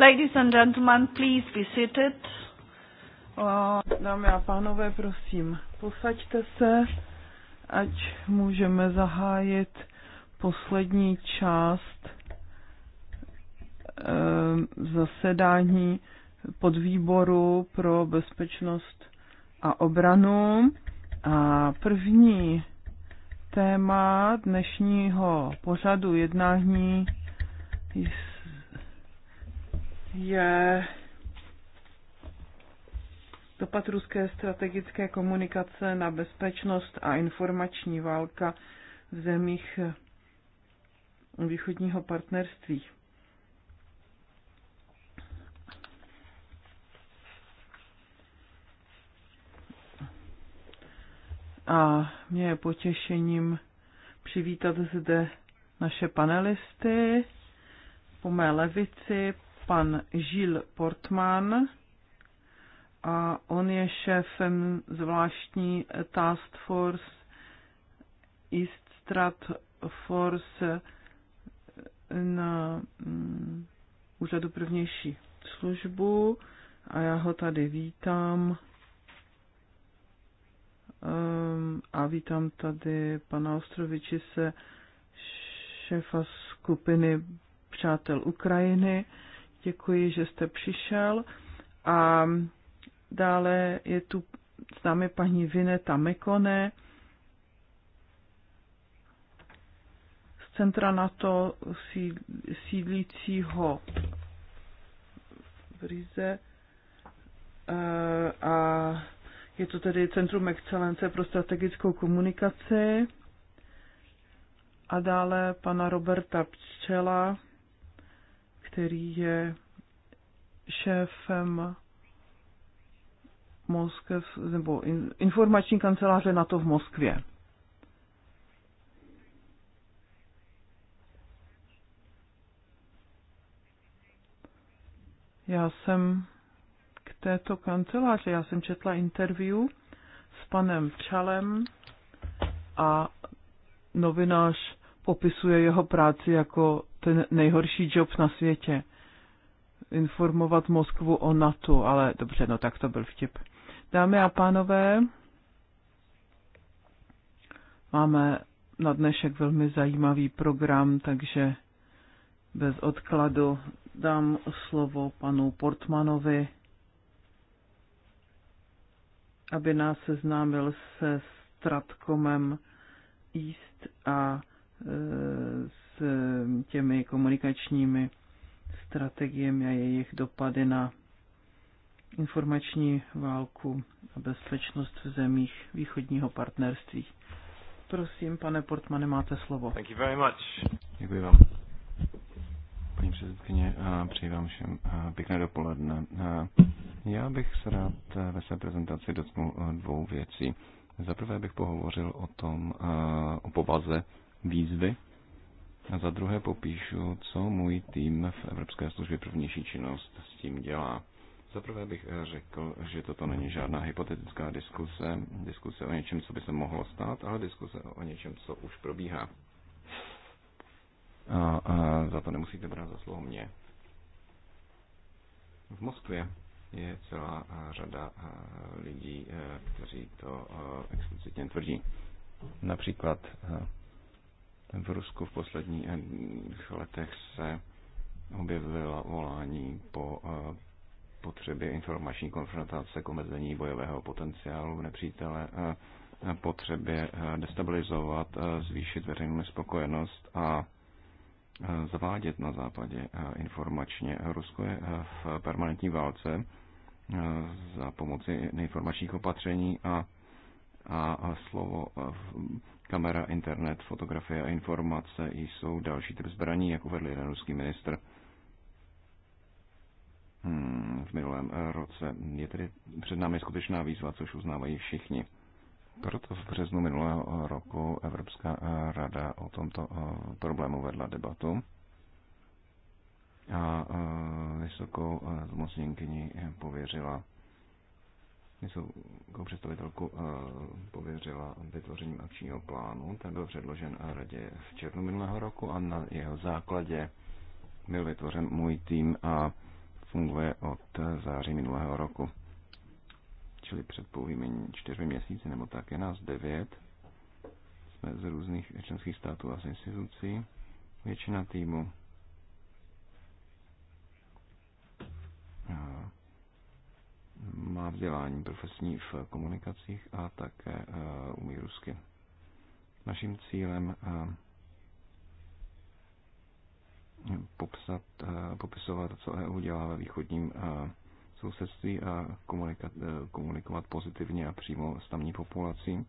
Ladies and gentlemen, please be seated. Dámy a pánové, prosím, posaďte se, ať můžeme zahájit poslední část eh, zasedání podvýboru pro bezpečnost a obranu. A první téma dnešního pořadu jednání je dopad ruské strategické komunikace na bezpečnost a informační válka v zemích eh, východního partnerství. A mě je potěšením přivítat zde naše panelisty po mé levici pan Gilles Portman a on je šéfem zvláštní Task Force East Strat Force na mm, úřadu prvnější službu a já ho tady vítám. Ehm, a vítám tady pana se šéfa skupiny Přátel Ukrajiny. Děkuji, že jste přišel. A dále je tu s námi paní Vineta Mekone z centra NATO sídlícího v Rize. E, a je to tedy Centrum excelence pro strategickou komunikaci. A dále pana Roberta Pčela, který je šéfem Moskv, nebo informační kanceláře NATO v Moskvě. Já jsem k této kanceláři, já jsem četla interview s panem Čalem a novinář popisuje jeho práci jako ten nejhorší job na světě. Informovat Moskvu o NATO, ale dobře, no tak to byl vtip. Dámy a pánové, máme na dnešek velmi zajímavý program, takže bez odkladu dám slovo panu Portmanovi, aby nás seznámil se stratkomem East a e, Eh, těmi komunikačními strategiemi a jejich dopady na informační válku a bezpečnost v zemích východního partnerství. Prosím, pane Portmane, máte slovo. Thank you very much. Děkuji vám. Paní předsedkyně, přeji vám všem pěkné dopoledne. Já bych se rád ve své prezentaci dotknul dvou věcí. Za prvé bych pohovořil o tom, o povaze výzvy, a za druhé popíšu, co můj tým v Evropské službě pro vnější činnost s tím dělá. Za prvé bych řekl, že toto není žádná hypotetická diskuse, diskuse o něčem, co by se mohlo stát, ale diskuse o něčem, co už probíhá. A, a za to nemusíte brát za slovo mě. V Moskvě je celá řada lidí, e, kteří to e, explicitně tvrdí. Například e, v Rusku v posledních eh, letech se objevila volání po eh, potřebě informační konfrontace k omezení bojového potenciálu nepřítele, eh, potřebě destabilizovat, zvýšit veřejnou nespokojenost a zavádět na západě informačně. Rusko je v permanentní válce za pomoci neinformačních opatření a, a slovo Kamera, internet, fotografie a informace jsou další typ zbraní, jak uvedl jeden ruský ministr hmm, v minulém roce. Je tedy před námi skutečná výzva, což uznávají všichni. Proto v březnu minulého roku Evropská rada o tomto eh, problému vedla debatu a eh, vysokou eh, zmocněnkyni pověřila jako představitelku eh, pověřila vytvořením akčního plánu. Ten byl předložen radě v červnu minulého roku a na jeho základě byl vytvořen můj tým a funguje od září minulého roku. Čili před pouhými čtyřmi měsíci, nebo tak je nás devět. Jsme z různých členských států a z institucí. Většina týmu vzdělání profesní v komunikacích a také eh, umí rusky. Naším cílem eh, popsat, eh, popisovat, co EU dělá ve východním sousedství a komunikovat pozitivně a přímo s tamní populací.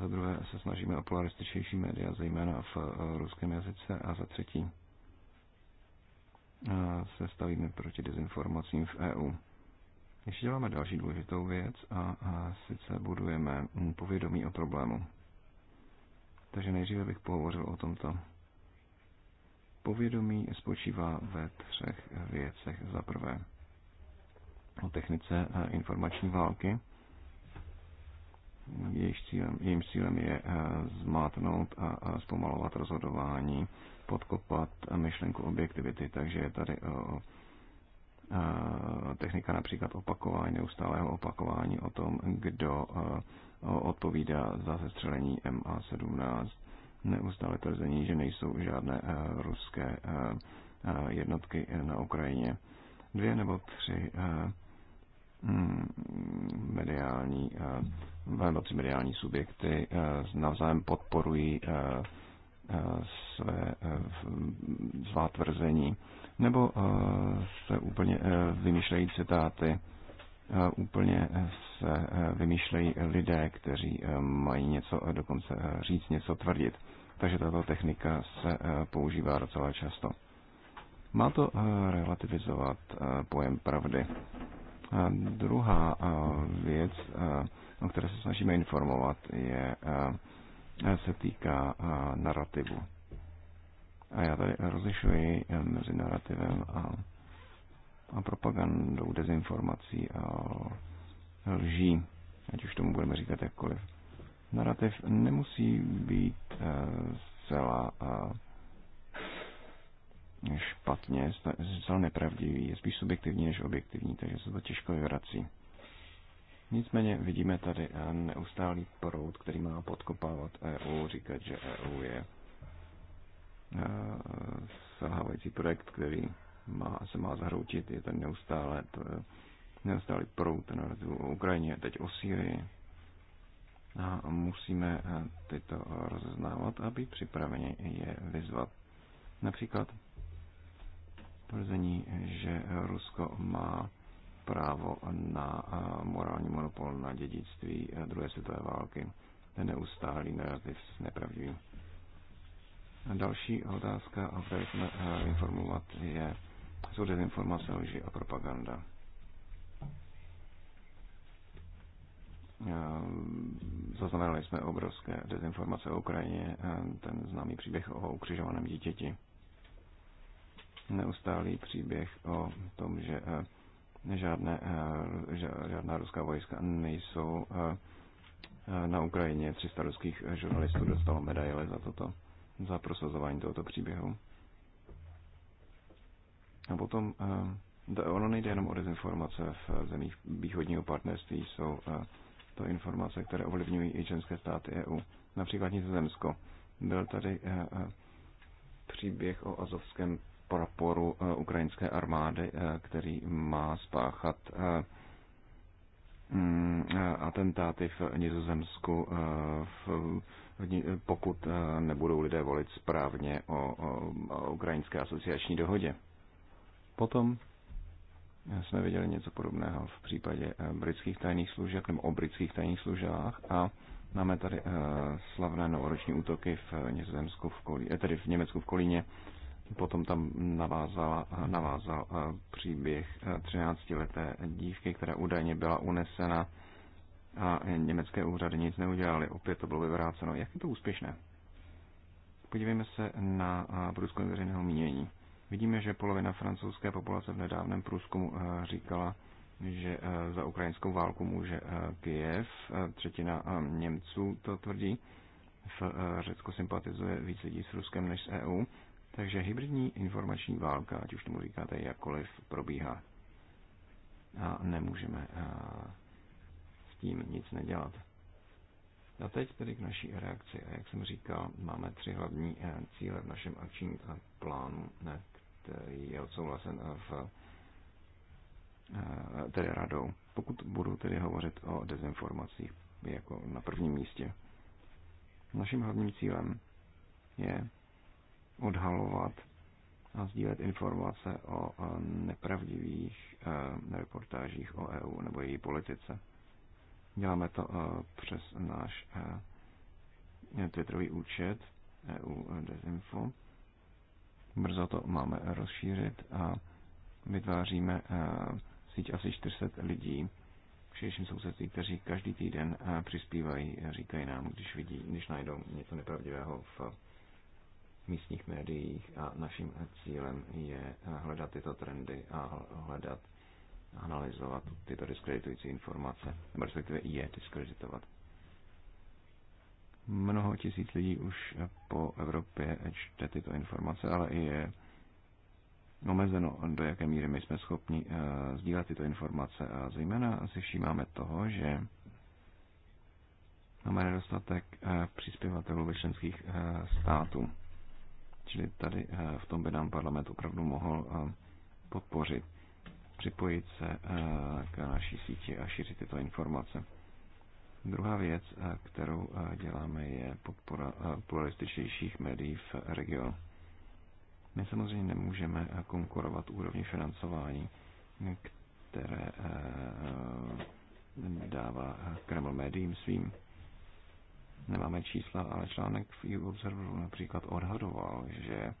Za druhé se snažíme o polarističnější média, zejména v ruském jazyce. A za třetí se stavíme proti dezinformacím v EU. Ještě děláme další důležitou věc a, a sice budujeme povědomí o problému. Takže nejdříve bych pohovořil o tomto. Povědomí spočívá ve třech věcech. Za prvé o technice informační války. Jejím cílem, jejím cílem je eh, zmátnout a zpomalovat rozhodování, podkopat myšlenku objektivity. Takže je tady o eh, technika například opakování, neustálého opakování o tom, kdo eh, odpovídá za zestřelení MA17, neustále tvrzení, že nejsou žádné eh, ruské eh, jednotky na Ukrajině. Dvě nebo tři mm, mediální, nebo tři mediální subjekty navzájem podporují své, svá tvrzení nebo eh, se úplně eh, vymýšlejí citáty, eh, úplně se vymýšlejí lidé, kteří mají něco dokonce říct, něco tvrdit. Takže tato technika se používá docela často. Má to relativizovat pojem pravdy. A druhá věc, o které se snažíme informovat, je, se týká narrativu. A já tady rozlišuji eh, mezi narrativem a, a propagandou, dezinformací a lží, ať už tomu budeme říkat jakkoliv. Narrativ nemusí být eh, zcela eh, špatně, zcela nepravdivý, je spíš subjektivní než objektivní, takže se to těžko vyvrací. Nicméně vidíme tady neustálý proud, který má podkopávat EU, říkat, že EU je Eh, selhávající projekt, který má, se má zahroutit, je ten neustále, neustále prout na rozvoju o Ukrajině, teď o Syrii. A musíme eh, tyto rozeznávat a být připraveni je vyzvat. Například tvrzení, že Rusko má právo na eh, morální monopol na dědictví druhé světové války. Ten neustálý narrativ nepravdivý další otázka, o které jsme eh, informovat, je, jsou dezinformace, lži a propaganda. Eh, zaznamenali jsme obrovské dezinformace o Ukrajině, eh, ten známý příběh o ukřižovaném dítěti. Neustálý příběh o tom, že žádné, žádná ruská vojska nejsou na Ukrajině. 300 ruských žurnalistů dostalo medaile za toto za prosazování tohoto příběhu. A potom eh, ono nejde jenom o dezinformace v zemích východního partnerství, jsou eh, to informace, které ovlivňují i členské státy EU. Například Nizozemsko. Byl tady eh, příběh o azovském praporu ukrajinské armády, který má spáchat mm, atentáty v Nizozemsku v pokud eh, nebudou lidé volit správně o, o, o ukrajinské asociační dohodě. Potom eh, jsme viděli něco podobného v případě eh, britských tajných služeb nebo o britských tajných službách a máme tady slavné novoroční útoky v Nězemsku v Kolí, tedy v Německu v Kolíně. Potom tam navázal, navázal příběh 13-leté dívky, která údajně byla unesena a německé úřady nic neudělali. Opět to bylo vyvráceno. Jak je to úspěšné? Podívejme se na průzkum veřejného mínění. Vidíme, že polovina francouzské populace v nedávném průzkumu e, říkala, že e, za ukrajinskou válku může e, Kiev, třetina Němců to tvrdí. V Řecku sympatizuje víc lidí s Ruskem než s EU, takže hybridní informační válka, ať už tomu říkáte jakkoliv, probíhá. A nemůžeme tím nic nedělat. A teď tedy k naší reakci. A jak jsem říkal, máme tři hlavní eh, cíle v našem akčním eh, plánu, eh, který je odsouhlasen v tedy radou. Pokud budu tedy hovořit o dezinformacích jako na prvním místě. Naším hlavním cílem je odhalovat a sdílet informace o nepravdivých reportážích o EU nebo její politice. Děláme to eh, přes náš eh, Twitterový účet EU eh, Desinfo. Brzo to máme rozšířit a vytváříme síť asi 400 lidí v širším sousedství, kteří každý týden přispívají, říkají nám, když vidí, když najdou něco nepravdivého v místních médiích a naším cílem je hledat tyto trendy a hledat analyzovat tyto diskreditující informace, nebo respektive je diskreditovat. Mnoho tisíc lidí už po Evropě čte tyto informace, ale i je omezeno, do jaké míry my jsme schopni uh, sdílet tyto informace. A zejména si všímáme toho, že máme nedostatek uh, přispěvatelů ve členských uh, států. Čili tady uh, v tom by nám parlament opravdu mohl uh, podpořit připojit se eh, k naší síti a šířit tyto informace. Druhá věc, eh, kterou eh, děláme, je podpora pluralističtějších médií v regionu. My samozřejmě nemůžeme konkurovat úrovni financování, které dává Kreml médiím svým. Nemáme čísla, ale článek v EU Observeru například odhadoval, že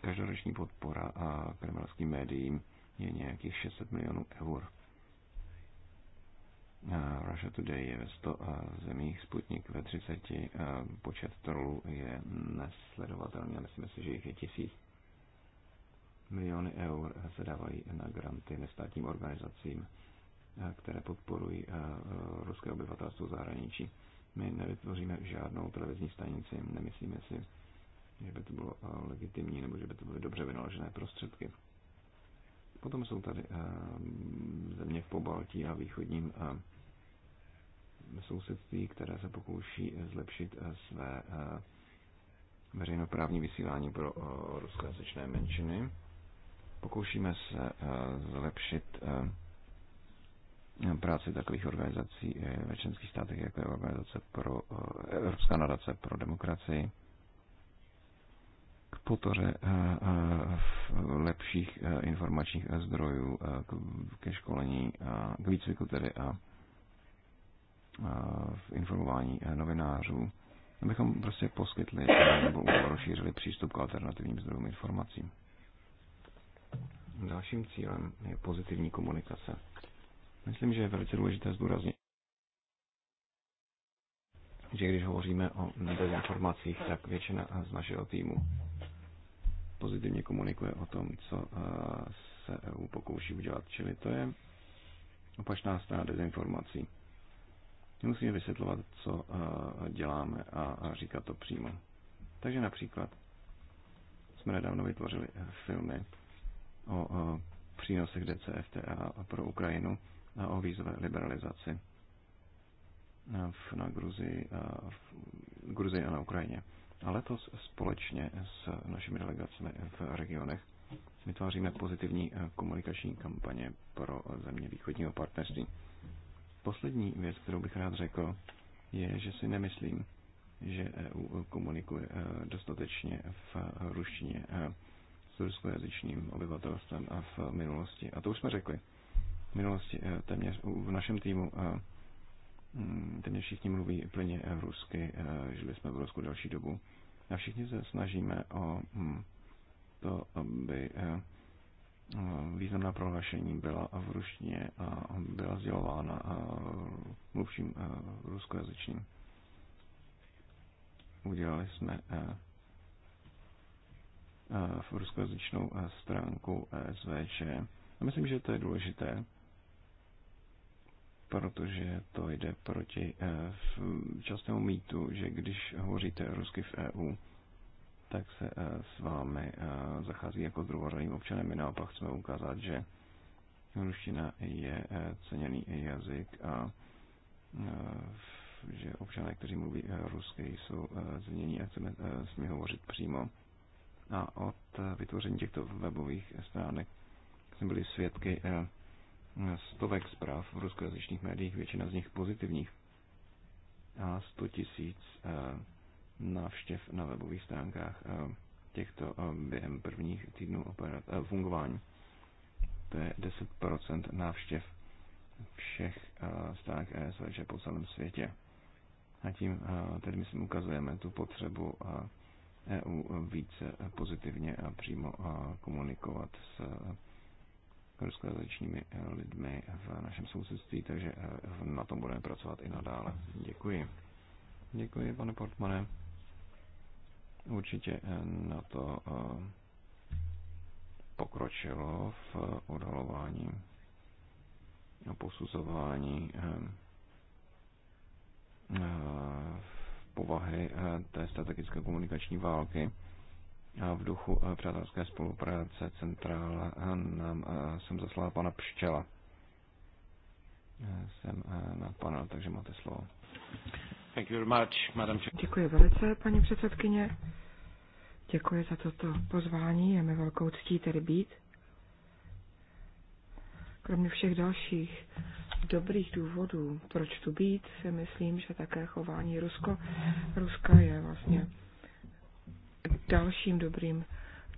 každoroční podpora kremelským médiím je nějakých 600 milionů eur. Eh, Russia Today je ve 100 eh, zemích, Sputnik ve 30, eh, počet trolů je nesledovatelný a myslím si, že jich je tisíc. Miliony eur se dávají na granty nestátním organizacím, které podporují ruské obyvatelstvo zahraničí. My nevytvoříme žádnou televizní stanici, nemyslíme si, že by to bylo legitimní nebo že by to byly dobře vynaložené prostředky. Potom jsou tady eh, země v Pobaltí a východním eh, sousedství, které se pokouší eh, zlepšit své veřejnoprávní vysílání pro ruskojazyčné menšiny. Pokoušíme se zlepšit práci takových organizací ve členských státech, jako je organizace pro, Evropská nadace pro demokracii podpoře eh, eh, lepších eh, informačních zdrojů, ke školení, k výcviku tedy a v informování novinářů, abychom prostě poskytli nebo rozšířili přístup k alternativním zdrojům informací. Dalším cílem je pozitivní komunikace. Myslím, že je velice důležité zdůraznit, že když hovoříme o dezinformacích, tak většina z našeho týmu pozitivně komunikuje o tom, co eh, se EU pokouší udělat. Čili to je opačná strana dezinformací. Musíme vysvětlovat, co eh, děláme a říkat to přímo. Takže například jsme nedávno vytvořili eh, filmy o přínosech DCFTA pro Ukrajinu a o vízové liberalizaci v, na Gruzii, v Gruzii a na Ukrajině. A letos společně s našimi delegacemi v regionech vytváříme pozitivní komunikační kampaně pro země východního partnerství. Poslední věc, kterou bych rád řekl, je, že si nemyslím, že EU komunikuje dostatečně v ruštině s ruskojazyčným obyvatelstvem a v minulosti. A to už jsme řekli. V minulosti e, téměř v našem týmu Mm, ten všichni mluví plně eh, rusky, eh, žili jsme v Rusku další dobu. A všichni se snažíme o hm, to, aby eh, významná prohlášení byla v ruštině a byla sdělována mluvším ruskojazyčním. Udělali jsme v ruskojazyčnou stránku SVČ. A myslím, že to je důležité, protože to jde proti eh, častému mýtu, že když hovoříte rusky v EU, tak se eh, s vámi eh, zachází jako s druhořadým občanem. My naopak chceme ukázat, že ruština je ceněný jazyk a že občané, kteří mluví rusky, jsou změní a chceme s nimi hovořit přímo. A od vytvoření těchto webových stránek jsme byli svědky stovek zpráv v ruskojazyčných médiích, většina z nich pozitivních, a 100 tisíc eh, návštěv na webových stránkách eh, těchto eh, během prvních týdnů fungování. To je 10% návštěv všech stránek ESVČ po celém světě. A tím tedy myslím ukazujeme tu potřebu EU e více pozitivně a přímo komunikovat s ruskojazyčními eh, lidmi v našem sousedství, takže eh, na tom budeme pracovat i nadále. Děkuji. Děkuji, pane Portmane. Určitě eh, na to pokročilo v odhalování a posuzování povahy té strategické komunikační války a v duchu eh, přátelské spolupráce centrála eh, nám eh, jsem zaslala pana Pščela. Jsem na panel, takže máte slovo. Thank you very much, madam. Děkuji velice, paní předsedkyně. Děkuji za toto pozvání, je mi velkou ctí tedy být. Kromě všech dalších dobrých důvodů, proč tu být, si myslím, že také chování Rusko, Ruska je vlastně dalším dobrým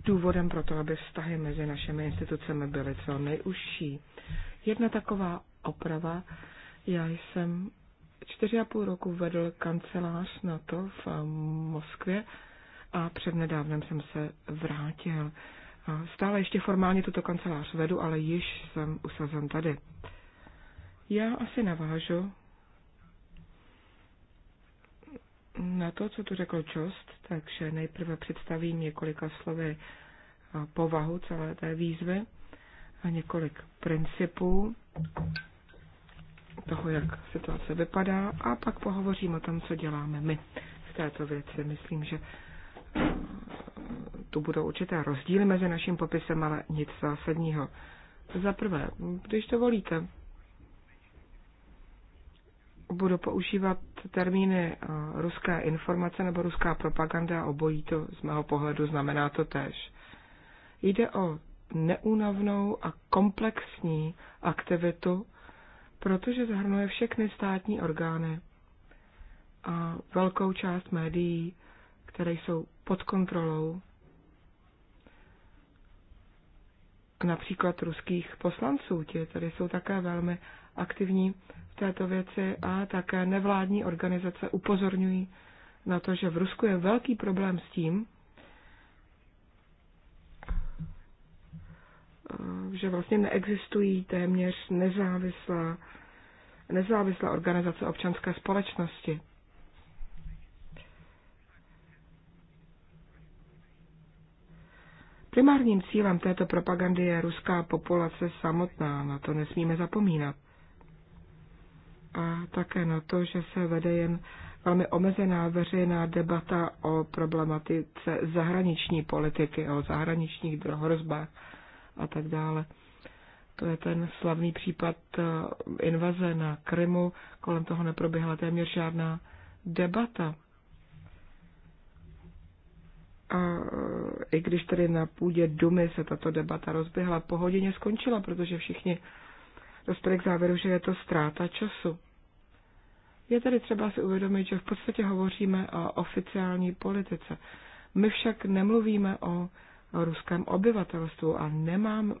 důvodem pro to, aby vztahy mezi našimi institucemi byly co nejužší. Jedna taková oprava, já jsem čtyři a půl roku vedl kancelář na to v eh, Moskvě a přednedávnem jsem se vrátil. Stále ještě formálně tuto kancelář vedu, ale již jsem usazen tady. Já asi navážu na to, co tu řekl Čost, takže nejprve představím několika slovy povahu celé té výzvy a několik principů toho, jak situace vypadá a pak pohovořím o tom, co děláme my v této věci. Myslím, že eh, tu budou určité rozdíly mezi naším popisem, ale nic zásadního. Za prvé, když to volíte budu používat termíny eh, ruská informace nebo ruská propaganda, obojí to z mého pohledu znamená to tež. Jde o neúnavnou a komplexní aktivitu, protože zahrnuje všechny státní orgány a velkou část médií, které jsou pod kontrolou například ruských poslanců, ti tady jsou také velmi aktivní této věci a také nevládní organizace upozorňují na to, že v Rusku je velký problém s tím, že vlastně neexistují téměř nezávislá, nezávislá organizace občanské společnosti. Primárním cílem této propagandy je ruská populace samotná, na to nesmíme zapomínat a také na to, že se vede jen velmi omezená veřejná debata o problematice zahraniční politiky, o zahraničních hrozbách a tak dále. To je ten slavný případ eh, invaze na Krymu, kolem toho neproběhla téměř žádná debata. A eh, i když tedy na půdě Dumy se tato debata rozběhla, po hodině skončila, protože všichni dospěli k závěru, že je to ztráta času. Je tedy třeba si uvědomit, že v podstatě hovoříme o oficiální politice. My však nemluvíme o ruském obyvatelstvu a nemám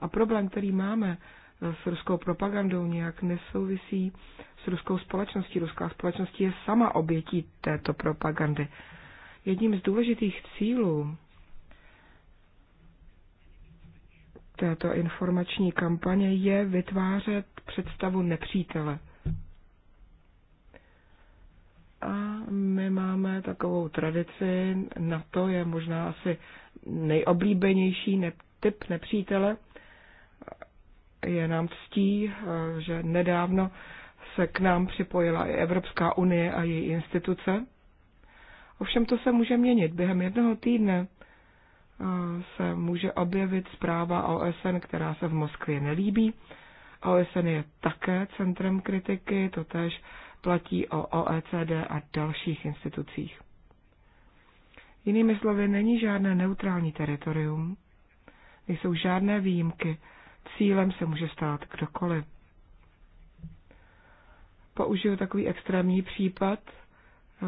a problém, který máme s ruskou propagandou, nějak nesouvisí s ruskou společností. Ruská společnost je sama obětí této propagandy. Jedním z důležitých cílů této informační kampaně je vytvářet představu nepřítele. A my máme takovou tradici, na to je možná asi nejoblíbenější ne- typ nepřítele. Je nám ctí, že nedávno se k nám připojila i Evropská unie a její instituce. Ovšem to se může měnit během jednoho týdne se může objevit zpráva OSN, která se v Moskvě nelíbí. OSN je také centrem kritiky, totéž platí o OECD a dalších institucích. Jinými slovy, není žádné neutrální teritorium, nejsou žádné výjimky, cílem se může stát kdokoliv. Použiju takový extrémní případ, eh,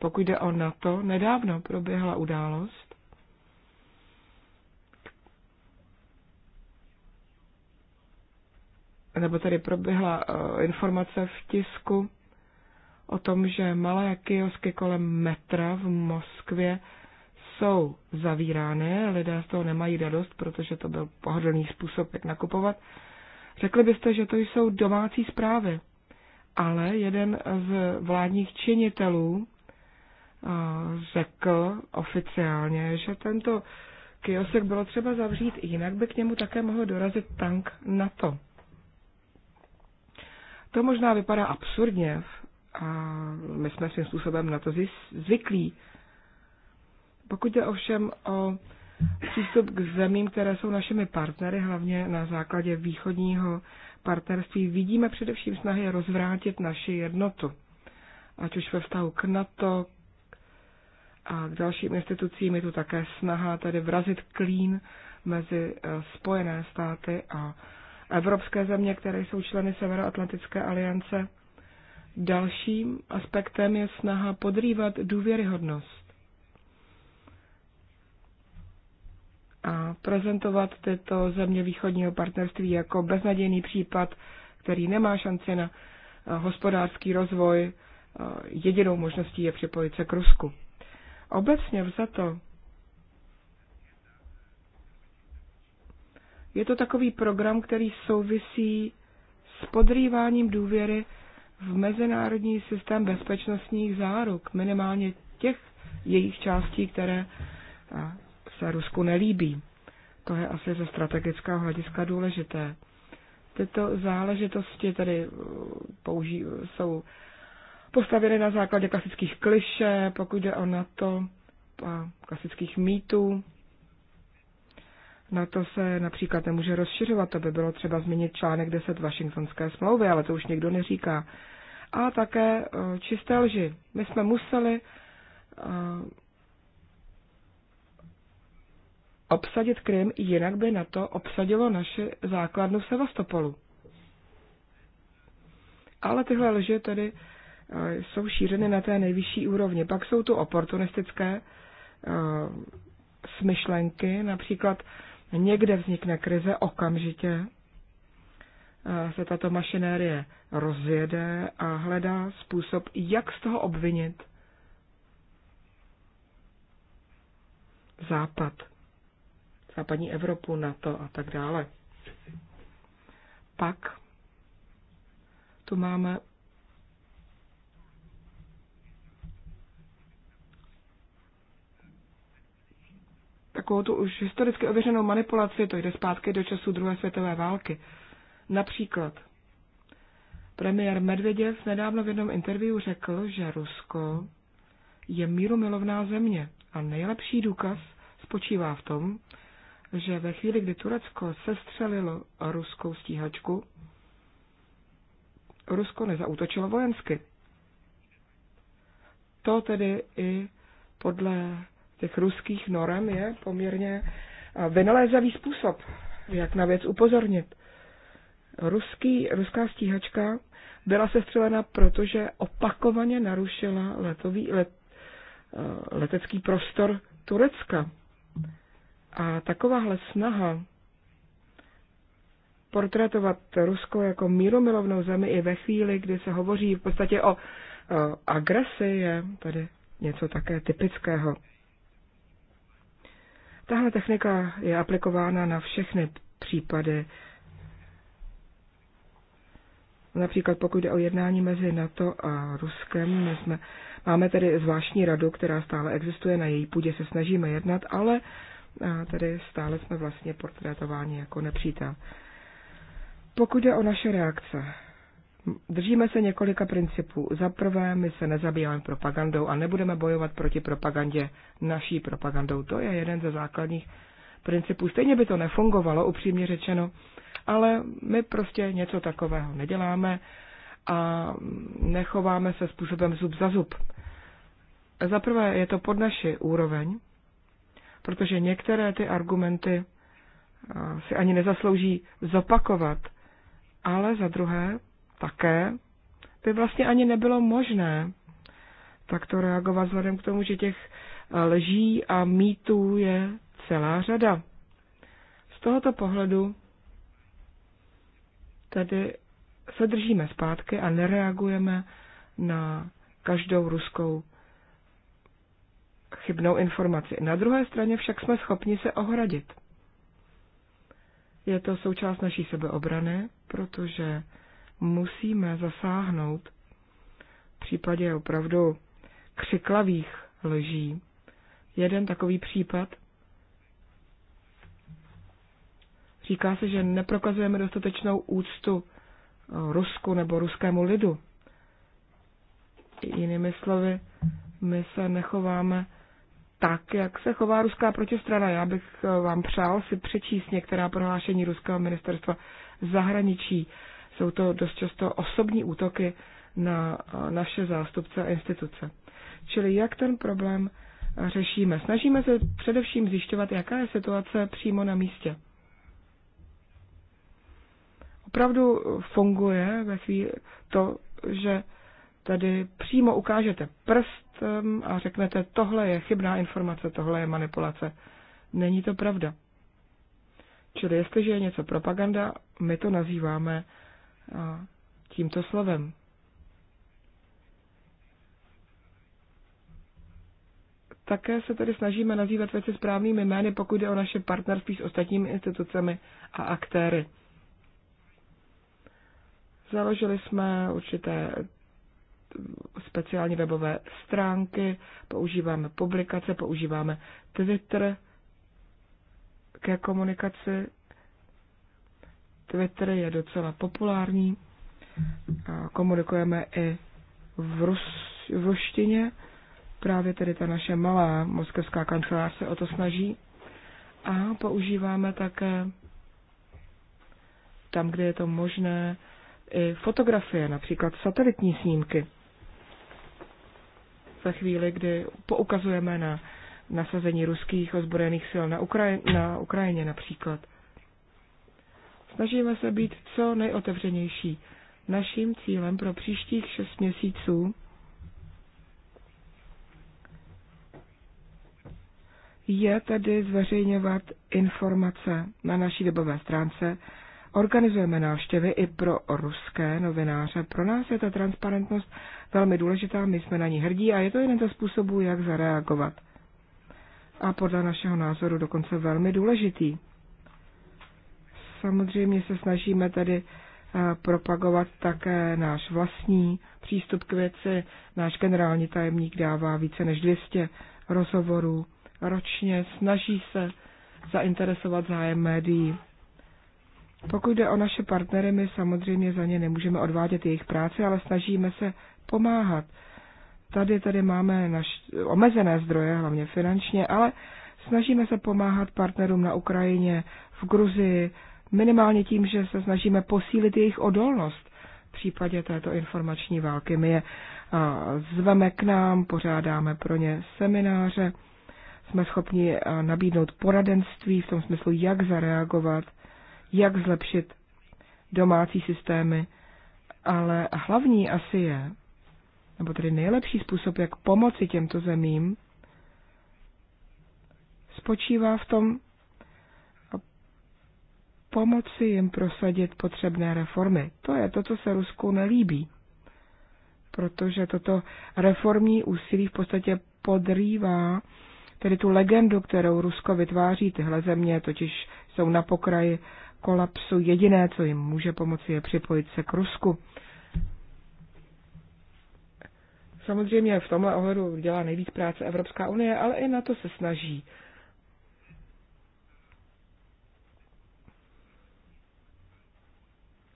pokud jde o NATO, nedávno proběhla událost, nebo tady proběhla eh, informace v tisku o tom, že malé kiosky kolem metra v Moskvě jsou zavírány, lidé z toho nemají radost, protože to byl pohodlný způsob, jak nakupovat. Řekli byste, že to jsou domácí zprávy, ale jeden z vládních činitelů řekl oficiálně, že tento kiosek bylo třeba zavřít, jinak by k němu také mohl dorazit tank NATO. To možná vypadá absurdně a my jsme svým způsobem na to zvyklí. Pokud je ovšem o přístup k zemím, které jsou našimi partnery, hlavně na základě východního partnerství, vidíme především snahy rozvrátit naši jednotu. Ať už ve vztahu k NATO, a k dalším institucím je tu také snaha tedy vrazit klín mezi eh, Spojené státy a evropské země, které jsou členy Severoatlantické aliance. Dalším aspektem je snaha podrývat důvěryhodnost a prezentovat tyto země východního partnerství jako beznadějný případ, který nemá šanci na eh, hospodářský rozvoj. Eh, jedinou možností je připojit se k Rusku. Obecně vzato je to takový program, který souvisí s podrýváním důvěry v mezinárodní systém bezpečnostních záruk, minimálně těch jejich částí, které se Rusku nelíbí. To je asi ze strategického hlediska důležité. Tyto záležitosti tedy uh, použí, jsou postavěny na základě klasických kliše, pokud jde o NATO, a klasických mýtů. Na to se například nemůže rozšiřovat, to by bylo třeba změnit článek 10 Washingtonské smlouvy, ale to už nikdo neříká. A také eh, čisté lži. My jsme museli eh, obsadit Krym, jinak by na to obsadilo naše základnu v Sevastopolu. Ale tyhle lži tedy jsou šířeny na té nejvyšší úrovni. Pak jsou tu oportunistické eh, smyšlenky, například někde vznikne krize okamžitě, eh, se tato mašinérie rozjede a hledá způsob, jak z toho obvinit Západ, západní Evropu, NATO a tak dále. Pak tu máme takovou tu už historicky ověřenou manipulaci, to jde zpátky do času druhé světové války. Například premiér Medvěděv nedávno v jednom interviu řekl, že Rusko je mírumilovná země a nejlepší důkaz spočívá v tom, že ve chvíli, kdy Turecko sestřelilo ruskou stíhačku, Rusko nezautočilo vojensky. To tedy i podle těch ruských norem je poměrně eh, vynalézavý způsob, jak na věc upozornit. Ruský, ruská stíhačka byla sestřelena, protože opakovaně narušila letový, let, eh, letecký prostor Turecka. A takováhle snaha portrétovat Rusko jako míromilovnou zemi i ve chvíli, kdy se hovoří v podstatě o eh, agresi, je tady něco také typického. Tahle technika je aplikována na všechny případy. Například pokud jde o jednání mezi NATO a Ruskem, my jsme, máme tedy zvláštní radu, která stále existuje, na její půdě se snažíme jednat, ale tedy stále jsme vlastně portrétováni jako nepřítel. Pokud jde o naše reakce, Držíme se několika principů. Za prvé, my se nezabýváme propagandou a nebudeme bojovat proti propagandě naší propagandou. To je jeden ze základních principů. Stejně by to nefungovalo, upřímně řečeno, ale my prostě něco takového neděláme a nechováme se způsobem zub za zub. Za prvé je to pod naši úroveň, protože některé ty argumenty eh, si ani nezaslouží zopakovat, ale za druhé také by vlastně ani nebylo možné takto reagovat vzhledem k tomu, že těch eh, lží a mýtů je celá řada. Z tohoto pohledu tedy se držíme zpátky a nereagujeme na každou ruskou chybnou informaci. Na druhé straně však jsme schopni se ohradit. Je to součást naší sebeobrany, protože musíme zasáhnout v případě opravdu křiklavých lží. Jeden takový případ Říká se, že neprokazujeme dostatečnou úctu eh, Rusku nebo ruskému lidu. Jinými slovy, my se nechováme tak, jak se chová ruská protistrana. Já bych eh, vám přál si přečíst některá prohlášení ruského ministerstva zahraničí jsou to dost často osobní útoky na naše zástupce a instituce. Čili jak ten problém řešíme? Snažíme se především zjišťovat, jaká je situace přímo na místě. Opravdu funguje ve chvíli to, že tady přímo ukážete prst a řeknete, tohle je chybná informace, tohle je manipulace. Není to pravda. Čili jestliže je něco propaganda, my to nazýváme tímto slovem. Také se tedy snažíme nazývat věci správnými jmény, pokud jde o naše partnerství s ostatními institucemi a aktéry. Založili jsme určité speciální webové stránky, používáme publikace, používáme Twitter ke komunikaci Twitter je docela populární. Komunikujeme i v, Rus, v ruštině. Právě tedy ta naše malá moskevská kancelář se o to snaží. A používáme také tam, kde je to možné, i fotografie, například satelitní snímky. Za chvíli, kdy poukazujeme na nasazení ruských ozbrojených sil na, Ukraj- na Ukrajině například. Snažíme se být co nejotevřenější. Naším cílem pro příštích šest měsíců je tedy zveřejňovat informace na naší webové stránce. Organizujeme návštěvy i pro ruské novináře. Pro nás je ta transparentnost velmi důležitá, my jsme na ní hrdí a je to jeden ze způsobů, jak zareagovat. A podle našeho názoru dokonce velmi důležitý. Samozřejmě se snažíme tedy eh, propagovat také náš vlastní přístup k věci. Náš generální tajemník dává více než 200 rozhovorů ročně, snaží se zainteresovat zájem médií. Pokud jde o naše partnery, my samozřejmě za ně nemůžeme odvádět jejich práci, ale snažíme se pomáhat. Tady tady máme naš, omezené zdroje, hlavně finančně, ale snažíme se pomáhat partnerům na Ukrajině, v Gruzii, minimálně tím, že se snažíme posílit jejich odolnost v případě této informační války. My je zveme k nám, pořádáme pro ně semináře, jsme schopni nabídnout poradenství v tom smyslu, jak zareagovat, jak zlepšit domácí systémy, ale hlavní asi je, nebo tedy nejlepší způsob, jak pomoci těmto zemím, spočívá v tom pomoci jim prosadit potřebné reformy. To je to, co se Rusku nelíbí, protože toto reformní úsilí v podstatě podrývá tedy tu legendu, kterou Rusko vytváří. Tyhle země totiž jsou na pokraji kolapsu. Jediné, co jim může pomoci, je připojit se k Rusku. Samozřejmě v tomhle ohledu dělá nejvíc práce Evropská unie, ale i na to se snaží.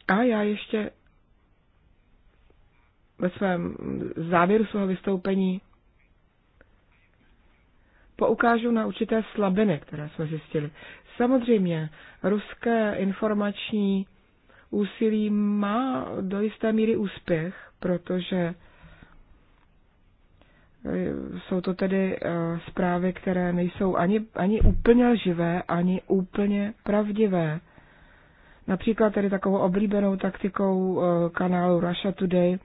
A já ještě ve svém závěru svého vystoupení poukážu na určité slabiny, které jsme zjistili. Samozřejmě, ruské informační úsilí má do jisté míry úspěch, protože eh, jsou to tedy eh, zprávy, které nejsou ani, ani úplně živé, ani úplně pravdivé. Například tady takovou oblíbenou taktikou eh, kanálu Russia Today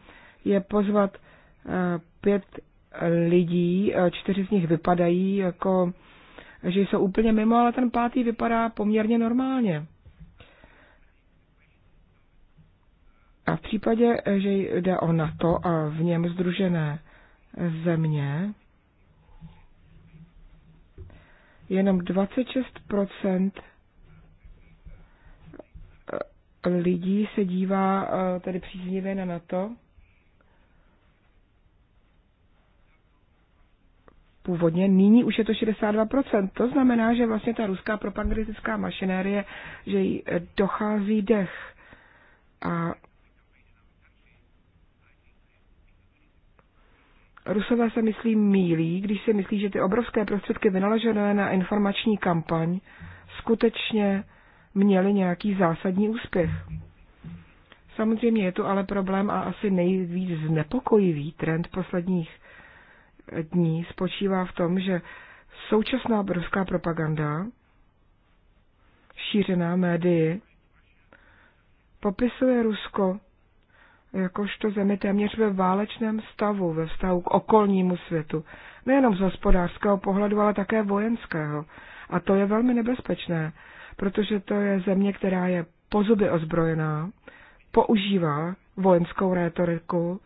je pozvat eh, pět lidí, eh, čtyři z nich vypadají jako, že jsou úplně mimo, ale ten pátý vypadá poměrně normálně. A v případě, že jde o NATO a v něm združené země, jenom 26 lidí se dívá eh, tady příznivě na NATO. Původně, nyní už je to 62%. To znamená, že vlastně ta ruská propagandistická mašinérie, že jí eh, dochází dech. A Rusové se myslí mílí, když si myslí, že ty obrovské prostředky vynaložené na informační kampaň skutečně měli nějaký zásadní úspěch. Samozřejmě je to ale problém a asi nejvíc znepokojivý trend posledních dní spočívá v tom, že současná ruská propaganda, šířená médii, popisuje Rusko jakožto zemi téměř ve válečném stavu ve vztahu k okolnímu světu, nejenom z hospodářského pohledu, ale také vojenského. A to je velmi nebezpečné, protože to je země, která je zuby ozbrojená, používá vojenskou rétoriku,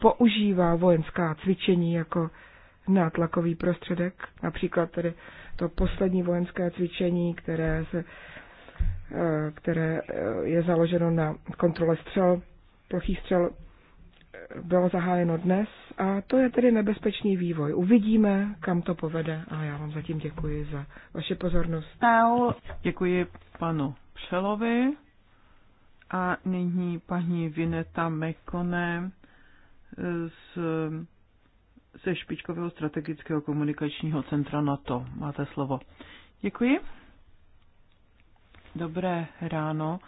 používá vojenská cvičení jako nátlakový prostředek, například tedy to poslední vojenské cvičení, které, se, eh, které eh, je založeno na kontrole střel, plochých střel bylo zahájeno dnes a to je tedy nebezpečný vývoj. Uvidíme, kam to povede, a já vám zatím děkuji za vaši pozornost. Děkuji panu Přelovi a nyní paní Vineta Mekone eh, z, ze Špičkového strategického komunikačního centra NATO. Máte slovo. Děkuji. Dobré ráno.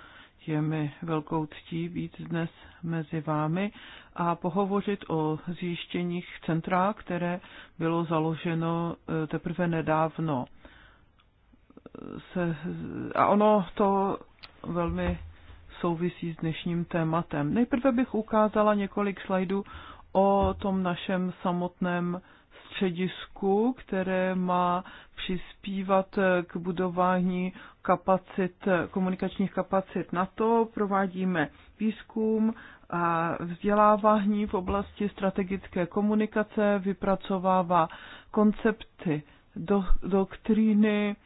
Je mi velkou ctí být dnes mezi vámi a pohovořit o zjištěních centra, které bylo založeno eh, teprve nedávno. Se, a ono to velmi souvisí s dnešním tématem. Nejprve bych ukázala několik slajdů o tom našem samotném středisku, které má přispívat k budování kapacit, komunikačních kapacit NATO. Provádíme výzkum a vzdělávání v oblasti strategické komunikace, vypracovává koncepty, do, doktríny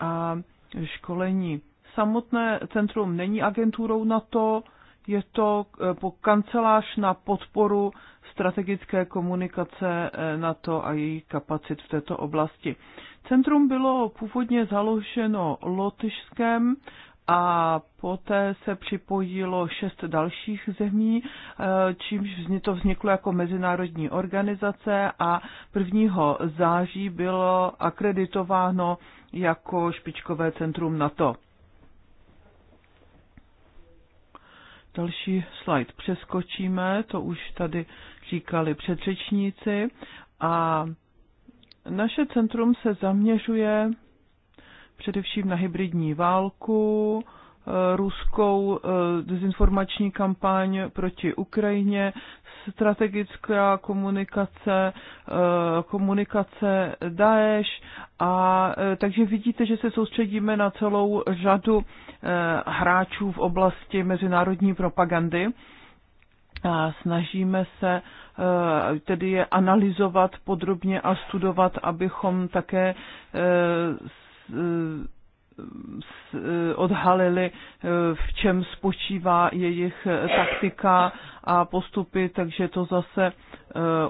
a školení. Samotné centrum není agenturou NATO, je to eh, po kancelář na podporu strategické komunikace eh, NATO a její kapacit v této oblasti. Centrum bylo původně založeno Lotyšskem a poté se připojilo šest dalších zemí, eh, čímž to vzniklo jako mezinárodní organizace a 1. září bylo akreditováno jako špičkové centrum NATO. Další slide přeskočíme, to už tady říkali předřečníci. A naše centrum se zaměřuje především na hybridní válku, eh, ruskou eh, dezinformační kampaň proti Ukrajině, strategická komunikace, eh, komunikace Daesh a eh, takže vidíte, že se soustředíme na celou řadu eh, hráčů v oblasti mezinárodní propagandy a snažíme se tedy je analyzovat podrobně a studovat, abychom také Eh, odhalili, eh, v čem spočívá jejich eh, taktika a postupy, takže to zase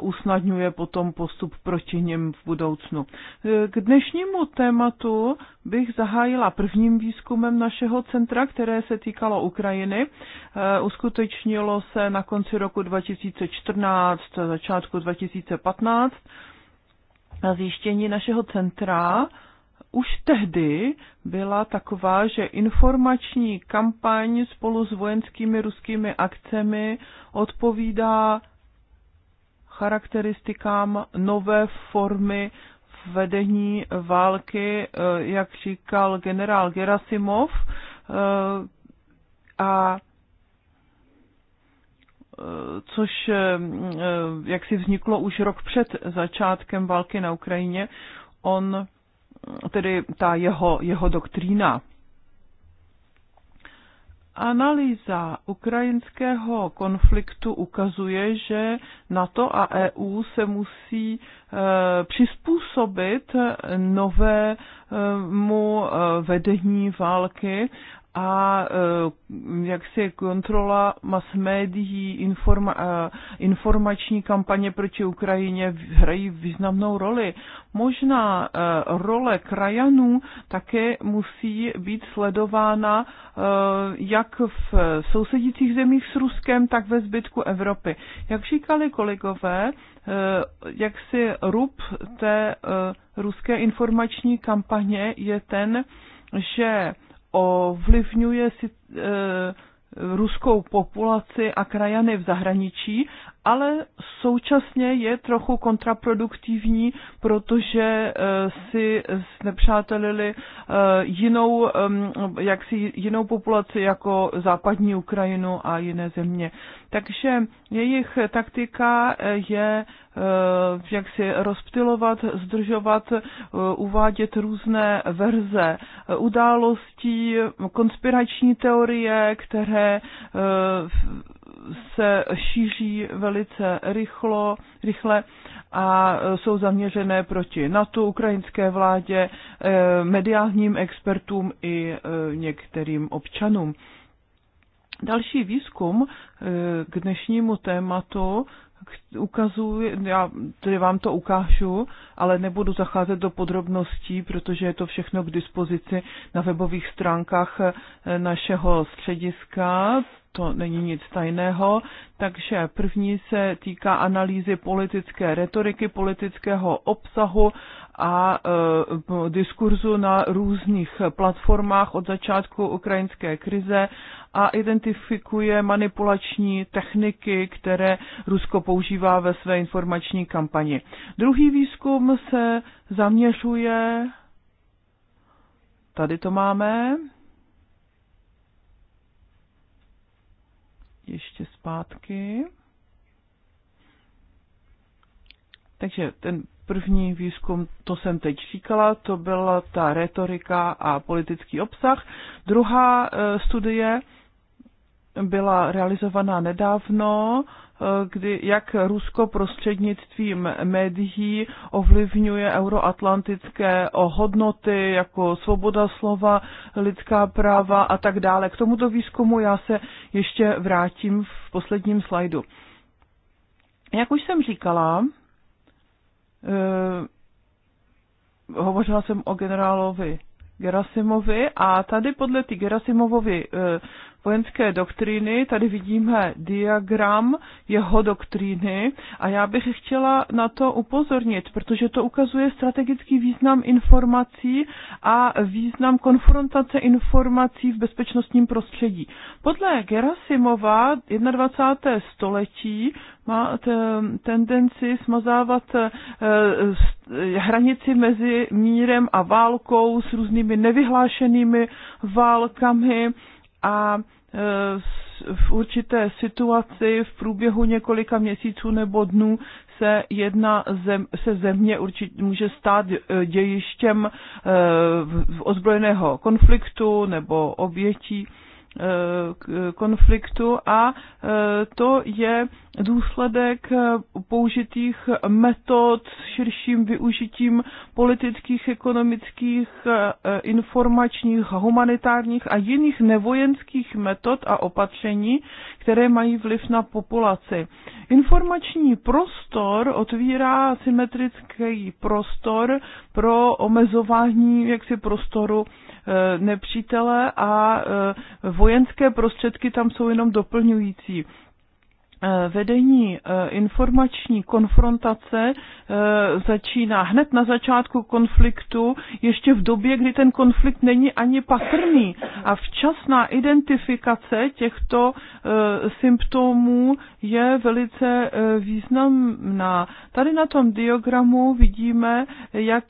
usnadňuje potom postup proti něm v budoucnu. K dnešnímu tématu bych zahájila prvním výzkumem našeho centra, které se týkalo Ukrajiny. Uskutečnilo se na konci roku 2014, začátku 2015. Na zjištění našeho centra už tehdy byla taková, že informační kampaň spolu s vojenskými ruskými akcemi odpovídá charakteristikám nové formy vedení války, eh, jak říkal generál Gerasimov. Eh, a eh, což jak si vzniklo už rok před začátkem války na Ukrajině, on tedy ta jeho, jeho doktrína. Analýza ukrajinského konfliktu ukazuje, že NATO a EU se musí e, přizpůsobit novému e, vedení války a eh, jak si kontrola mass médií, informa, eh, informační kampaně proti Ukrajině hrají významnou roli. Možná eh, role krajanů také musí být sledována jak v sousedících zemích s Ruskem, tak ve zbytku Evropy. Jak říkali kolegové, jak si rub té ruské informační kampaně je ten, že ovlivňuje si, e, ruskou populaci a krajany v zahraničí ale současně je trochu kontraproduktivní, protože eh, si znepřátelili eh, jinou, eh, jaksi jinou populaci jako západní Ukrajinu a jiné země. Takže jejich taktika je jak si rozptilovat, zdržovat, uvádět různé verze událostí, konspirační teorie, které se šíří velice rychlo, rychle a jsou zaměřené proti NATO, ukrajinské vládě, eh, mediálním expertům i eh, některým občanům. Další výzkum eh, k dnešnímu tématu ukazuje, já tedy vám to ukážu, ale nebudu zacházet do podrobností, protože je to všechno k dispozici na webových stránkách našeho střediska to není nic tajného. Takže první se týká analýzy politické retoriky, politického obsahu a e, diskurzu na různých platformách od začátku ukrajinské krize a identifikuje manipulační techniky, které Rusko používá ve své informační kampani. Druhý výzkum se zaměřuje, tady to máme, ještě zpátky. Takže ten první výzkum, to jsem teď říkala, to byla ta retorika a politický obsah. Druhá eh, studie byla realizovaná nedávno, Eh, kdy jak Rusko prostřednictvím médií ovlivňuje euroatlantické hodnoty jako svoboda slova, lidská práva a tak dále. K tomuto výzkumu já se ještě vrátím v posledním slajdu. Jak už jsem říkala, eh, hovořila jsem o generálovi Gerasimovi a tady podle ty Gerasimovovy eh, vojenské doktríny. Tady vidíme diagram jeho doktríny a já bych chtěla na to upozornit, protože to ukazuje strategický význam informací a význam konfrontace informací v bezpečnostním prostředí. Podle Gerasimova 21. století má tendenci smazávat e, hranici mezi mírem a válkou s různými nevyhlášenými válkami a Eh, v určité situaci v průběhu několika měsíců nebo dnů se jedna zem, se země určitě může stát eh, dějištěm eh, ozbrojeného konfliktu nebo obětí Eh, konfliktu a eh, to je důsledek eh, použitých metod s širším využitím politických, ekonomických, informačních, humanitárních a jiných nevojenských metod a opatření, které mají vliv na populaci. Informační prostor otvírá symetrický prostor pro omezování jaksi prostoru Eh, nepřítele a eh, vojenské prostředky tam jsou jenom doplňující. Eh, vedení eh, informační konfrontace eh, začíná hned na začátku konfliktu, ještě v době, kdy ten konflikt není ani patrný. A včasná identifikace těchto symptomů je velice významná. Tady na tom diagramu vidíme, jak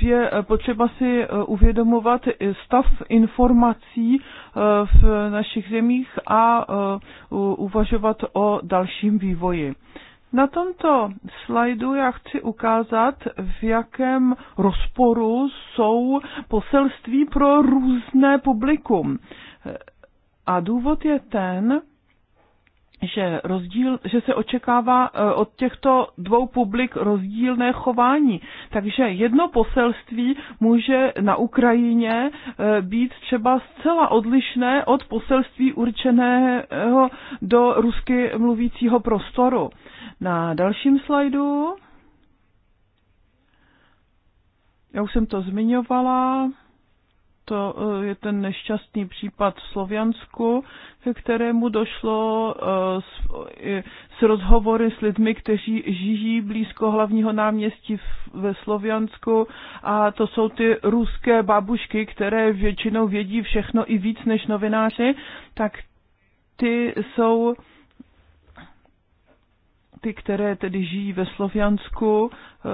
je potřeba si uvědomovat stav informací Eh, v našich zemích a eh, uvažovat o dalším vývoji. Na tomto slajdu já chci ukázat, v jakém rozporu jsou poselství pro různé publikum. Eh, a důvod je ten, že, rozdíl, že se očekává eh, od těchto dvou publik rozdílné chování. Takže jedno poselství může na Ukrajině eh, být třeba zcela odlišné od poselství určeného do rusky mluvícího prostoru. Na dalším slajdu, já už jsem to zmiňovala, to eh, je ten nešťastný případ v Sloviansku, ke kterému došlo eh, s, s rozhovory s lidmi, kteří žijí blízko hlavního náměstí v ve Sloviansku a to jsou ty ruské babušky, které většinou vědí všechno i víc než novináři, tak ty jsou ty, které tedy žijí ve Sloviansku, eh,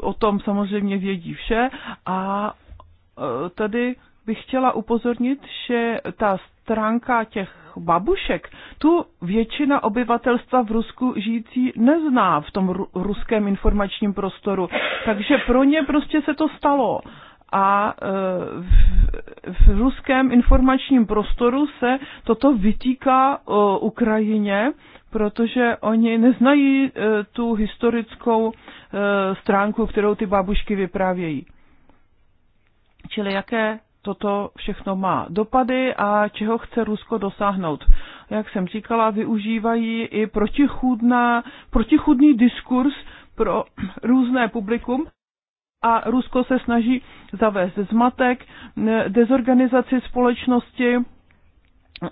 o tom samozřejmě vědí vše a tady bych chtěla upozornit, že ta stránka těch babušek, tu většina obyvatelstva v Rusku žijící nezná v tom ruském informačním prostoru. Takže pro ně prostě se to stalo. A e, v, v ruském informačním prostoru se toto vytýká e, Ukrajině, protože oni neznají e, tu historickou stránku, kterou ty babušky vyprávějí. Čili jaké toto všechno má dopady a čeho chce Rusko dosáhnout. Jak jsem říkala, využívají i protichudná, protichůdný diskurs pro různé publikum a Rusko se snaží zavést zmatek, dezorganizaci společnosti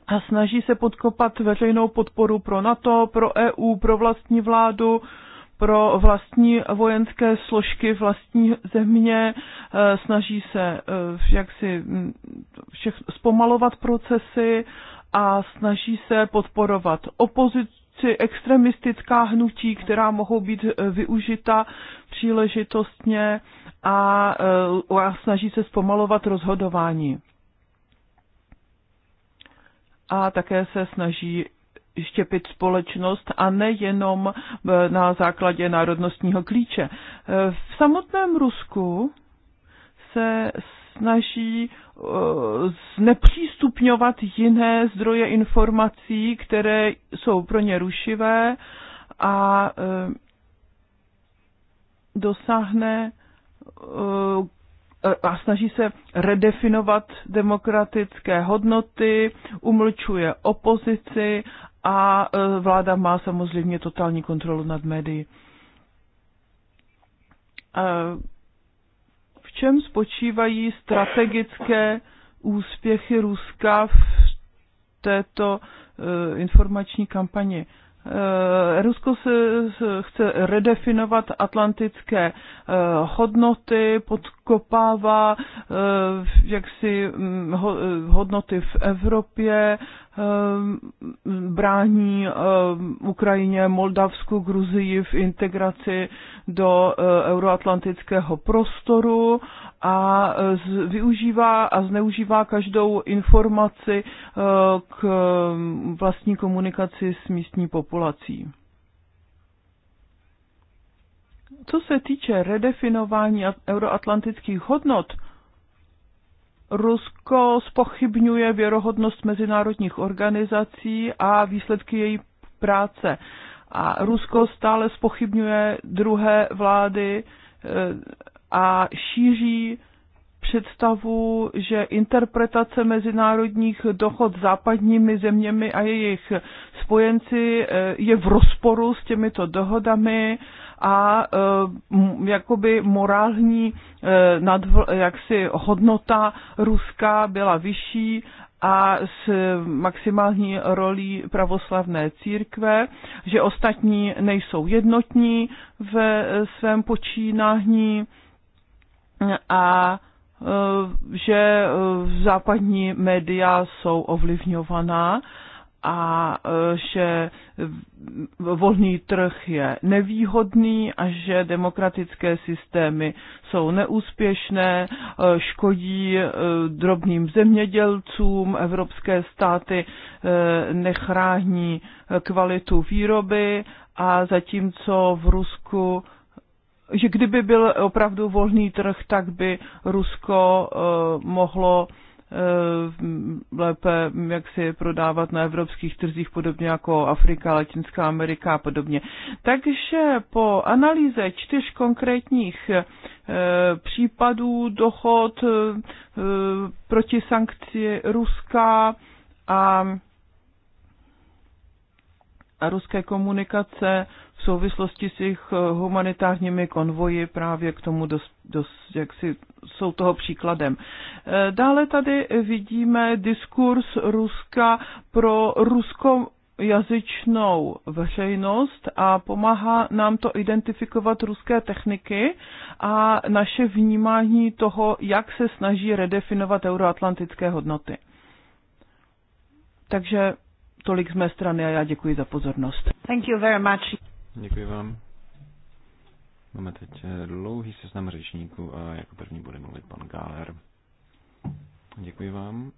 a snaží se podkopat veřejnou podporu pro NATO, pro EU, pro vlastní vládu, pro vlastní vojenské složky vlastní země, eh, snaží se eh, jaksi mm, všech, zpomalovat procesy a snaží se podporovat opozici, extremistická hnutí, která mohou být eh, využita příležitostně a, a snaží se zpomalovat rozhodování. A také se snaží štěpit společnost a nejenom eh, na základě národnostního klíče. Eh, v samotném Rusku se snaží eh, znepřístupňovat jiné zdroje informací, které jsou pro ně rušivé a dosáhne a snaží se redefinovat demokratické hodnoty, umlčuje opozici a e, vláda má samozřejmě totální kontrolu nad médií. E, v čem spočívají strategické úspěchy Ruska v této e, informační kampani? Rusko se chce redefinovat atlantické hodnoty, podkopává jaksi hodnoty v Evropě, Ehm, brání ehm, Ukrajině, Moldavsku, Gruzii v integraci do e, euroatlantického prostoru a využívá a zneužívá každou informaci e, k vlastní komunikaci s místní populací. Co se týče redefinování euroatlantických hodnot, Rusko spochybňuje věrohodnost mezinárodních organizací a výsledky její práce. A Rusko stále spochybňuje druhé vlády eh, a šíří představu, že interpretace mezinárodních dohod západními zeměmi a jejich spojenci eh, je v rozporu s těmito dohodami a eh, jakoby morální eh, nadvl, jaksi hodnota ruská byla vyšší a s maximální rolí pravoslavné církve, že ostatní nejsou jednotní ve svém počínání a eh, že západní média jsou ovlivňovaná a e, že volný trh je nevýhodný a že demokratické systémy jsou neúspěšné, e, škodí e, drobným zemědělcům, evropské státy nechrání kvalitu výroby a zatímco v Rusku že kdyby byl opravdu volný trh, tak by Rusko mohlo Eh, lépe jak si prodávat na evropských trzích, podobně jako Afrika, Latinská Amerika a podobně. Takže po analýze čtyř konkrétních eh, případů dochod eh, proti sankci Ruska a a ruské komunikace v souvislosti s jejich eh, humanitárními konvoji právě k tomu dos, dos, jak si, jsou toho příkladem. Eh, dále tady vidíme diskurs Ruska pro ruskou jazyčnou veřejnost a pomáhá nám to identifikovat ruské techniky a naše vnímání toho, jak se snaží redefinovat euroatlantické hodnoty. Takže Tolik z mé strany a já děkuji za pozornost. Thank you very much. Děkuji vám. Máme teď eh, dlouhý seznam řečníků a jako první bude mluvit pan Gáler. Děkuji vám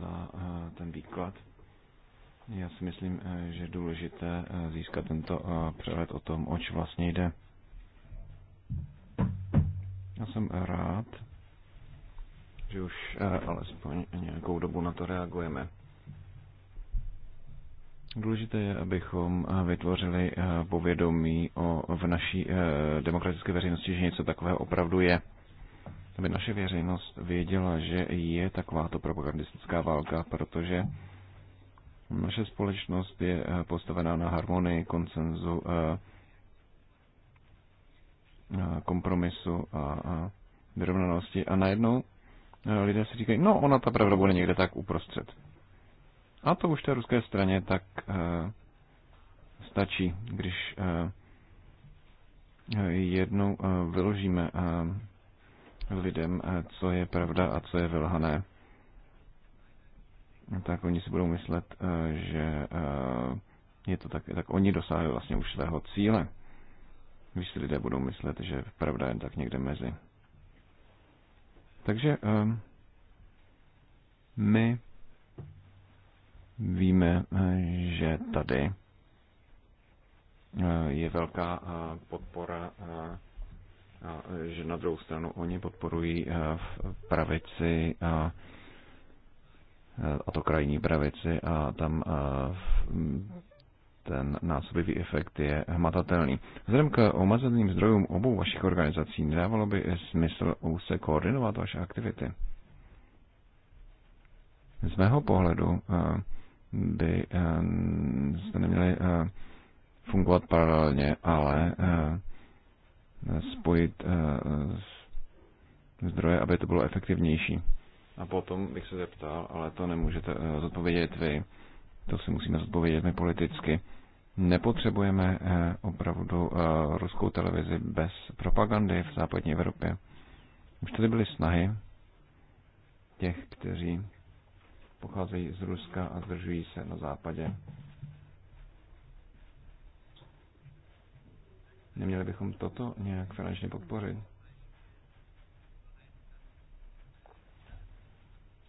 za eh, ten výklad. Já si myslím, eh, že je důležité získat tento přehled o tom, oč vlastně jde. Já jsem rád, že už eh, alespoň nějakou dobu na to reagujeme. Důležité je, abychom eh, vytvořili eh, povědomí o, v naší demokratické veřejnosti, že něco takového opravdu je. Aby naše veřejnost věděla, že je takováto propagandistická válka, protože naše společnost je postavená na harmonii, koncenzu, kompromisu a vyrovnanosti. A najednou lidé si říkají, no ona ta pravda bude někde tak uprostřed. A to už té ruské straně tak eh, stačí, když eh, jednou eh, vyložíme lidem, co je pravda a co je vylhané, tak oni si budou myslet, že je to tak, tak oni dosáhli vlastně už svého cíle. Když si lidé budou myslet, že pravda je tak někde mezi. Takže ehm, my víme, eh, že tady eh, je velká eh, podpora že na druhou stranu oni podporují v pravici a, a to krajní pravici a tam ten násobivý efekt je hmatatelný. Vzhledem k omezeným zdrojům obou vašich organizací nedávalo by smysl úse koordinovat vaše aktivity? Z mého pohledu eh, by jste eh, neměli eh, fungovat paralelně, ale spojit zdroje, aby to bylo efektivnější. A potom bych se zeptal, ale to nemůžete zodpovědět vy, to si musíme zodpovědět my politicky nepotřebujeme eh, opravdu eh, ruskou televizi bez propagandy v západní Evropě. Už tady byly snahy těch, kteří pocházejí z Ruska a zdržují se na západě. Neměli bychom toto nějak finančně podpořit?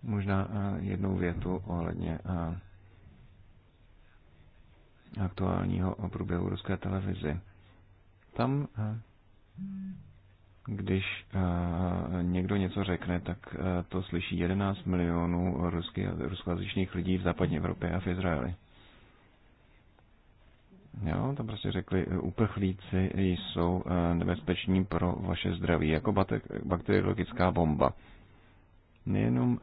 Možná eh, jednou větu ohledně aktuálního průběhu ruské televizi. Tam, eh, když eh, někdo něco řekne, tak eh, to slyší 11 milionů ruských, ruskojazyčných lidí v západní Evropě a v Izraeli. Jo, tam prostě řekli, uprchlíci jsou nebezpeční pro vaše zdraví, jako bakteriologická bomba. Nejenom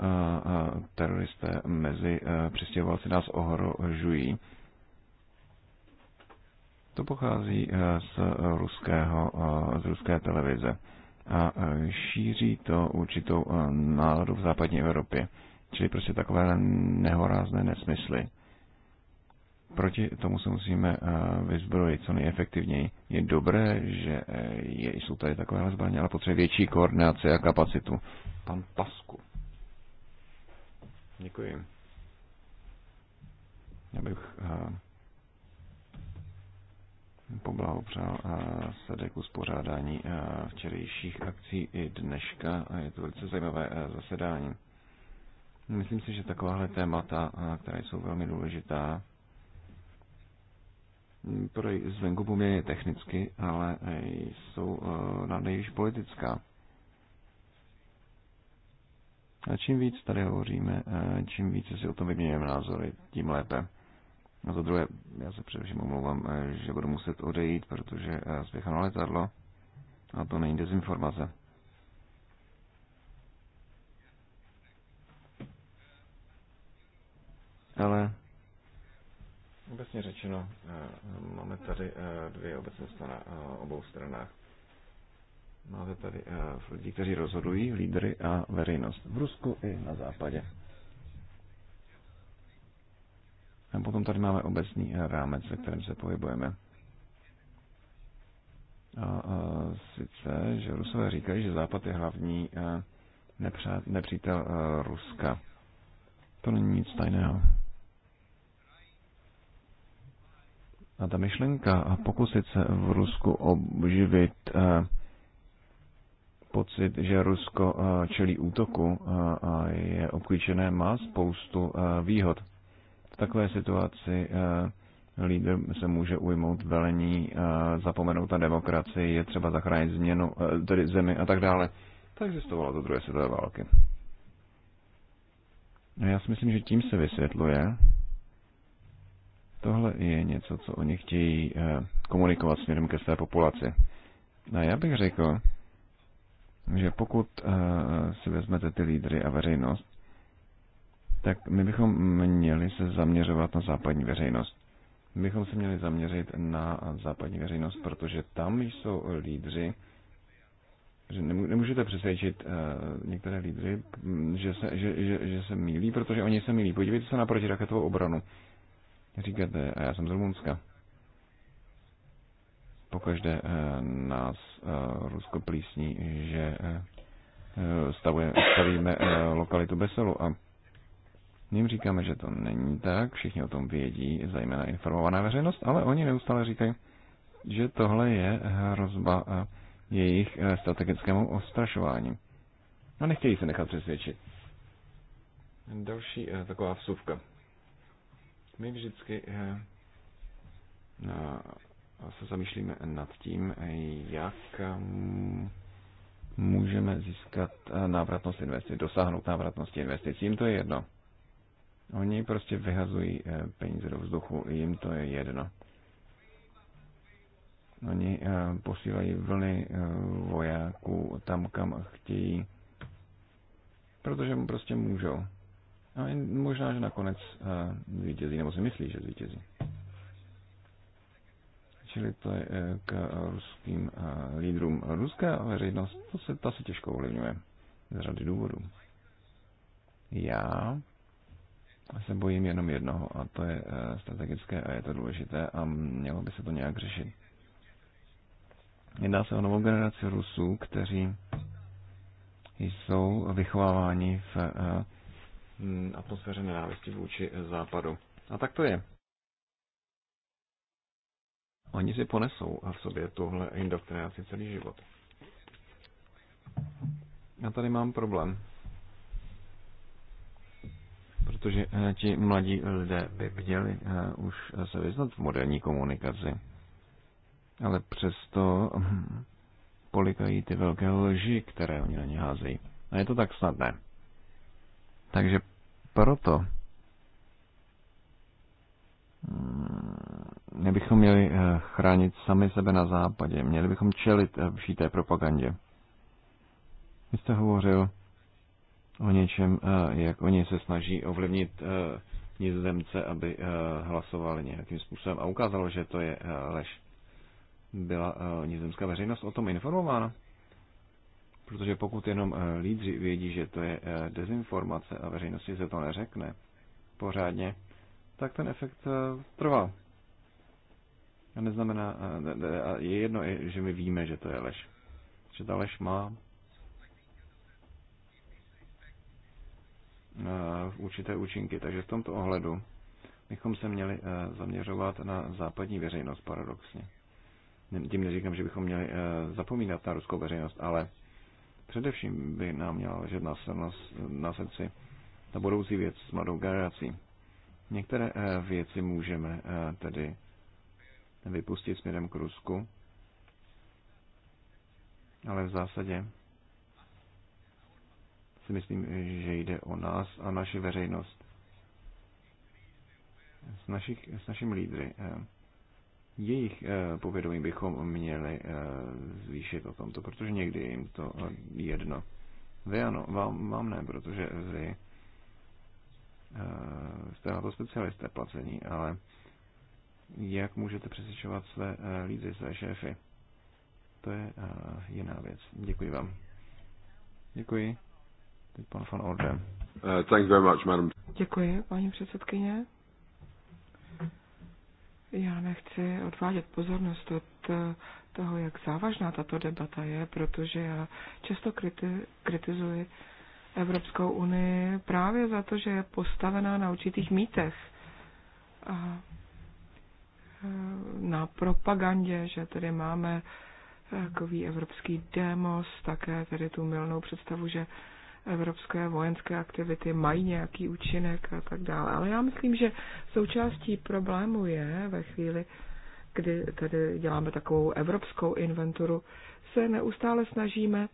teroristé mezi přistěhovalci nás ohrožují, to pochází eh, z, eh, ruského, eh, z ruské televize a šíří to určitou náladu v západní Evropě. Čili prostě takové nehorázné nesmysly. Proti tomu se musíme vyzbrojit co nejefektivněji. Je dobré, že je, jsou tady takové zbraně, ale potřebuje větší koordinaci a kapacitu. Pan Pasku. Děkuji. Já bych poblahopřál eh, Sade k uspořádání eh, včerejších akcí i dneška. Je to velice zajímavé eh, zasedání. Myslím si, že takováhle témata, která jsou velmi důležitá, pro zvenku poměrně technicky, ale jsou na nejvíc politická. A čím víc tady hovoříme, čím více si o tom vyměňujeme názory, tím lépe. A za druhé, já se především omlouvám, eh, že budu muset odejít, protože eh, spěchám na letadlo a to není dezinformace. Ale obecně řečeno, eh, máme tady dvě obecné na obou stranách. Máte tady lidi, kteří rozhodují, lídry a veřejnost v Rusku i na západě. A potom tady máme obecný rámec, ve kterém se pohybujeme. A, a sice, že Rusové říkají, že Západ je hlavní nepřát, nepřítel Ruska. To není nic tajného. A ta myšlenka a pokusit se v Rusku obživit pocit, že Rusko čelí útoku a je obklíčené, má spoustu výhod. V takové situaci eh, lídr se může ujmout velení, eh, zapomenout na demokracii, je třeba zachránit změnu, eh, tedy zemi a tak dále. To existovalo do druhé světové války. A já si myslím, že tím se vysvětluje. Tohle je něco, co oni chtějí komunikovat směrem ke své populaci. A já bych řekl, že pokud si vezmete ty lídry a veřejnost, tak my bychom měli se zaměřovat na západní veřejnost. My bychom se měli zaměřit na západní veřejnost, protože tam jsou lídři, že nemůžete přesvědčit uh, některé lídry, že se, že, že, že se mílí, protože oni se mílí. Podívejte se na protiraketovou obranu. Říkáte, a já jsem z Rumunska. Pokaždé uh, nás uh, Rusko plísní, že uh, stavuje, stavíme uh, lokalitu Beselu a my jim říkáme, že to není tak, všichni o tom vědí, zejména informovaná veřejnost, ale oni neustále říkají, že tohle je hrozba eh, jejich eh, strategickému ostrašování. A nechtějí se nechat přesvědčit. Další eh, taková vsuvka. My vždycky se zamýšlíme nad tím, jak můžeme získat návratnost investic, dosáhnout návratnosti investic. Jím to je jedno. Oni prostě vyhazují eh, peníze do vzduchu, jim to je jedno. Oni eh, posílají vlny eh, vojáků tam, kam chtějí, protože mu prostě můžou. A možná, že nakonec zvítězí, nebo si myslí, že zvítězí. Čili to je k ruským lídrům. Ruská veřejnost, to se, ta se těžko ovlivňuje z řady důvodů. Já se bojím jenom jednoho a to je eh, strategické a je to důležité a mělo by se to nějak řešit. Jedná se o novou generaci Rusů, kteří jsou vychováváni v eh, atmosféře nenávisti vůči eh, západu. A tak to je. Oni si ponesou v sobě tuhle indoktrinaci celý život. Já tady mám problém protože eh, ti mladí lidé by měli eh, už se vyznat v moderní komunikaci. Ale přesto hm, polikají ty velké lži, které oni na ně házejí. A je to tak snadné. Takže proto hm, nebychom měli eh, chránit sami sebe na západě. Měli bychom čelit vší té propagandě. Vy jste hovořil o něčem, eh, jak oni se snaží ovlivnit eh, nizozemce, aby eh, hlasovali nějakým způsobem a ukázalo, že to je lež. Byla nizozemská veřejnost o tom informována? Protože pokud jenom lídři vědí, že to je dezinformace a veřejnosti se to neřekne pořádně, tak ten efekt trvá. A neznamená, je jedno, že my víme, že to je lež. Že ta lež má v eh, určité účinky. Takže v tomto ohledu bychom se měli eh, zaměřovat na západní veřejnost paradoxně. Tím neříkám, že bychom měli eh, zapomínat na ruskou veřejnost, ale především by nám měla ležet na, na srdci ta budoucí věc s mladou generací. Některé věci můžeme tedy vypustit směrem k Rusku, ale v zásadě si myslím, že jde o nás a naši veřejnost. S, našich, s naším lídry. Eh, jejich eh, povědomí bychom měli eh, zvýšit o tomto, protože někdy jim to jedno. Vy ano, vám, vám ne, protože vy jste na to specialisté placení, ale jak můžete přesvědčovat své lídry, své šéfy? To je jiná věc. Děkuji vám. Děkuji. Teď pan van Orden. Uh, thank very much, madam. Děkuji, paní předsedkyně. Já nechci odvádět pozornost od eh, toho, jak závažná tato debata je, protože já často kriti- kritizuji Evropskou unii právě za to, že je postavená na určitých mýtech. A eh, na propagandě, že tedy máme takový evropský demos, také tedy tu milnou představu, že evropské vojenské aktivity mají nějaký účinek a tak dále. Ale já myslím, že součástí problému je ve chvíli, kdy tedy děláme takovou evropskou inventuru, se neustále snažíme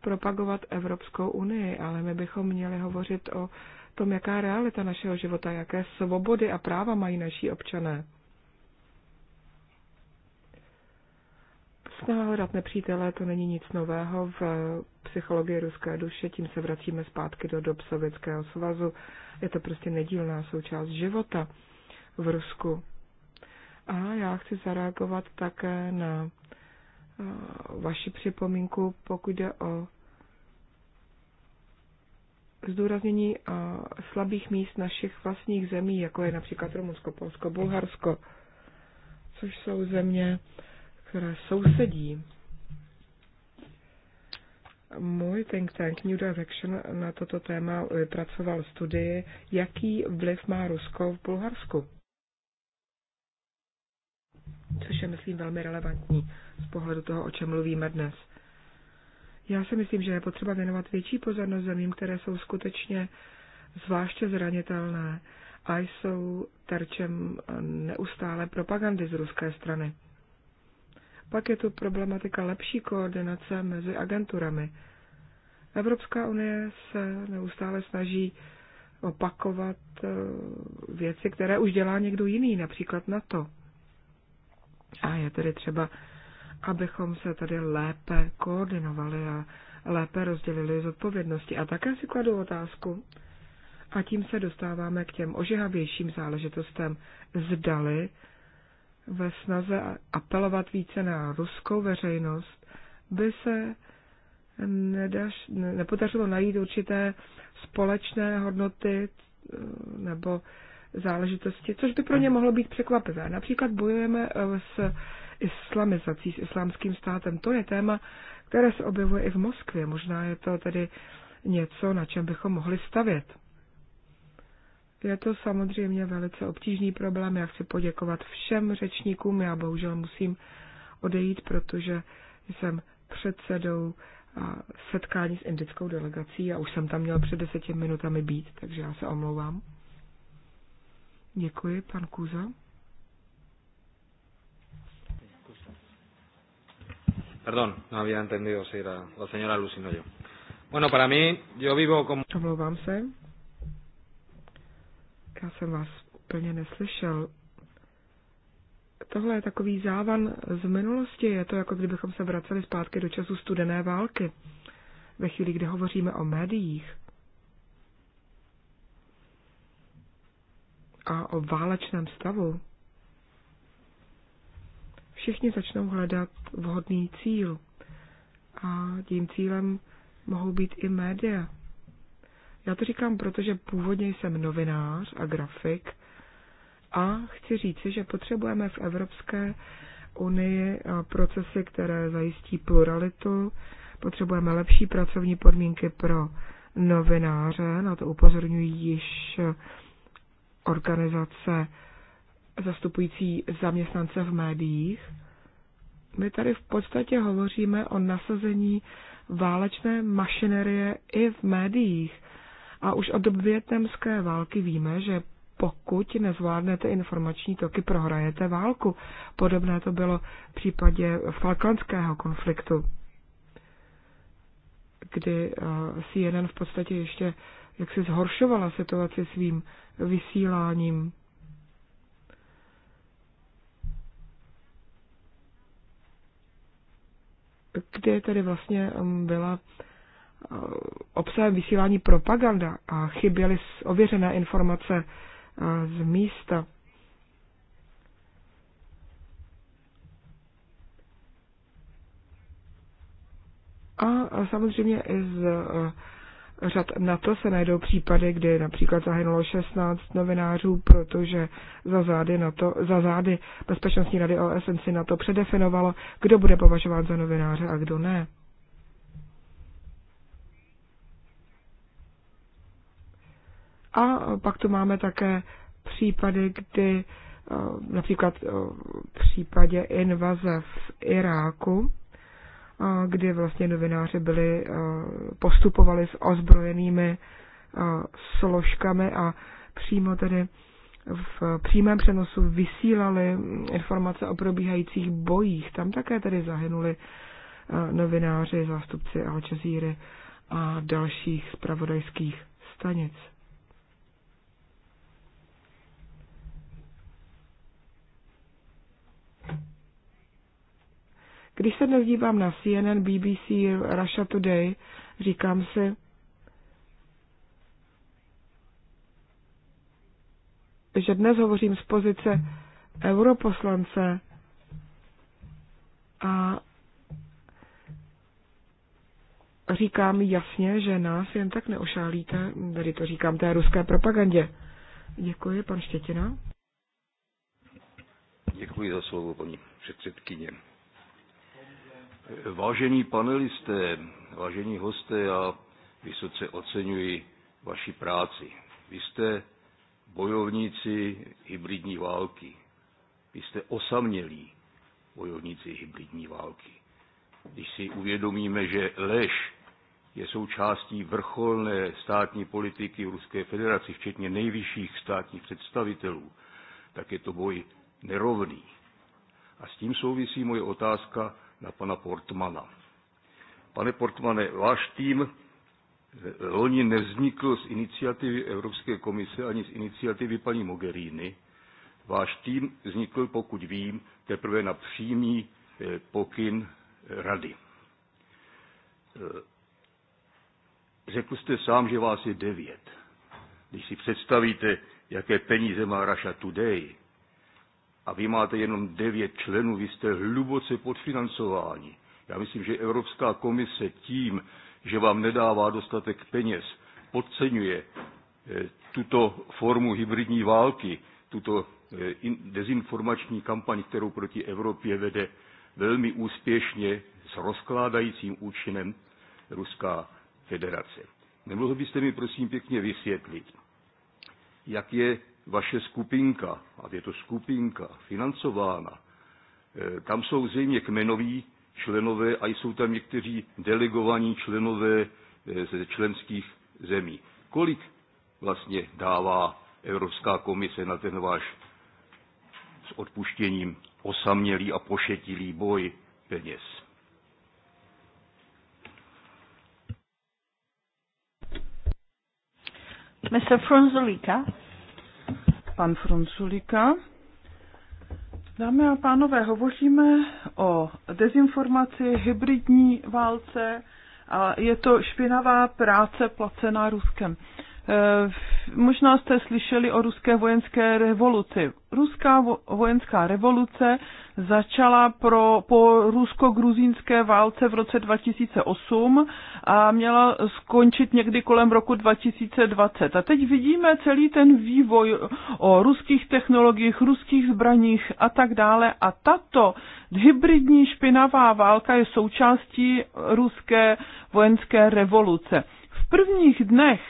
propagovat Evropskou unii, ale my bychom měli hovořit o tom, jaká realita našeho života, jaké svobody a práva mají naši občané. Snaha hledat nepřítele, to není nic nového v psychologie ruské duše, tím se vracíme zpátky do dob Sovětského svazu. Je to prostě nedílná součást života v Rusku. A já chci zareagovat také na eh, vaši připomínku, pokud jde o zdůraznění eh, slabých míst našich vlastních zemí, jako je například Rumunsko, Polsko, Bulharsko, což jsou země, které sousedí můj think tank New Direction na toto téma vypracoval studii, jaký vliv má Rusko v Bulharsku. Což je, myslím, velmi relevantní z pohledu toho, o čem mluvíme dnes. Já si myslím, že je potřeba věnovat větší pozornost zemím, které jsou skutečně zvláště zranitelné a jsou terčem neustále propagandy z ruské strany. Pak je tu problematika lepší koordinace mezi agenturami. Evropská unie se neustále snaží opakovat eh, věci, které už dělá někdo jiný, například NATO. A je tedy třeba, abychom se tady lépe koordinovali a lépe rozdělili zodpovědnosti. A také si kladu otázku, a tím se dostáváme k těm ožehavějším záležitostem, zdali ve snaze apelovat více na ruskou veřejnost, by se ne, nepodařilo najít určité společné hodnoty eh, nebo záležitosti, což by pro ně mohlo být překvapivé. Například bojujeme eh, s islamizací, s islámským státem. To je téma, které se objevuje i v Moskvě. Možná je to tedy něco, na čem bychom mohli stavět. Je to samozřejmě velice obtížný problém. Já chci poděkovat všem řečníkům. Já bohužel musím odejít, protože jsem předsedou setkání s indickou delegací a už jsem tam měl před deseti minutami být, takže já se omlouvám. Děkuji, pan Kuza. Perdón, no había entendido si era la señora Lucino yo. Bueno, para mí, yo vivo como... Omlouvám se. Já jsem vás úplně neslyšel. Tohle je takový závan z minulosti. Je to jako kdybychom se vraceli zpátky do času studené války. Ve chvíli, kdy hovoříme o médiích a o válečném stavu, všichni začnou hledat vhodný cíl. A tím cílem mohou být i média. Já to říkám, protože původně jsem novinář a grafik a chci říci, že potřebujeme v Evropské unii eh, procesy, které zajistí pluralitu, potřebujeme lepší pracovní podmínky pro novináře, na to upozorňují již organizace zastupující zaměstnance v médiích. My tady v podstatě hovoříme o nasazení válečné mašinerie i v médiích. A už od dob větnamské války víme, že pokud nezvládnete informační toky, prohrajete válku. Podobné to bylo v případě falklandského konfliktu, kdy eh, CNN v podstatě ještě jak se zhoršovala situaci svým vysíláním. Kde tedy vlastně mm, byla Eh, obsahem vysílání propaganda a chyběly ověřené informace eh, z místa. A samozřejmě i z eh, řad NATO se najdou případy, kdy například zahynulo 16 novinářů, protože za zády, NATO, za zády Bezpečnostní rady OSN si NATO předefinovalo, kdo bude považován za novináře a kdo ne. A pak tu máme také případy, kdy eh, například eh, v případě invaze v Iráku, eh, kdy vlastně novináři byli, postupovali s ozbrojenými složkami a přímo tedy v přímém přenosu vysílali informace o probíhajících bojích. Tam také tedy zahynuli novináři, zástupci Al a dalších spravodajských stanic. Když se dnes dívám na CNN, BBC, Russia Today, říkám si, že dnes hovořím z pozice europoslance a říkám jasně, že nás jen tak neošálíte, tady to říkám té ruské propagandě. Děkuji, pan Štětina. Děkuji za slovo, paní předsedkyně. Vážení panelisté, vážení hosté, já vysoce oceňuji vaši práci. Vy jste bojovníci hybridní války. Vy jste osamělí bojovníci hybridní války. Když si uvědomíme, že lež je součástí vrcholné státní politiky Ruské federace, včetně nejvyšších státních představitelů, tak je to boj nerovný. A s tím souvisí moje otázka, na pana Portmana. Pane Portmane, váš tým loni nevznikl z iniciativy Evropské komise ani z iniciativy paní Mogherini. Váš tým vznikl, pokud vím, teprve na přímý eh, pokyn eh, rady. Eh, řekl jste sám, že vás je devět. Když si představíte, jaké peníze má Russia Today, a vy máte jenom devět členů, vy jste hluboce podfinancováni. Já myslím, že Evropská komise tím, že vám nedává dostatek peněz, podceňuje eh, tuto formu hybridní války, tuto eh, dezinformační kampaň, kterou proti Evropě vede velmi úspěšně s rozkládajícím účinem Ruská federace. Nemohl byste mi prosím pěkně vysvětlit, jak je vaše skupinka, a je to skupinka financována, eh, tam jsou zřejmě kmenoví členové a jsou tam někteří delegovaní členové eh, ze členských zemí. Kolik vlastně dává Evropská komise na ten váš s odpuštěním osamělý a pošetilý boj peněz? Mr. Frunzulika pan Frunculika. Dámy a pánové, hovoříme o dezinformaci, hybridní válce a je to špinavá práce placená Ruskem. Uh, Eh, možná jste slyšeli o ruské vojenské revoluci. Ruská vojenská revoluce začala pro, po rusko-gruzínské válce v roce 2008 a měla skončit někdy kolem roku 2020. A teď vidíme celý ten vývoj o ruských technologiích, ruských zbraních a tak dále. A tato hybridní špinavá válka je součástí ruské vojenské revoluce. V prvních dnech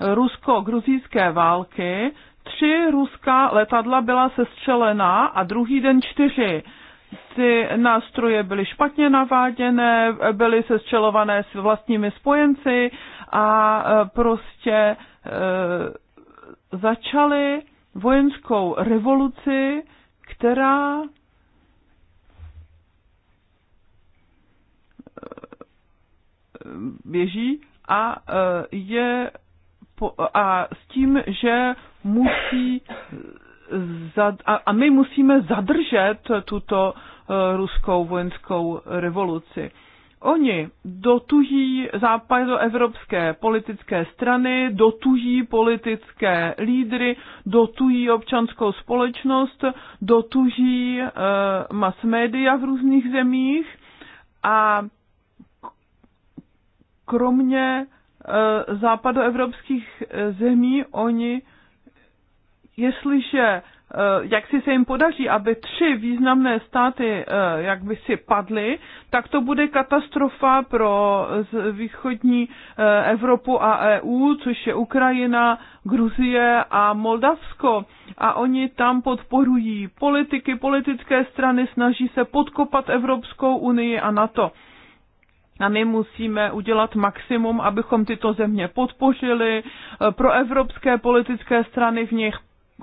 rusko-gruzijské války tři ruská letadla byla sestřelená a druhý den čtyři. Ty nástroje byly špatně naváděné, byly sestřelované s vlastními spojenci a e, prostě e, začaly vojenskou revoluci, která e, běží a e, je a s tím, že musí a my musíme zadržet tuto eh, ruskou vojenskou revoluci. Oni dotují západoevropské politické strany, dotují politické lídry, dotují občanskou společnost, dotují uh, mass media v různých zemích a kromě Eh, západoevropských eh, zemí, oni, jestliže eh, jak si se jim podaří, aby tři významné státy jak by si padly, tak to bude katastrofa pro východní Evropu a EU, což je Ukrajina, Gruzie a Moldavsko. A oni tam podporují politiky, politické strany, snaží se podkopat Evropskou unii a NATO. A my musíme udělat maximum, abychom tyto země podpořili, eh, pro evropské politické strany v nich,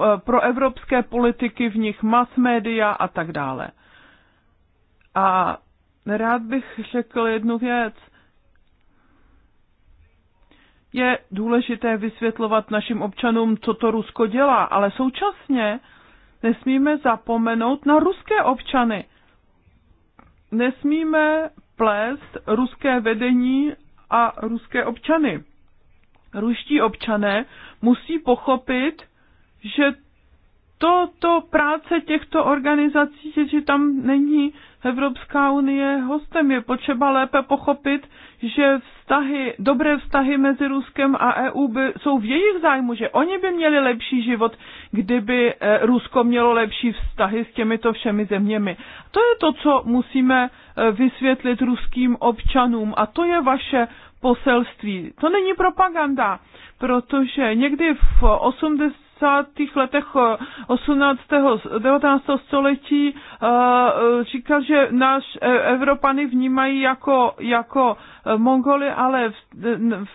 eh, pro evropské politiky v nich, mass media a tak dále. A rád bych řekl jednu věc. Je důležité vysvětlovat našim občanům, co to Rusko dělá, ale současně nesmíme zapomenout na ruské občany. Nesmíme plést ruské vedení a ruské občany. Ruští občané musí pochopit, že to, to práce těchto organizací, že tam není Evropská unie hostem. Je potřeba lépe pochopit, že vztahy, dobré vztahy mezi Ruskem a EU by, jsou v jejich zájmu, že oni by měli lepší život, kdyby eh, Rusko mělo lepší vztahy s těmito všemi zeměmi. To je to, co musíme eh, vysvětlit ruským občanům a to je vaše poselství. To není propaganda, protože někdy v 80. 90. letech 18. Eh, 19. století eh, eh, říkal, že náš Evropany vnímají jako, jako Mongoli, ale v,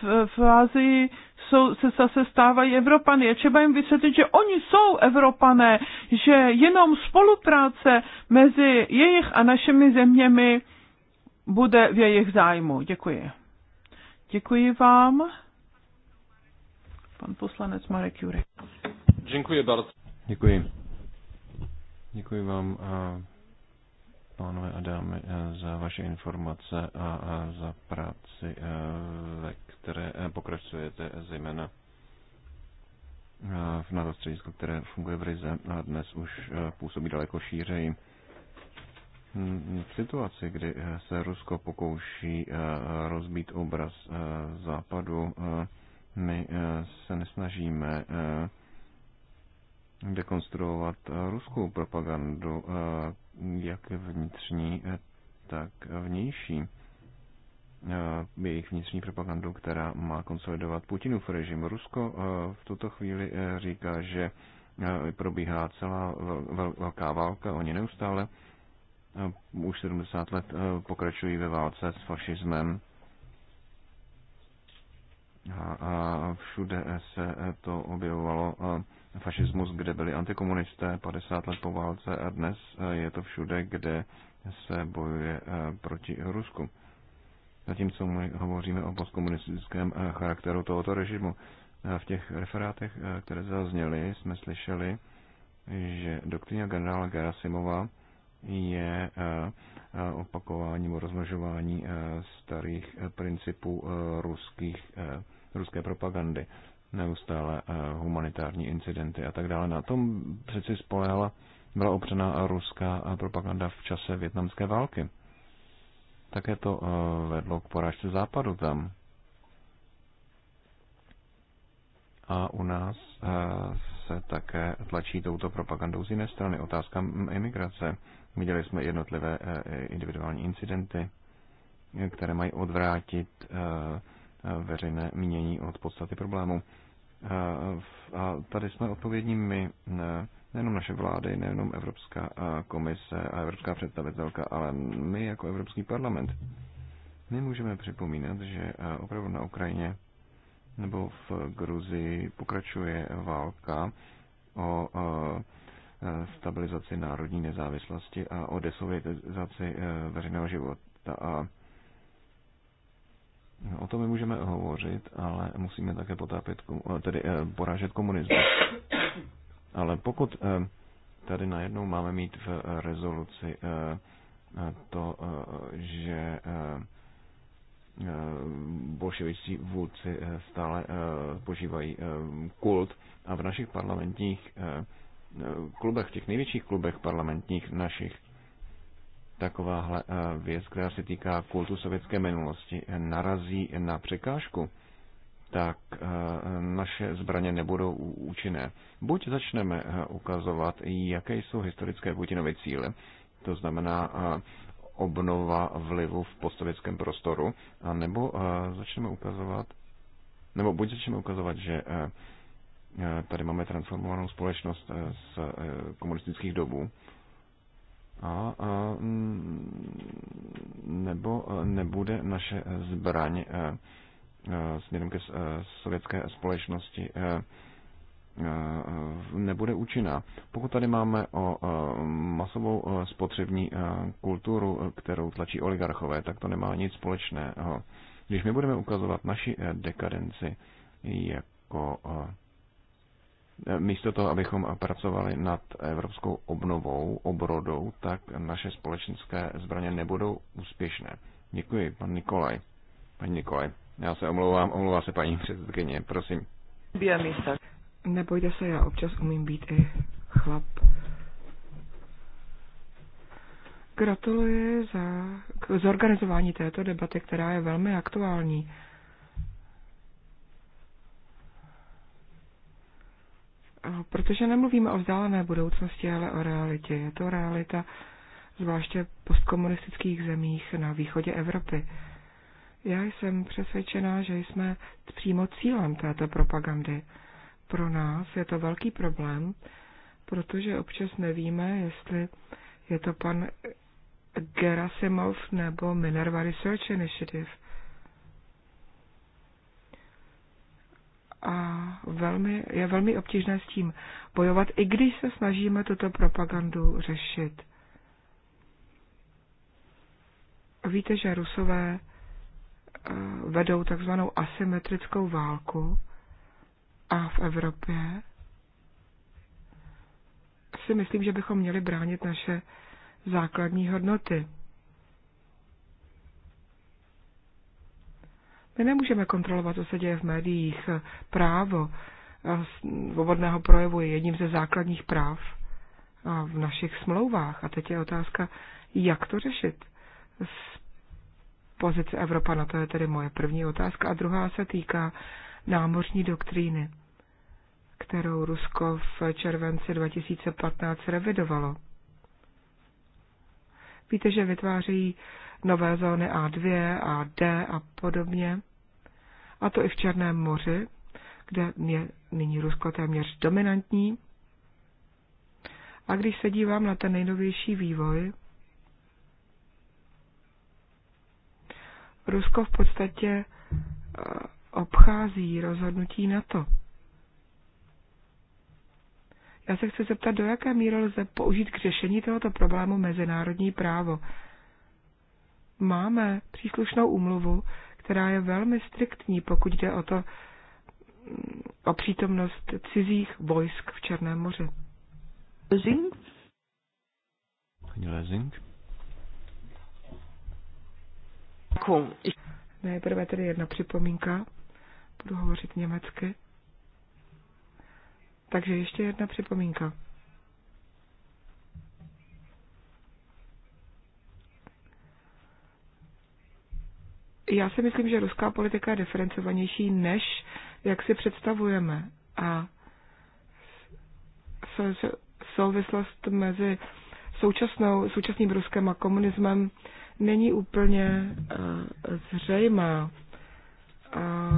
v, v Azii jsou, se zase stávají Evropany. Je třeba jim vysvětlit, že oni jsou Evropané, že jenom spolupráce mezi jejich a našimi zeměmi bude v jejich zájmu. Děkuji. Děkuji vám. Pan poslanec Marek Jurek. Děkuji bardzo. Děkuji. Děkuji vám, a pánové a dámy, e, za vaše informace a za práci, e, ve které e, pokračujete zejména v nadostředisku, které funguje v Rize a dnes už působí daleko šířeji. Hm, v situaci, kdy se Rusko pokouší rozbít obraz západu, my eh, se nesnažíme eh, dekonstruovat eh, ruskou propagandu, jak vnitřní, tak vnější. Jejich vnitřní propagandu, která má konsolidovat Putinův režim. Rusko v tuto chvíli říká, že probíhá celá velká válka. Oni neustále už 70 let pokračují ve válce s fašismem a, a všude se to objevovalo fašismus, kde byli antikomunisté 50 let po válce a dnes je to všude, kde se bojuje proti Rusku. Zatímco my hovoříme o postkomunistickém charakteru tohoto režimu. V těch referátech, které zazněly, jsme slyšeli, že doktrina generála Gerasimova je opakování nebo rozmnožování starých principů ruských ruské propagandy, neustále eh, humanitární incidenty a tak dále. Na tom přeci spolehala, byla opřena ruská eh, propaganda v čase větnamské války. Také to eh, vedlo k porážce západu tam. A u nás se také tlačí touto propagandou z jiné strany. Otázka imigrace. Viděli jsme jednotlivé individuální incidenty, které mají odvrátit veřejné mínění od podstaty problému. A tady jsme odpovědní my, nejenom naše vlády, nejenom Evropská komise a Evropská představitelka, ale my jako Evropský parlament. My můžeme připomínat, že opravdu na Ukrajině nebo v Gruzii pokračuje válka o stabilizaci národní nezávislosti a o desovitizaci e, veřejného života a O tom my můžeme hovořit, ale musíme také potápět, eh, tedy eh, porážet komunismus. Ale pokud eh, tady najednou máme mít v rezoluci to, že bolševičtí vůdci stále požívají kult a v našich parlamentních klubech, v těch největších klubech parlamentních našich takováhle eh, věc, která se týká kultu sovětské minulosti, eh, narazí na překážku, tak eh, naše zbraně nebudou účinné. Buď začneme ukazovat, jaké jsou historické Putinovy cíle, to znamená obnova vlivu v postsovětském prostoru, a nebo začneme ukazovat, nebo buď začneme ukazovat, že tady máme transformovanou společnost z komunistických dobů, a, a mm, nebo e, nebude naše zbraň e, e, směrem ke sovětské společnosti nebude účinná. Pokud tady máme o masovou spotřební kulturu, kterou tlačí oligarchové, tak to nemá nic společného. Když my budeme ukazovat naši dekadenci jako místo toho, abychom pracovali nad evropskou obnovou, obrodou, tak naše společenské zbraně nebudou úspěšné. Děkuji, pan Nikolaj. Paní Nikolaj, já se omlouvám, omlouvá se paní předsedkyně, prosím. Nebojte se, já občas umím být i chlap. Gratuluji za zorganizování této debaty, která je velmi aktuální. protože nemluvíme o vzdálené budoucnosti, ale o realitě. Je to realita zvláště postkomunistických zemích na východě Evropy. Já jsem přesvědčená, že jsme přímo cílem této propagandy. Pro nás je to velký problém, protože občas nevíme, jestli je to pan Gerasimov nebo Minerva Research Initiative – a velmi, je velmi obtížné s tím bojovat, i když se snažíme tuto propagandu řešit. Víte, že rusové eh, vedou takzvanou asymetrickou válku a v Evropě si myslím, že bychom měli bránit naše základní hodnoty. My nemůžeme kontrolovat, co se děje v médiích. Právo eh, svobodného projevu je jedním ze základních práv v našich smlouvách. A teď je otázka, jak to řešit z pozice Evropana. To je tedy moje první otázka. A druhá se týká námořní doktríny, kterou Rusko v červenci 2015 revidovalo. Víte, že vytváří nové zóny A2, AD a podobně a to i v Černém moři, kde je nyní Rusko téměř dominantní. A když se dívám na ten nejnovější vývoj, Rusko v podstatě eh, obchází rozhodnutí na to. Já se chci zeptat, do jaké míry lze použít k řešení tohoto problému mezinárodní právo. Máme příslušnou úmluvu, která je velmi striktní, pokud jde o to, o přítomnost cizích vojsk v Černém moři. Lezing? Nejprve tedy jedna připomínka. Budu hovořit německy. Takže ještě jedna připomínka. já si myslím, že ruská politika je diferencovanější, než jak si představujeme. A souvislost mezi současnou, současným Ruskem a komunismem není úplně uh, zřejmá. A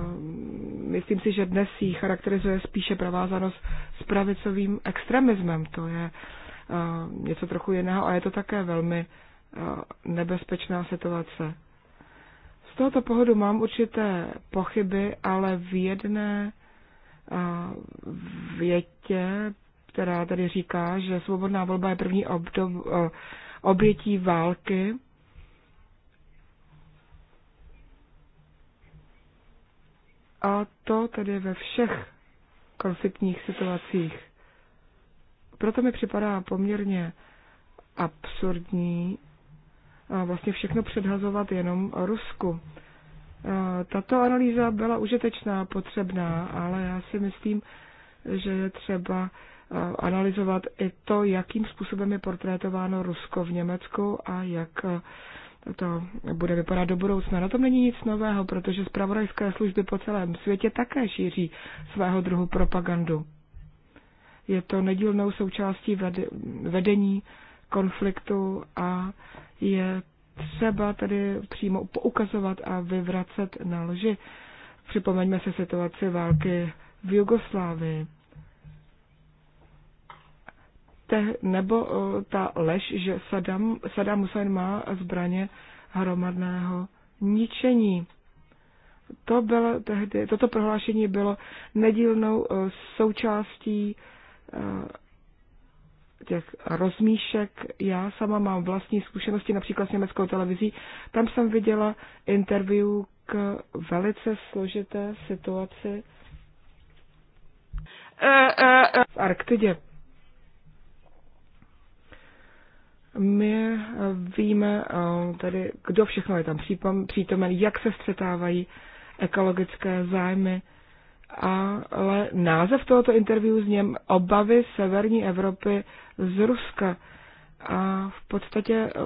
myslím si, že dnes ji charakterizuje spíše provázanost s pravicovým extremismem. To je uh, něco trochu jiného a je to také velmi uh, nebezpečná situace. Z tohoto pohledu mám určité pochyby, ale v jedné větě, která tady říká, že svobodná volba je první obdob, obětí války, a to tedy ve všech konfliktních situacích. Proto mi připadá poměrně absurdní, vlastně všechno předhazovat jenom Rusku. E, tato analýza byla užitečná, potřebná, ale já si myslím, že je třeba e, analyzovat i to, jakým způsobem je portrétováno Rusko v Německu a jak e, to bude vypadat do budoucna. Na tom není nic nového, protože zpravodajské služby po celém světě také šíří svého druhu propagandu. Je to nedílnou součástí vedení konfliktu a je třeba tedy přímo poukazovat a vyvracet na lži. Připomeňme si situaci války v Jugoslávii. Te, nebo ta lež, že Saddam, Saddam Hussein má zbraně hromadného ničení. To bylo tehdy, toto prohlášení bylo nedílnou součástí těch rozmíšek. Já sama mám vlastní zkušenosti například s německou televizí. Tam jsem viděla interview k velice složité situaci v Arktidě. My víme eh, tedy, kdo všechno je tam přítomen, jak se střetávají ekologické zájmy ale název tohoto interview něm Obavy severní Evropy z Ruska. A v podstatě eh,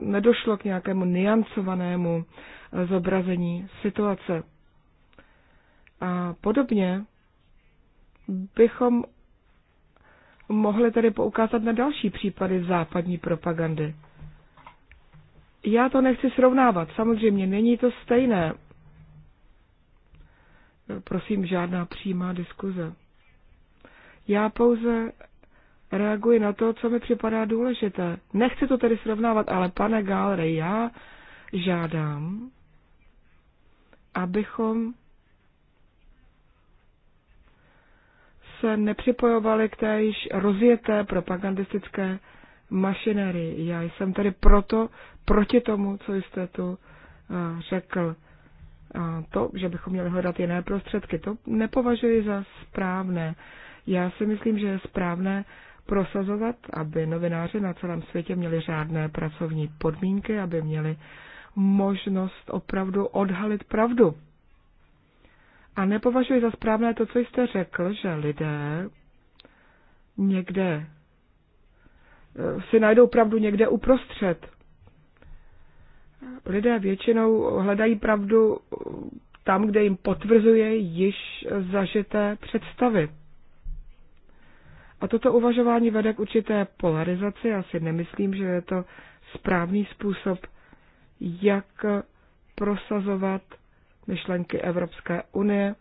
nedošlo k nějakému niancovanému eh, zobrazení situace. A podobně bychom mohli tedy poukázat na další případy západní propagandy. Já to nechci srovnávat, samozřejmě není to stejné, prosím, žádná přímá diskuze. Já pouze reaguji na to, co mi připadá důležité. Nechci to tedy srovnávat, ale pane Gálre, já žádám, abychom se nepřipojovali k té již rozjeté propagandistické mašinerii. Já jsem tedy proto proti tomu, co jste tu eh, řekl to, že bychom měli hledat jiné prostředky, to nepovažuji za správné. Já si myslím, že je správné prosazovat, aby novináři na celém světě měli řádné pracovní podmínky, aby měli možnost opravdu odhalit pravdu. A nepovažuji za správné to, co jste řekl, že lidé někde eh, si najdou pravdu někde uprostřed lidé většinou hledají pravdu tam, kde jim potvrzuje již zažité představy. A toto uvažování vede k určité polarizaci. Já si nemyslím, že je to správný způsob, jak prosazovat myšlenky Evropské unie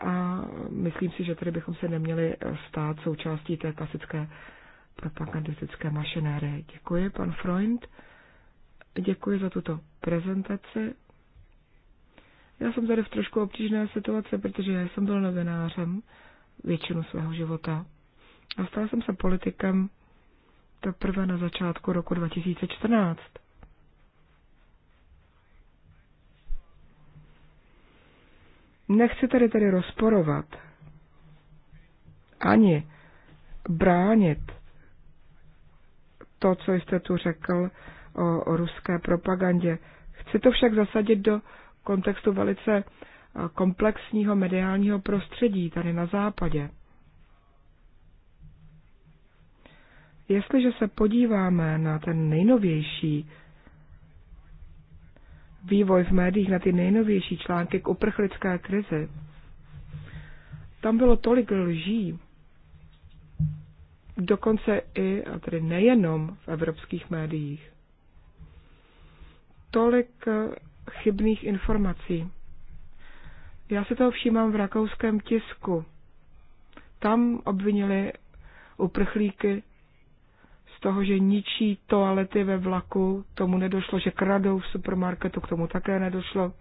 a myslím si, že tady bychom se neměli stát součástí té klasické propagandistické mašinérie. Děkuji, pan Freund. Děkuji za tuto prezentaci. Já jsem tady v trošku obtížné situaci, protože já jsem byl novinářem většinu svého života a stal jsem se politikem teprve na začátku roku 2014. Nechci tady tedy rozporovat ani bránit to, co jste tu řekl o ruské propagandě. Chci to však zasadit do kontextu velice e, komplexního mediálního prostředí tady na západě. Jestliže se podíváme na ten nejnovější vývoj v médiích, na ty nejnovější články k uprchlické krizi, tam bylo tolik lží, dokonce i, a tedy nejenom v evropských médiích, tolik eh, chybných informací. Já se toho všímám v rakouském tisku. Tam obvinili uprchlíky z toho, že ničí toalety ve vlaku, tomu nedošlo, že kradou v supermarketu, k tomu také nedošlo.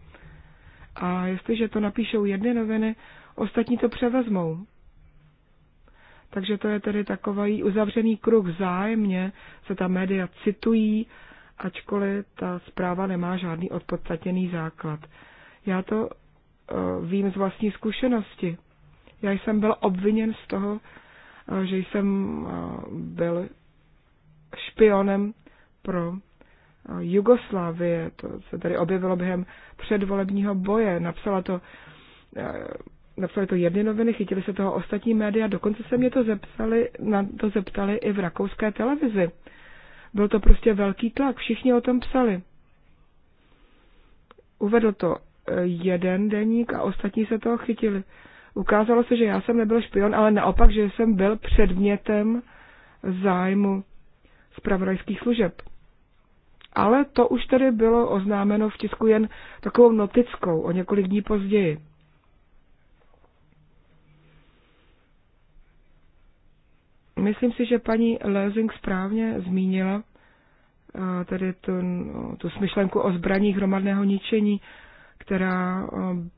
A jestliže to napíšou jedny noviny, ostatní to převezmou. Takže to je tedy takový uzavřený kruh zájemně, se ta média citují ačkoliv ta zpráva nemá žádný odpodstatněný základ. Já to eh, vím z vlastní zkušenosti. Já jsem byl obviněn z toho, eh, že jsem eh, byl špionem pro Jugoslávie. To se tady objevilo během předvolebního boje. Napsala to, napsali to jedny noviny, chytili se toho ostatní média, dokonce se mě to, zeptali, na to zeptali i v rakouské televizi. Byl to prostě velký tlak, všichni o tom psali. Uvedl to eh, jeden deník a ostatní se toho chytili. Ukázalo se, že já jsem nebyl špion, ale naopak, že jsem byl předmětem zájmu zpravodajských služeb. Ale to už tedy bylo oznámeno v tisku jen takovou notickou o několik dní později. Myslím si, že paní Lezing správně zmínila tedy tu, no, tu smyšlenku o zbraních hromadného ničení, která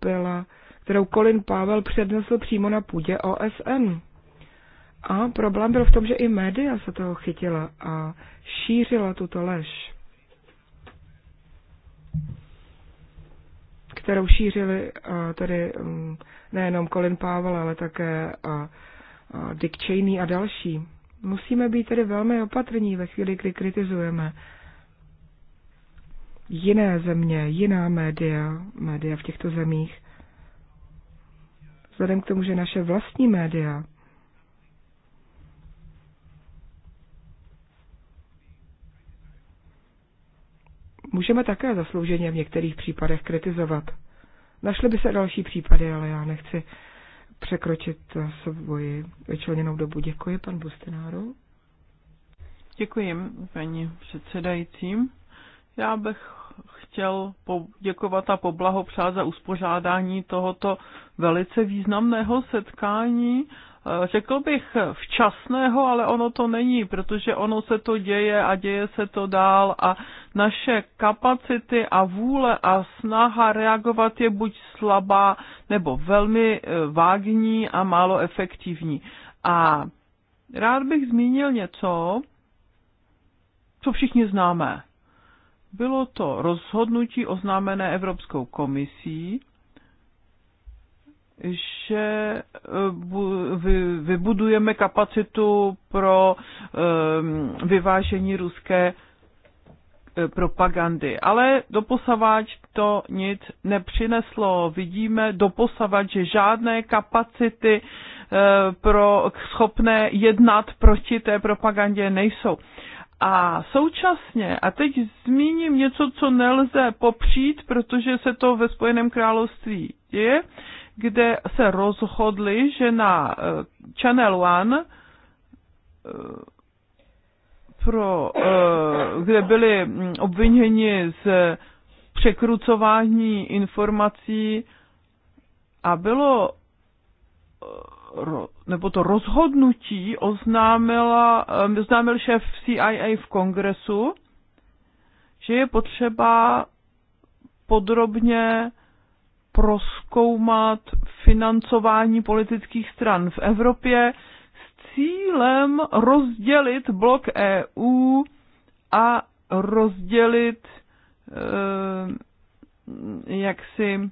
byla, kterou Colin Pavel přednesl přímo na půdě OSN. A problém byl v tom, že i média se toho chytila a šířila tuto lež, kterou šířili tedy mm, nejenom Colin Pavel, ale také Dick Cheney a další. Musíme být tedy velmi opatrní ve chvíli, kdy kritizujeme jiné země, jiná média, média v těchto zemích. Vzhledem k tomu, že naše vlastní média můžeme také zaslouženě v některých případech kritizovat. Našly by se další případy, ale já nechci překročit svoji vyčleněnou dobu. Děkuji, pan Bustináru. Děkuji, paní předsedajícím. Já bych chtěl poděkovat a poblahopřát za uspořádání tohoto velice významného setkání Eh, řekl bych včasného, ale ono to není, protože ono se to děje a děje se to dál a naše kapacity a vůle a snaha reagovat je buď slabá nebo velmi eh, vágní a málo efektivní. A rád bych zmínil něco, co všichni známe. Bylo to rozhodnutí oznámené Evropskou komisí že eh, vybudujeme kapacitu pro ehm, vyvážení ruské eh, propagandy. Ale doposavač to nic nepřineslo. Vidíme doposavač, že žádné kapacity eh, pro schopné jednat proti té propagandě nejsou. A současně, a teď zmíním něco, co nelze popřít, protože se to ve Spojeném království děje, kde se rozhodli, že na eh, Channel One eh, pro, eh, kde byli hm, obviněni z překrucování informací a bylo nebo to rozhodnutí oznámila, oznámil šéf CIA v kongresu, že je potřeba podrobně proskoumat financování politických stran v Evropě s cílem rozdělit blok EU a rozdělit eh, jaksi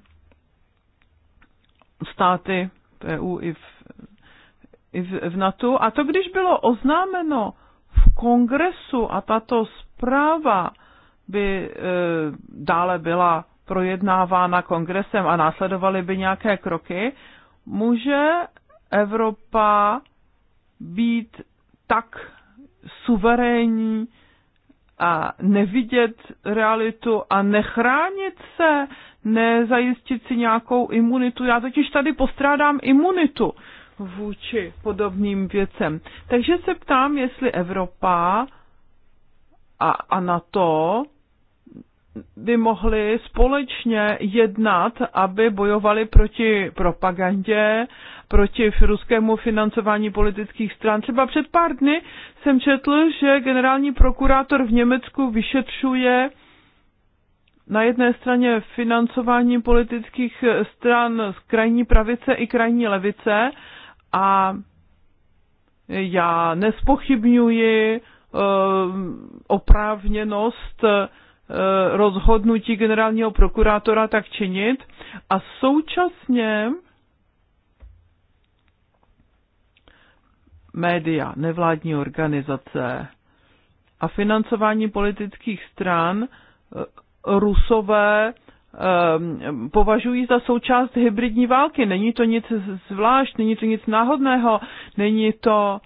státy v e EU i v, i v, v NATO. A to, když bylo oznámeno v kongresu a tato zpráva by e, dále byla projednávána kongresem a následovaly by nějaké kroky, může Evropa být tak suverénní a nevidět realitu a nechránit se, nezajistit si nějakou imunitu. Já totiž tady postrádám imunitu vůči podobným věcem. Takže se ptám, jestli Evropa a, a na to by mohli společně jednat, aby bojovali proti propagandě, proti ruskému financování politických stran. Třeba před pár dny jsem četl, že generální prokurátor v Německu vyšetřuje na jedné straně financování politických stran z krajní pravice i krajní levice a já nespochybňuji eh, oprávněnost Eh, rozhodnutí generálního prokurátora tak činit a současně média, nevládní organizace a financování politických stran eh, rusové eh, považují za součást hybridní války. Není to nic zvlášť, není to nic náhodného, není to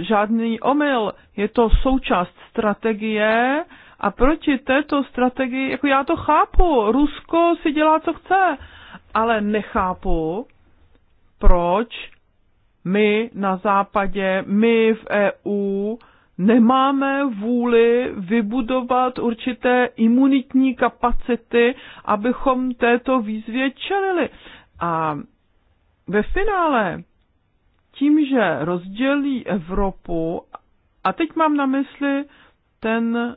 žádný omyl. Je to součást strategie, a proti této strategii, jako já to chápu, Rusko si dělá, co chce, ale nechápu, proč my na západě, my v EU nemáme vůli vybudovat určité imunitní kapacity, abychom této výzvě čelili. A ve finále tím, že rozdělí Evropu, a teď mám na mysli ten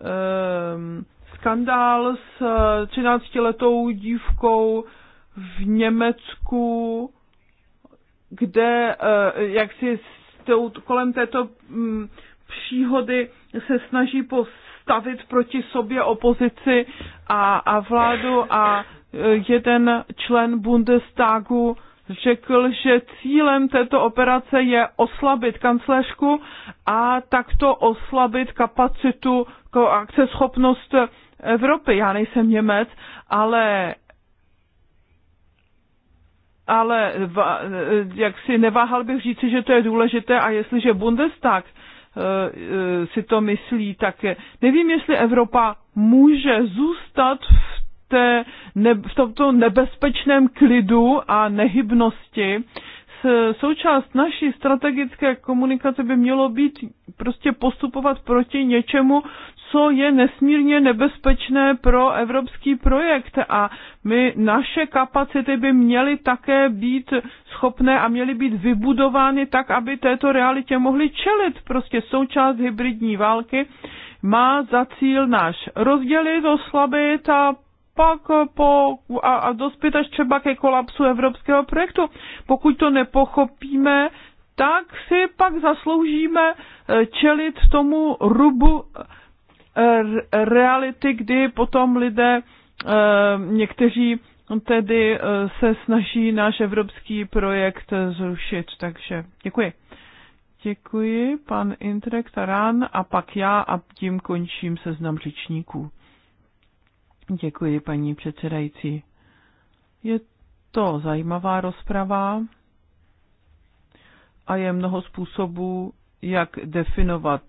Ehm, skandál s 13-letou eh, dívkou v Německu, kde eh, jak si kolem této mm, příhody se snaží postavit proti sobě opozici a, a vládu a eh, jeden člen Bundestagu řekl, že cílem této operace je oslabit kancléřku a takto oslabit kapacitu, akceschopnost Evropy. Já nejsem Němec, ale ale jak si neváhal bych říci, že to je důležité a jestliže Bundestag eh, eh, si to myslí, tak nevím, jestli Evropa může zůstat v té ne, v tomto nebezpečném klidu a nehybnosti. s Součást naší strategické komunikace by mělo být prostě postupovat proti něčemu, co je nesmírně nebezpečné pro evropský projekt a my, naše kapacity by měly také být schopné a měly být vybudovány tak, aby této realitě mohly čelit. Prostě součást hybridní války má za cíl náš rozdělit, oslabit a pak eh, po, a, a dospět až třeba ke kolapsu evropského projektu. Pokud to nepochopíme, tak si pak zasloužíme eh, čelit tomu rubu eh, reality, kdy potom lidé někteří tedy se snaží náš evropský projekt zrušit. Takže děkuji. Děkuji, pan Intrek Taran, a pak já a tím končím seznam řečníků. Děkuji, paní předsedající. Je to zajímavá rozprava a je mnoho způsobů, jak definovat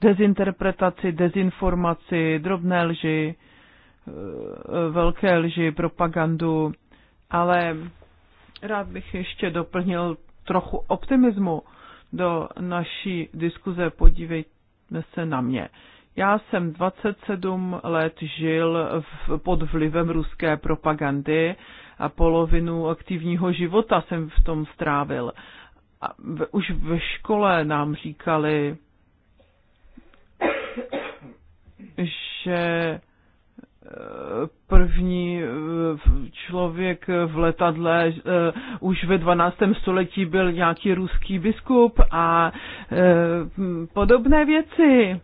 dezinterpretaci, dezinformaci, drobné lži, eh, velké lži, propagandu, ale rád bych ještě doplnil trochu optimismu do naší diskuze. Podívejme se na mě. Já jsem 27 let žil v, pod vlivem ruské propagandy a polovinu aktivního života jsem v tom strávil. A v, už ve škole nám říkali, že eh, první eh, člověk v letadle eh, už ve 12. století byl nějaký ruský biskup a podobné věci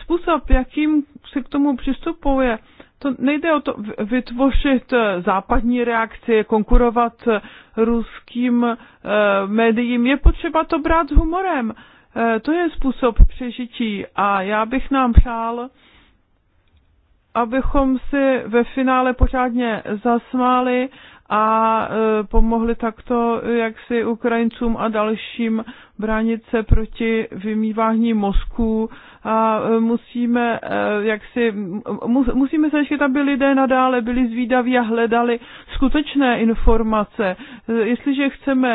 způsob, jakým se k tomu přistupuje, to nejde o to vytvořit eh, západní reakci, konkurovat eh, ruským e, médiím. Je potřeba to brát s humorem. E, to je způsob přežití a já bych nám přál, abychom si ve finále pořádně zasmáli a e, pomohli takto jaksi Ukrajincům a dalším bránit se proti vymývání mozku a e, musíme, e, jak si, musíme se ještě, aby lidé nadále byli zvídaví a hledali skutečné informace. E, jestliže chceme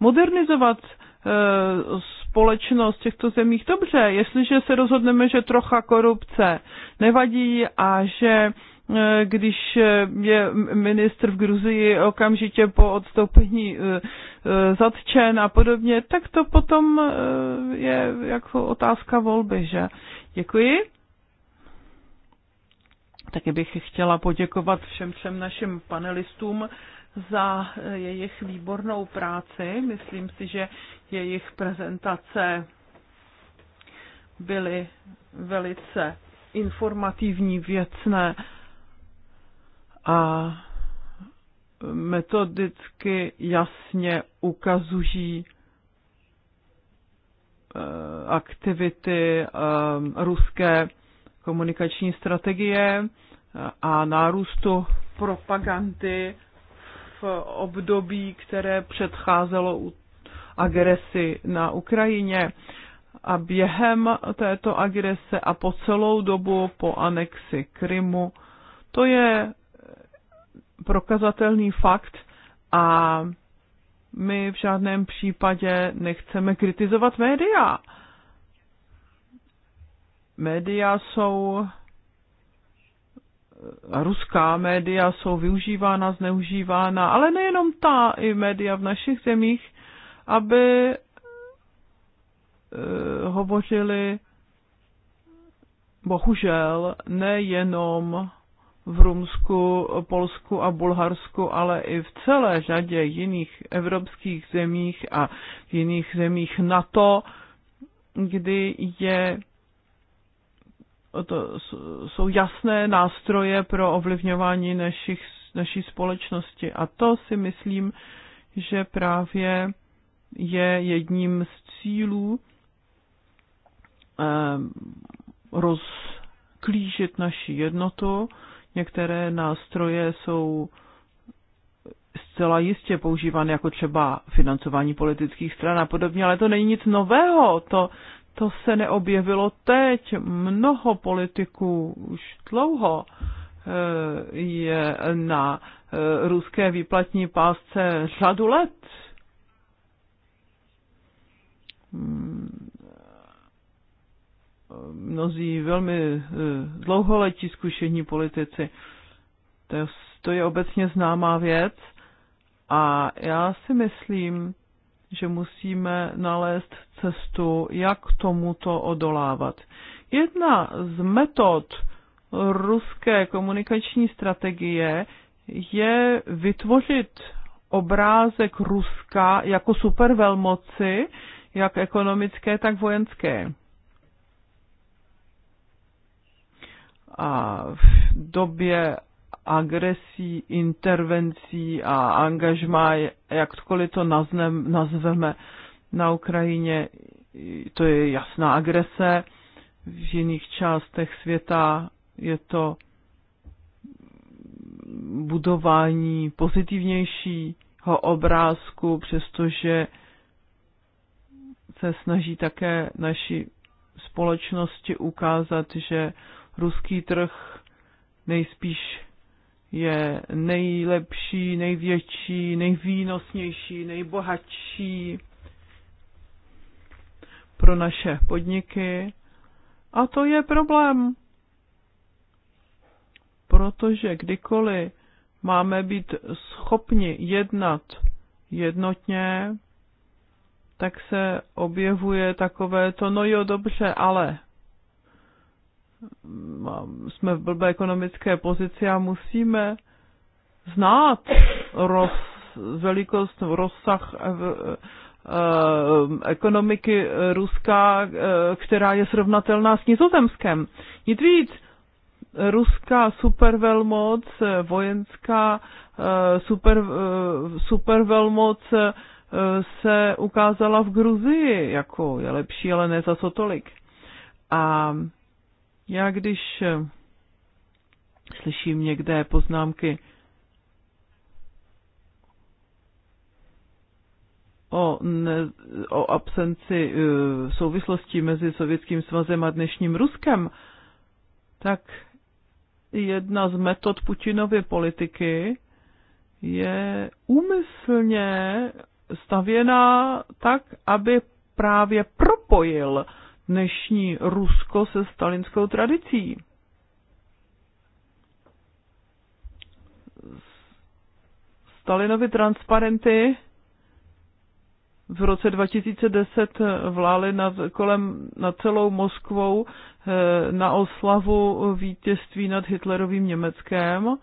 modernizovat společnost v těchto zemích. Dobře, jestliže se rozhodneme, že trocha korupce nevadí a že Eh, když eh, je ministr v Gruzii okamžitě po odstoupení eh, zatčen a podobně, tak to potom je jako otázka volby, že? Děkuji. Taky bych chtěla poděkovat všem třem našim panelistům za jejich výbornou práci. Myslím si, že jejich prezentace byly velice informativní, věcné a metodicky jasně ukazují eh, aktivity eh, ruské komunikační strategie eh, a nárůstu propagandy v období, které předcházelo agresi na Ukrajině a během této agrese a po celou dobu po anexi Krymu. To je prokazatelný fakt a my v žádném případě nechceme kritizovat média. Média jsou ruská média jsou využívána, zneužívána, ale nejenom ta, i média v našich zemích, aby e, hovořili bohužel nejenom v Rumsku, Polsku a Bulharsku, ale i v celé řadě jiných evropských zemích a v jiných zemích NATO, kdy je to jsou jasné nástroje pro ovlivňování našich, naší společnosti. A to si myslím, že právě je jedním z cílů eh, rozklížit naši jednotu Některé nástroje jsou zcela jistě používány jako třeba financování politických stran a podobně, ale to není nic nového, to, to se neobjevilo teď. Mnoho politiků už dlouho eh, je na eh, ruské výplatní pásce řadu let. Hmm mnozí velmi eh, dlouholetí zkušení politici. To, to je obecně známá věc a já si myslím, že musíme nalézt cestu, jak tomuto odolávat. Jedna z metod ruské komunikační strategie je vytvořit obrázek Ruska jako supervelmoci, jak ekonomické, tak vojenské. a v době agresí, intervencí a angažmá, jakkoliv to naznem, nazveme na Ukrajině, to je jasná agrese, v jiných částech světa je to budování pozitivnějšího obrázku, přestože se snaží také naši společnosti ukázat, že ruský trh nejspíš je nejlepší, největší, nejvýnosnější, nejbohatší pro naše podniky. A to je problém, protože kdykoliv máme být schopni jednat jednotně, tak se objevuje takové to, no jo, dobře, ale jsme v blbé ekonomické pozici a musíme znát roz, velikost, rozsah ev, eh, eh, ekonomiky Ruska, eh, která je srovnatelná s nizozemskem. Nic víc, ruská supervelmoc, vojenská super, supervelmoc se ukázala v Gruzii, jako je lepší, ale ne za so tolik. A já když eh, slyším někde poznámky o, ne, o absenci e, souvislosti mezi Sovětským svazem a dnešním Ruskem, tak jedna z metod Putinovy politiky je úmyslně stavěná tak, aby právě propojil dnešní Rusko se stalinskou tradicí. Stalinovi transparenty v roce 2010 vlály nad, kolem, nad celou Moskvou eh, na oslavu vítězství nad Hitlerovým Německem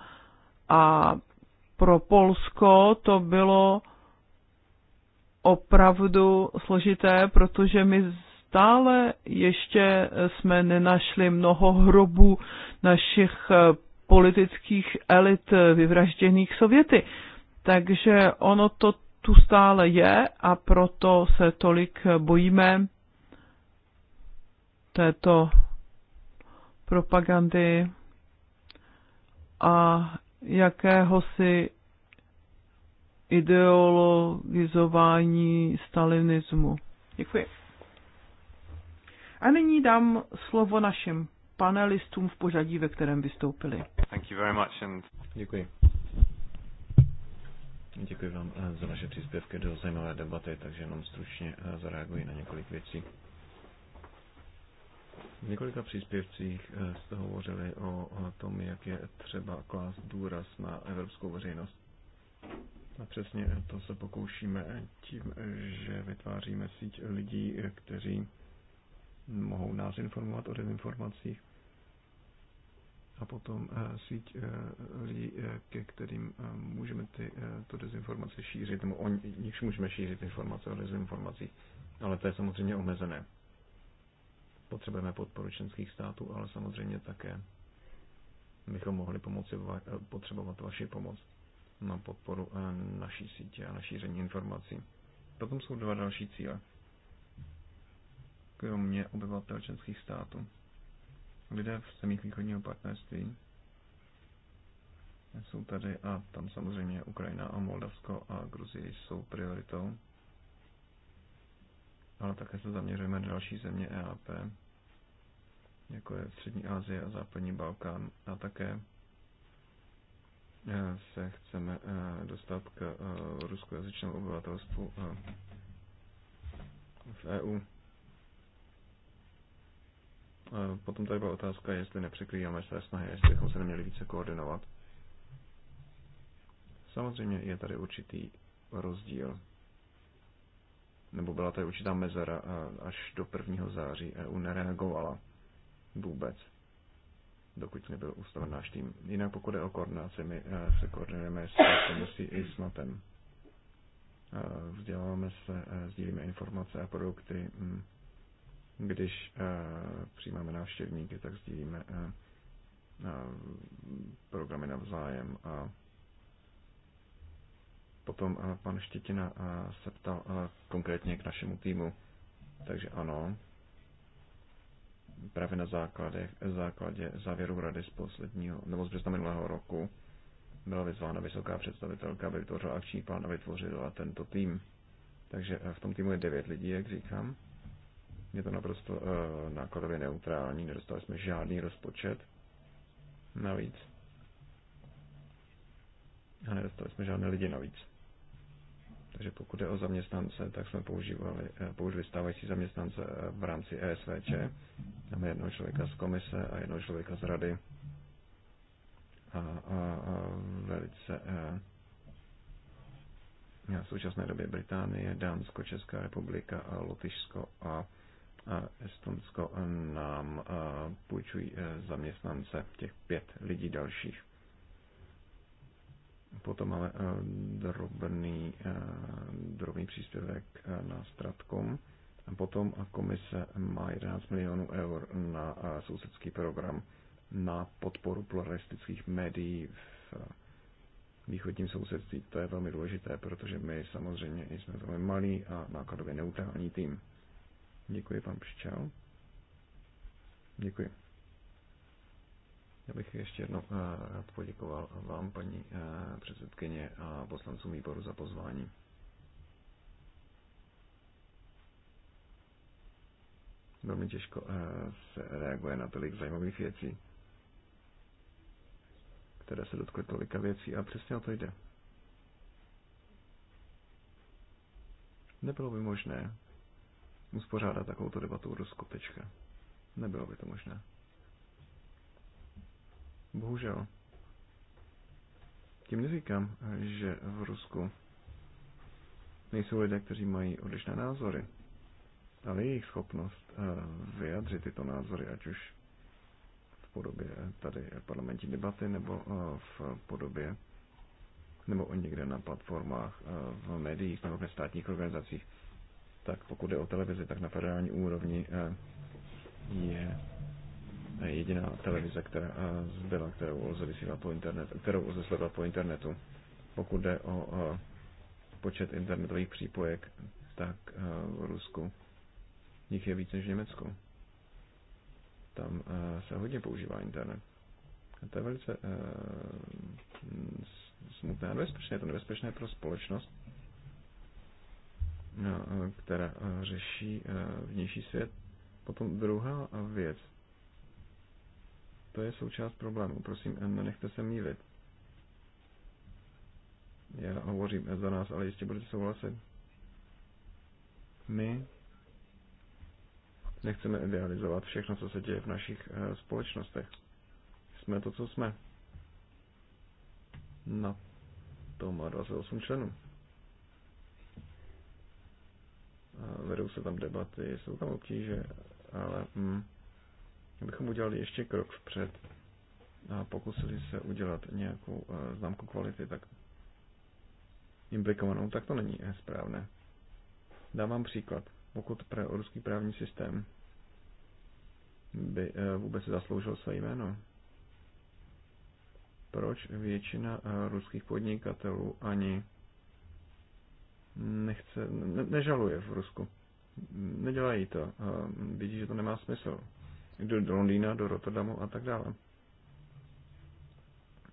a pro Polsko to bylo opravdu složité, protože my stále ještě jsme nenašli mnoho hrobů našich eh, politických elit vyvražděných Sověty. Takže ono to tu stále je a proto se tolik bojíme této propagandy a jakéhosi ideologizování stalinismu. Děkuji. A nyní dám slovo našim panelistům v pořadí, ve kterém vystoupili. Thank you very much and... Děkuji. Děkuji vám eh, za vaše příspěvky do zajímavé debaty, takže jenom stručně eh, zareaguji na několik věcí. V několika příspěvcích eh, jste hovořili o tom, jak je třeba klást důraz na evropskou veřejnost. A přesně to se pokoušíme tím, že vytváříme síť lidí, kteří mohou nás informovat o dezinformacích a potom eh, síť eh, lidí, eh, ke kterým můžeme ty, tu dezinformaci šířit, nebo o nichž můžeme šířit informace o dezinformacích, ale to je samozřejmě omezené. Potřebujeme podporu členských států, ale samozřejmě také bychom mohli pomoci, potřebovat vaši pomoc na podporu naší sítě a na šíření informací. Potom jsou dva další cíle kromě obyvatel členských států. Lidé v zemích východního partnerství jsou tady a tam samozřejmě Ukrajina a Moldavsko a Gruzie jsou prioritou. Ale také se zaměřujeme na další země EAP, jako je Střední Asie a Západní Balkán a také eh, se chceme eh, dostat k eh, ruskojazyčnému obyvatelstvu v EU potom tady byla otázka, jestli nepřekrýváme své snahy, jestli bychom se neměli více koordinovat. Samozřejmě je tady určitý rozdíl. Nebo byla tady určitá mezera až do 1. září EU nereagovala vůbec, dokud nebyl ustaven náš tým. Jinak pokud je o koordinaci, my e, se koordinujeme s komisí i s NATO. E, vzděláváme se, e, sdílíme informace a produkty, mm, když eh, přijímáme návštěvníky, tak sdílíme eh, eh, programy navzájem. A potom pan Štětina se ptal konkrétně k našemu týmu. Takže ano, právě na základě, základě závěru rady z posledního, nebo z března minulého roku, byla vyzvána vysoká představitelka, aby vytvořila akční plán a vytvořila tento tým. Takže v tom týmu je devět lidí, jak říkám. Je to naprosto eh, nákladově neutrální, nedostali jsme žádný rozpočet navíc. A nedostali jsme žádné lidi navíc. Takže pokud je o zaměstnance, tak jsme používali, eh, použili stávající zaměstnance eh, v rámci ESVČ. Máme jednoho člověka z komise a jednoho člověka z rady. A, a, a velice a v současné době Británie, Dánsko, Česká republika a Lotyšsko a Estonsko nám půjčují e, zaměstnance, těch pět lidí dalších. Potom máme e, drobný, e, drobný příspěvek na Stratkom. Potom komise má 11 milionů eur na sousedský program na podporu pluralistických médií v východním sousedství. To je velmi důležité, protože my samozřejmě jsme velmi malý a nákladově neutrální tým. Děkuji, pan Pščal. Děkuji. Já bych ještě jednou eh, rád poděkoval vám, paní eh, předsedkyně a poslancům výboru za pozvání. Velmi těžko eh, se reaguje na tolik zajímavých věcí, které se dotkly tolika věcí a přesně o to jde. Nebylo by možné uspořádat takovouto debatu u Rusku. Nebylo by to možné. Bohužel. Tím neříkám, že v Rusku nejsou lidé, kteří mají odlišné názory, ale jejich schopnost eh, vyjadřit tyto názory, ať už v podobě eh, tady parlamentní debaty nebo eh, v podobě nebo někde na platformách, v médiích nebo ve státních organizacích, tak pokud je o televizi, tak na federální úrovni eh, je eh, jediná televize, která zbyla, eh, kterou lze vysílat po internetu, kterou lze sledovat po internetu. Pokud jde o počet internetových přípojek, tak v Rusku jich je víc než v Německu. Tam se hodně používá internet. A to je velice smutné a nebezpečné. Je to nebezpečné pro společnost, No, eh, která eh, řeší eh, vnější svět. Potom druhá věc, to je součást problému. Prosím, nenechte se mývit. Já hovořím za nás, ale jistě budete souhlasit. My nechceme idealizovat všechno, co se děje v našich společnostech. Jsme to, co jsme. Na to má 28 členů. vedou se tam debaty, jsou tam obtíže, ale hm, bychom udělali ještě krok vpřed a pokusili se udělat nějakou eh, známku kvality, tak implikovanou, tak to není eh, správné. Dám vám příklad. Pokud pro ruský právní systém by eh, vůbec zasloužil své jméno, proč většina ruských podnikatelů ani nechce, ne, nežaluje v Rusku. Nedělají to. Vidí, že to nemá smysl. Jdu do Londýna, do Rotterdamu a tak dále.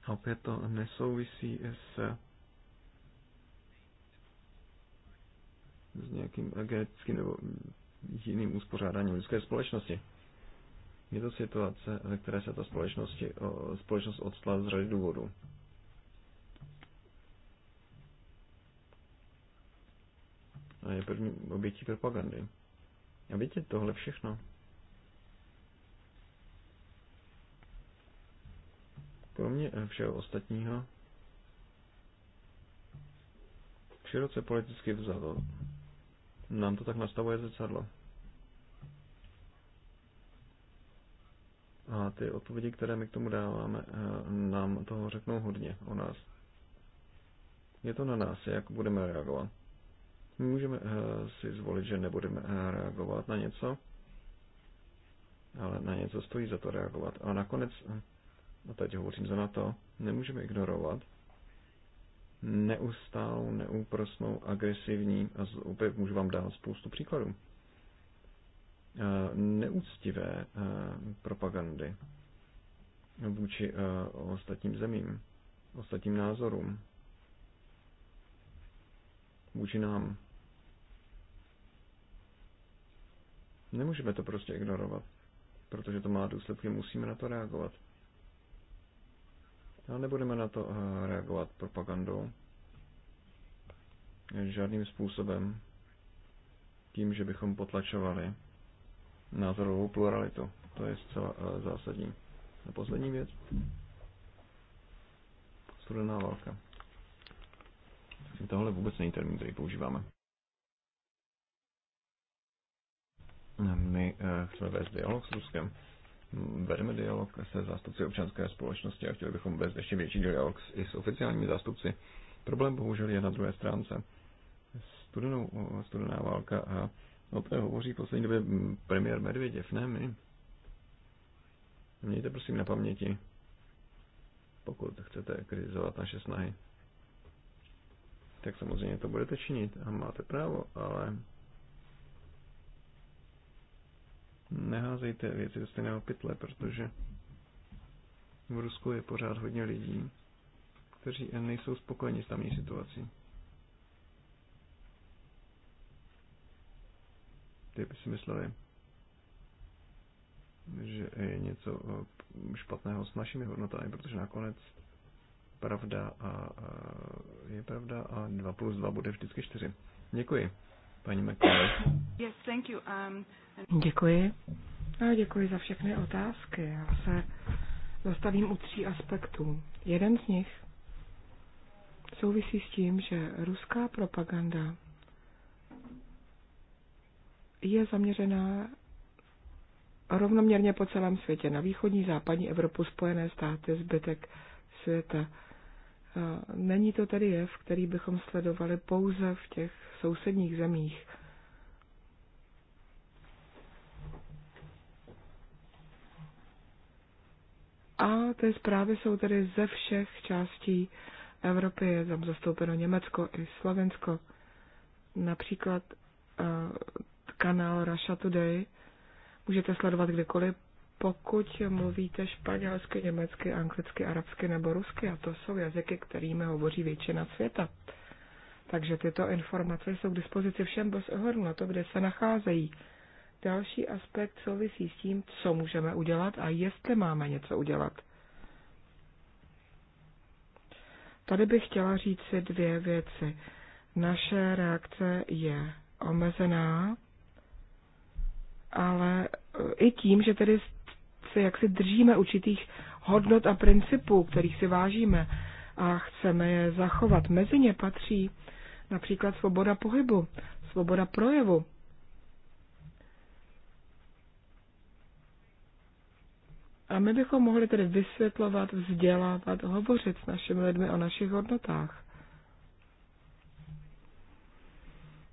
A opět to nesouvisí s s nějakým genetickým nebo jiným uspořádáním lidské společnosti. Je to situace, ve které se ta společnost odstala z řady důvodů. a je první obětí propagandy. A vidíte, tohle všechno. Kromě eh, všeho ostatního, široce politicky vzato, nám to tak nastavuje zrcadlo. A ty odpovědi, které my k tomu dáváme, eh, nám toho řeknou hodně o nás. Je to na nás, jak budeme reagovat. Můžeme eh, si zvolit, že nebudeme eh, reagovat na něco, ale na něco stojí za to reagovat. A nakonec, eh, a teď hovořím za NATO, nemůžeme ignorovat neustálou, neúprosnou, agresivní, a opět můžu vám dát spoustu příkladů, neúctivé propagandy vůči ostatním zemím, ostatním názorům, vůči nám. Nemůžeme to prostě ignorovat, protože to má důsledky, musíme na to reagovat. Ale nebudeme na to eh, reagovat propagandou, žádným způsobem, tím, že bychom potlačovali názorovou pluralitu. To je zcela eh, zásadní. A poslední věc. Studená válka. Tohle vůbec není termín, který používáme. My eh, chceme vést dialog s Ruskem. Vedeme dialog se zástupci občanské společnosti a chtěli bychom vést ještě větší dialog i s oficiálními zástupci. Problém bohužel je na druhé stránce. Studenou, eh, studená válka a o té hovoří v poslední době premiér Medvěděv, ne my. Mějte prosím na paměti, pokud chcete kritizovat naše snahy. Tak samozřejmě to budete činit a máte právo, ale neházejte věci do stejného pytle, protože v Rusku je pořád hodně lidí, kteří nejsou spokojeni s tamní situací. Ty by si mysleli, že je něco eh, špatného s našimi hodnotami, protože nakonec pravda a, a eh, je pravda a 2 plus 2 bude vždycky 4. Děkuji paní McCullough. Yes, thank you. Um, and... Děkuji. A děkuji za všechny otázky. Já se zastavím u tří aspektů. Jeden z nich souvisí s tím, že ruská propaganda je zaměřená rovnoměrně po celém světě. Na východní, západní Evropu, Spojené státy, zbytek světa. Není to tedy jev, který bychom sledovali pouze v těch sousedních zemích. A ty zprávy jsou tedy ze všech částí Evropy. Je tam zastoupeno Německo i Slovensko. Například eh, kanál Russia Today můžete sledovat kdykoliv, pokud mluvíte španělsky, německy, anglicky, arabsky nebo rusky. A to jsou jazyky, kterými hovoří většina světa. Takže tyto informace jsou k dispozici všem bez ohledu na to, kde se nacházejí. Další aspekt souvisí s tím, co můžeme udělat a jestli máme něco udělat. Tady bych chtěla říct si dvě věci. Naše reakce je omezená, ale eh, i tím, že tedy se jaksi držíme určitých hodnot a principů, kterých si vážíme a chceme je zachovat. Mezi ně patří Například svoboda pohybu, svoboda projevu. A my bychom mohli tedy vysvětlovat, vzdělávat, hovořit s našimi lidmi o našich hodnotách.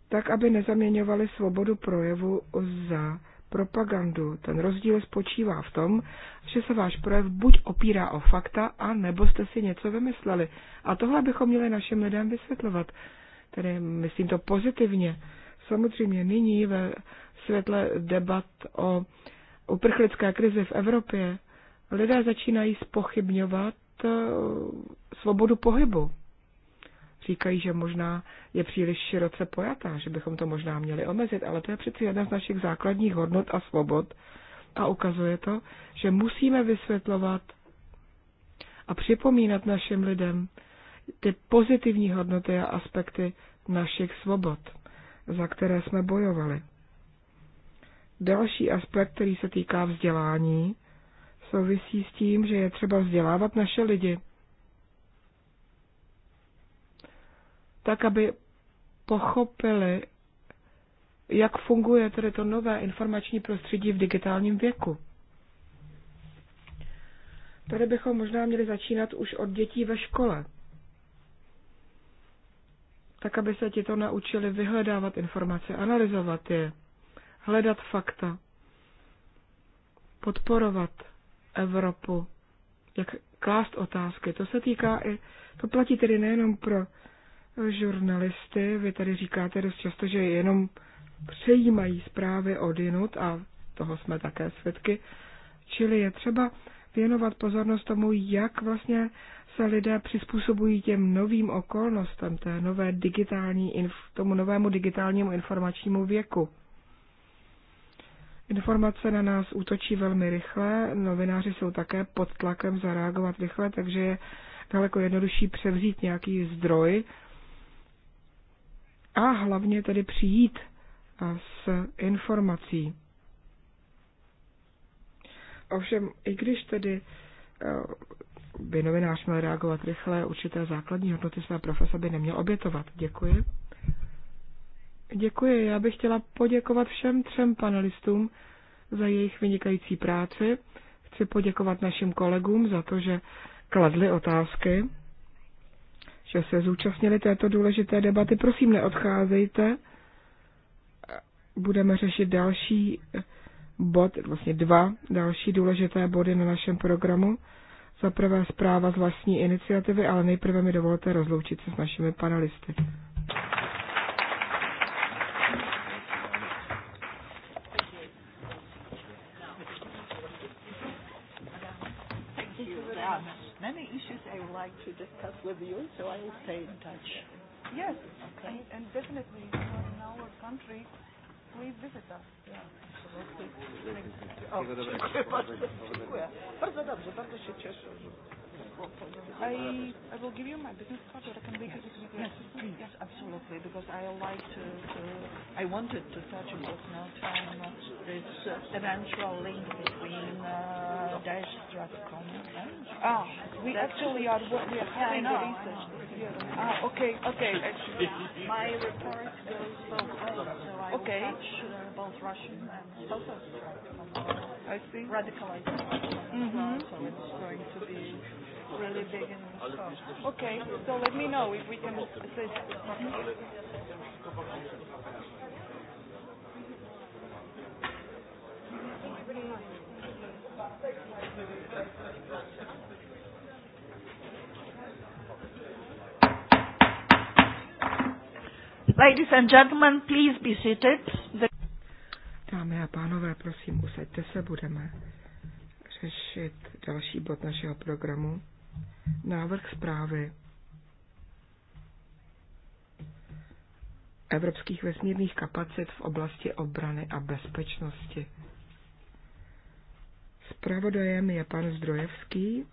Tak, aby nezaměňovali svobodu projevu za propagandu. Ten rozdíl spočívá v tom, že se váš projev buď opírá o fakta, a nebo jste si něco vymysleli. A tohle bychom měli našim lidem vysvětlovat tedy myslím to pozitivně. Samozřejmě nyní ve světle debat o uprchlické krizi v Evropě lidé začínají spochybňovat eh, svobodu pohybu. Říkají, že možná je příliš široce pojatá, že bychom to možná měli omezit, ale to je přeci jedna z našich základních hodnot a svobod. A ukazuje to, že musíme vysvětlovat a připomínat našim lidem, ty pozitivní hodnoty a aspekty našich svobod, za které jsme bojovali. Další aspekt, který se týká vzdělání, souvisí s tím, že je třeba vzdělávat naše lidi. Tak, aby pochopili, jak funguje tedy to nové informační prostředí v digitálním věku. Tady bychom možná měli začínat už od dětí ve škole tak aby se ti to naučili vyhledávat informace, analyzovat je, hledat fakta, podporovat Evropu, jak klást otázky. To se týká i, to platí tedy nejenom pro žurnalisty, vy tady říkáte dost často, že jenom přejímají zprávy od jinut a toho jsme také svědky, čili je třeba věnovat pozornost tomu, jak vlastně se lidé přizpůsobují těm novým okolnostem, té nové digitální, tomu novému digitálnímu informačnímu věku. Informace na nás útočí velmi rychle, novináři jsou také pod tlakem zareagovat rychle, takže je daleko jednodušší převzít nějaký zdroj a hlavně tedy přijít s informací. Ovšem, i když tedy eh, by novinář měl reagovat rychle, určité základní hodnoty své profese by neměl obětovat. Děkuji. Děkuji. Já bych chtěla poděkovat všem třem panelistům za jejich vynikající práci. Chci poděkovat našim kolegům za to, že kladli otázky, že se zúčastnili této důležité debaty. Prosím, neodcházejte. Budeme řešit další bod, vlastně dva další důležité body na našem programu. Za prvé zpráva z vlastní iniciativy, ale nejprve mi dovolte rozloučit se s našimi panelisty. Yes, okay. and, and definitely in our country revisit us. Bardzo dobrze, bardzo się cieszę, że i, I will give you my business card, but I can make it with you. Yes, please. Yes, absolutely, because I like to, to uh, I wanted to touch on this now time, this uh, eventual link between uh, Daesh Stratcom and... Ah, we That's actually are, what we are having yeah, I know, the research Ah, okay, okay. Actually, my report goes both ways, so I okay. touch uh, both Russian and both of I see. Radicalized. Mm-hmm. So it's going to be really big and so. Okay, so let me know if we can assist. Ladies and gentlemen, please be seated. The... Dámy a pánové, prosím, usaďte se, budeme řešit další bod našeho programu návrh zprávy evropských vesmírných kapacit v oblasti obrany a bezpečnosti. Spravodajem je pan Zdrojevský.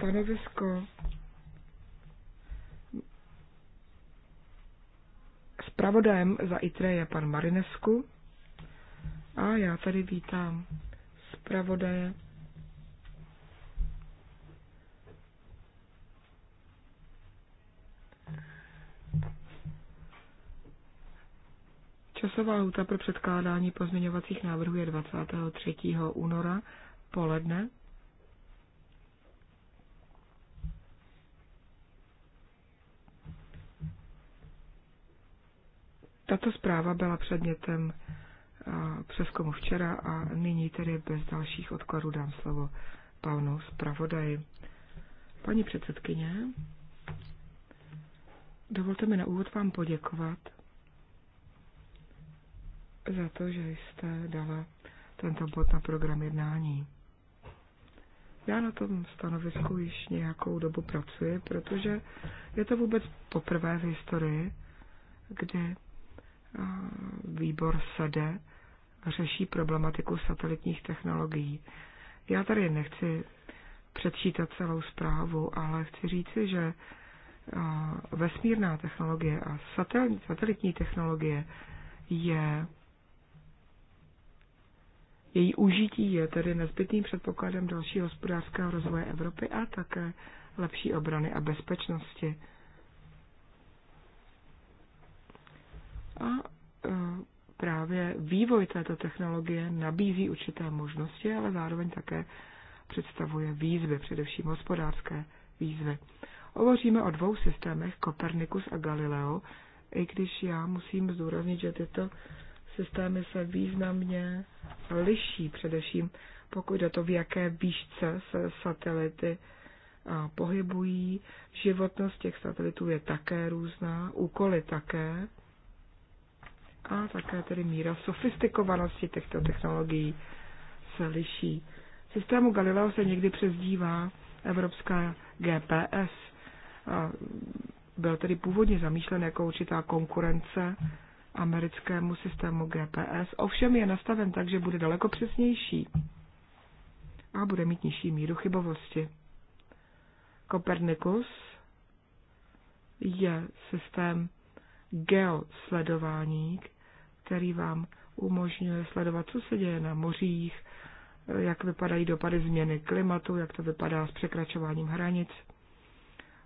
Stanovisko Spravodajem za ITRE je pan Marinesku a já tady vítám zpravodaje. Časová lhůta pro předkládání pozměňovacích návrhů je 23. února poledne. Tato zpráva byla předmětem přeskomu včera a nyní tedy bez dalších odkladů dám slovo panu zpravodaji. Paní předsedkyně, dovolte mi na úvod vám poděkovat za to, že jste dala tento bod na program jednání. Já na tom stanovisku již nějakou dobu pracuji, protože je to vůbec poprvé v historii, kdy výbor sede řeší problematiku satelitních technologií. Já tady nechci předčítat celou zprávu, ale chci říci, že vesmírná technologie a satelitní technologie je její užití je tedy nezbytným předpokladem dalšího hospodářského rozvoje Evropy a také lepší obrany a bezpečnosti. A právě vývoj této technologie nabízí určité možnosti, ale zároveň také představuje výzvy, především hospodářské výzvy. Hovoříme o dvou systémech, Kopernikus a Galileo, i když já musím zdůraznit, že tyto systémy se významně liší, především pokud jde to, v jaké výšce se satelity pohybují. Životnost těch satelitů je také různá, úkoly také a také tedy míra sofistikovanosti těchto technologií se liší. Systému Galileo se někdy přezdívá Evropská GPS. Byl tedy původně zamýšlen jako určitá konkurence americkému systému GPS, ovšem je nastaven tak, že bude daleko přesnější a bude mít nižší míru chybovosti. Kopernikus je systém geosledování, který vám umožňuje sledovat, co se děje na mořích, jak vypadají dopady změny klimatu, jak to vypadá s překračováním hranic.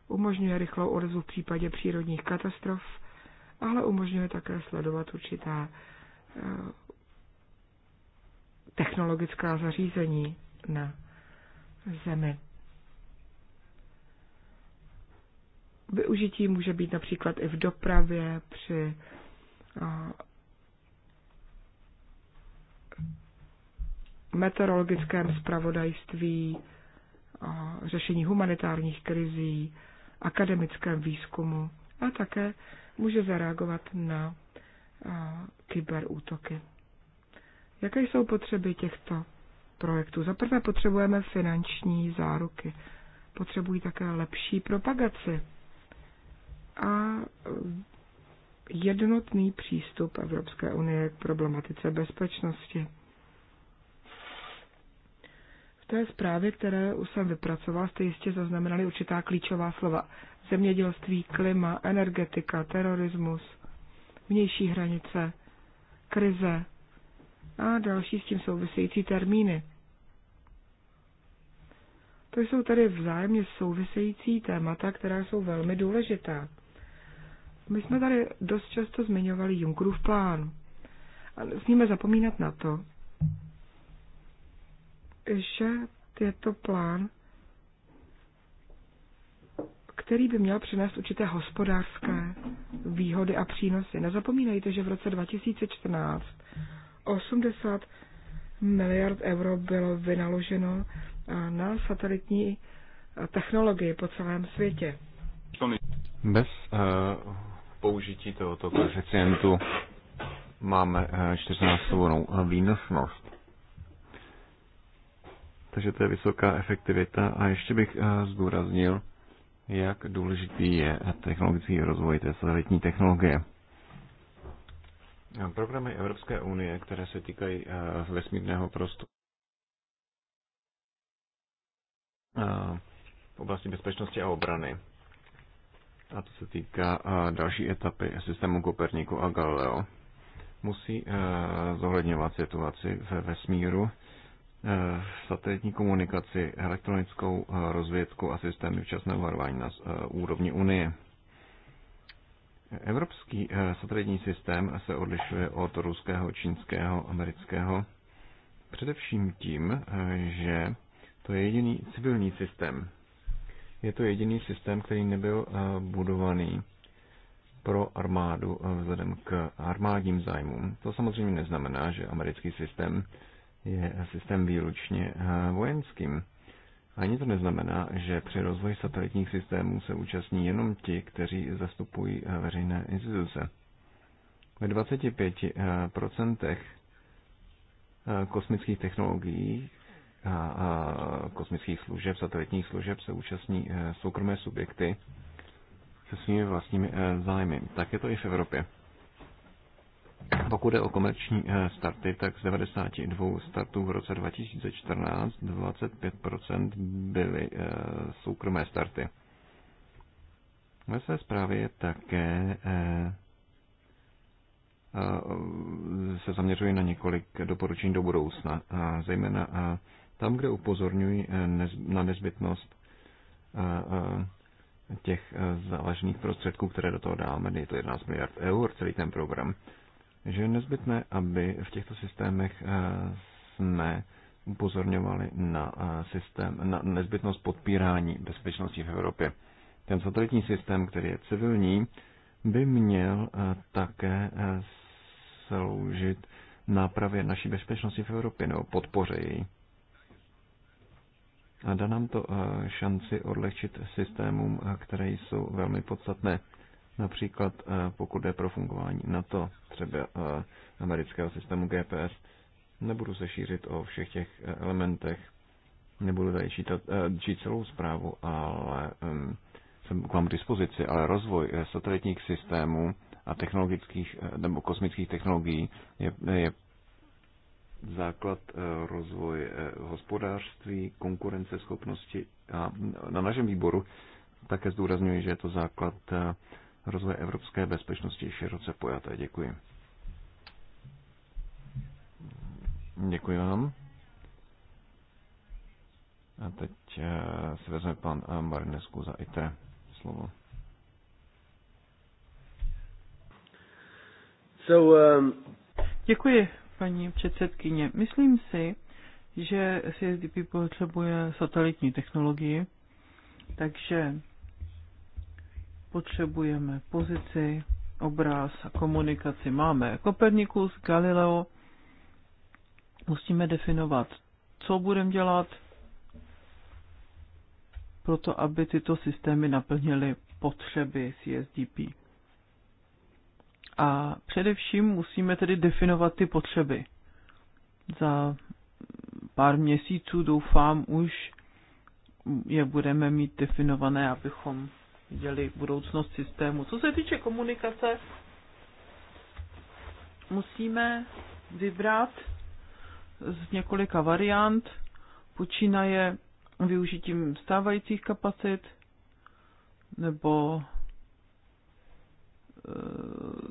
Umožňuje rychlou odezvu v případě přírodních katastrof, ale umožňuje také sledovat určitá eh, technologická zařízení na Zemi. využití může být například i v dopravě, při meteorologickém spravodajství, řešení humanitárních krizí, akademickém výzkumu a také může zareagovat na kyberútoky. Jaké jsou potřeby těchto projektů? Za prvé potřebujeme finanční záruky. Potřebují také lepší propagaci a eh, jednotný přístup Evropské unie k problematice bezpečnosti. V té zprávě, které už jsem vypracoval, jste jistě zaznamenali určitá klíčová slova. Zemědělství, klima, energetika, terorismus, vnější hranice, krize a další s tím související termíny. To jsou tedy vzájemně související témata, která jsou velmi důležitá. My jsme tady dost často zmiňovali Junckerův plán. A nesmíme zapomínat na to, že je to plán, který by měl přinést určité hospodářské výhody a přínosy. Nezapomínejte, že v roce 2014 80 miliard euro bylo vynaloženo na satelitní technologii po celém světě. Bez uh, použití tohoto koeficientu máme 14 eh, výnosnost. Takže to je vysoká efektivita. A ještě bych eh, zdůraznil, jak důležitý je technologický rozvoj té satelitní technologie. Programy Evropské unie, které se týkají eh, vesmírného prostoru v oblasti bezpečnosti a obrany, a to se týká další etapy systému Koperniku a Galileo, musí e, zohledňovat situaci ve vesmíru, e, satelitní komunikaci, elektronickou e, rozvědku a systémy včasného varování na úrovni Unie. Evropský satelitní systém se odlišuje od ruského, čínského, amerického především tím, že to je jediný civilní systém. Je to jediný systém, který nebyl eh, budovaný pro armádu eh, vzhledem k armádním zájmům. To samozřejmě neznamená, že americký systém je systém výlučně eh, vojenským. Ani to neznamená, že při rozvoji satelitních systémů se účastní jenom ti, kteří zastupují veřejné instituce. Ve 25% kosmických technologií a, a kosmických služeb, satelitních služeb se účastní eh, soukromé subjekty se svými vlastními eh, zájmy. Tak je to i v Evropě. Pokud jde o komerční eh, starty, tak z 92 startů v roce 2014 25% byly soukromé starty. Ve své zprávě také se zaměřuje na několik doporučení do budoucna, zejména tam, kde upozorňují eh, na nezbytnost eh, eh, těch závažných prostředků, které do toho dáme, je to 11 miliard eur, celý ten program, že je nezbytné, aby v těchto systémech jsme upozorňovali na, systém, na nezbytnost podpírání bezpečnosti v Evropě. Ten satelitní systém, který je civilní, by měl také sloužit nápravě naší bezpečnosti v Evropě nebo podpoře její. A dá nám to eh, šanci odlehčit systémům, eh, které jsou velmi podstatné. Například eh, pokud jde pro fungování NATO, třeba amerického systému GPS. Nebudu se šířit o všech těch elementech, nebudu tady čítat, čít celou zprávu, ale jsem k vám k dispozici, ale rozvoj satelitních systémů a technologických nebo kosmických technologií je, je základ eh, rozvoje eh, hospodářství, konkurenceschopnosti a na našem výboru také zdůrazňuji, že je to základ eh, rozvoje evropské bezpečnosti široce pojaté. Děkuji. Děkuji vám. A teď se vezme pan Marinesku za IT slovo. So, um... Děkuji, paní předsedkyně. Myslím si, že CSDP potřebuje satelitní technologii, takže potřebujeme pozici, obraz a komunikaci. Máme Kopernikus, Galileo, musíme definovat, co budeme dělat, proto aby tyto systémy naplnily potřeby CSDP. A především musíme tedy definovat ty potřeby. Za pár měsíců, doufám, už je budeme mít definované, abychom viděli budoucnost systému. Co se týče komunikace, musíme vybrat z několika variant, počínaje využitím stávajících kapacit nebo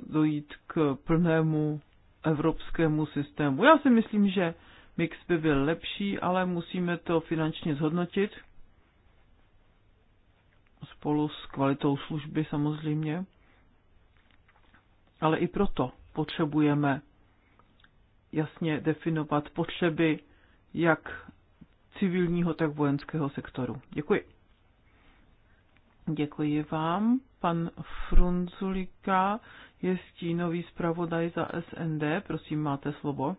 dojít k plnému evropskému systému. Já si myslím, že mix by byl lepší, ale musíme to finančně zhodnotit spolu s kvalitou služby samozřejmě. Ale i proto potřebujeme jasně definovat potřeby jak civilního, tak vojenského sektoru. Děkuji. Děkuji vám. Pan Frunzulika je stínový zpravodaj za SND. Prosím, máte slovo.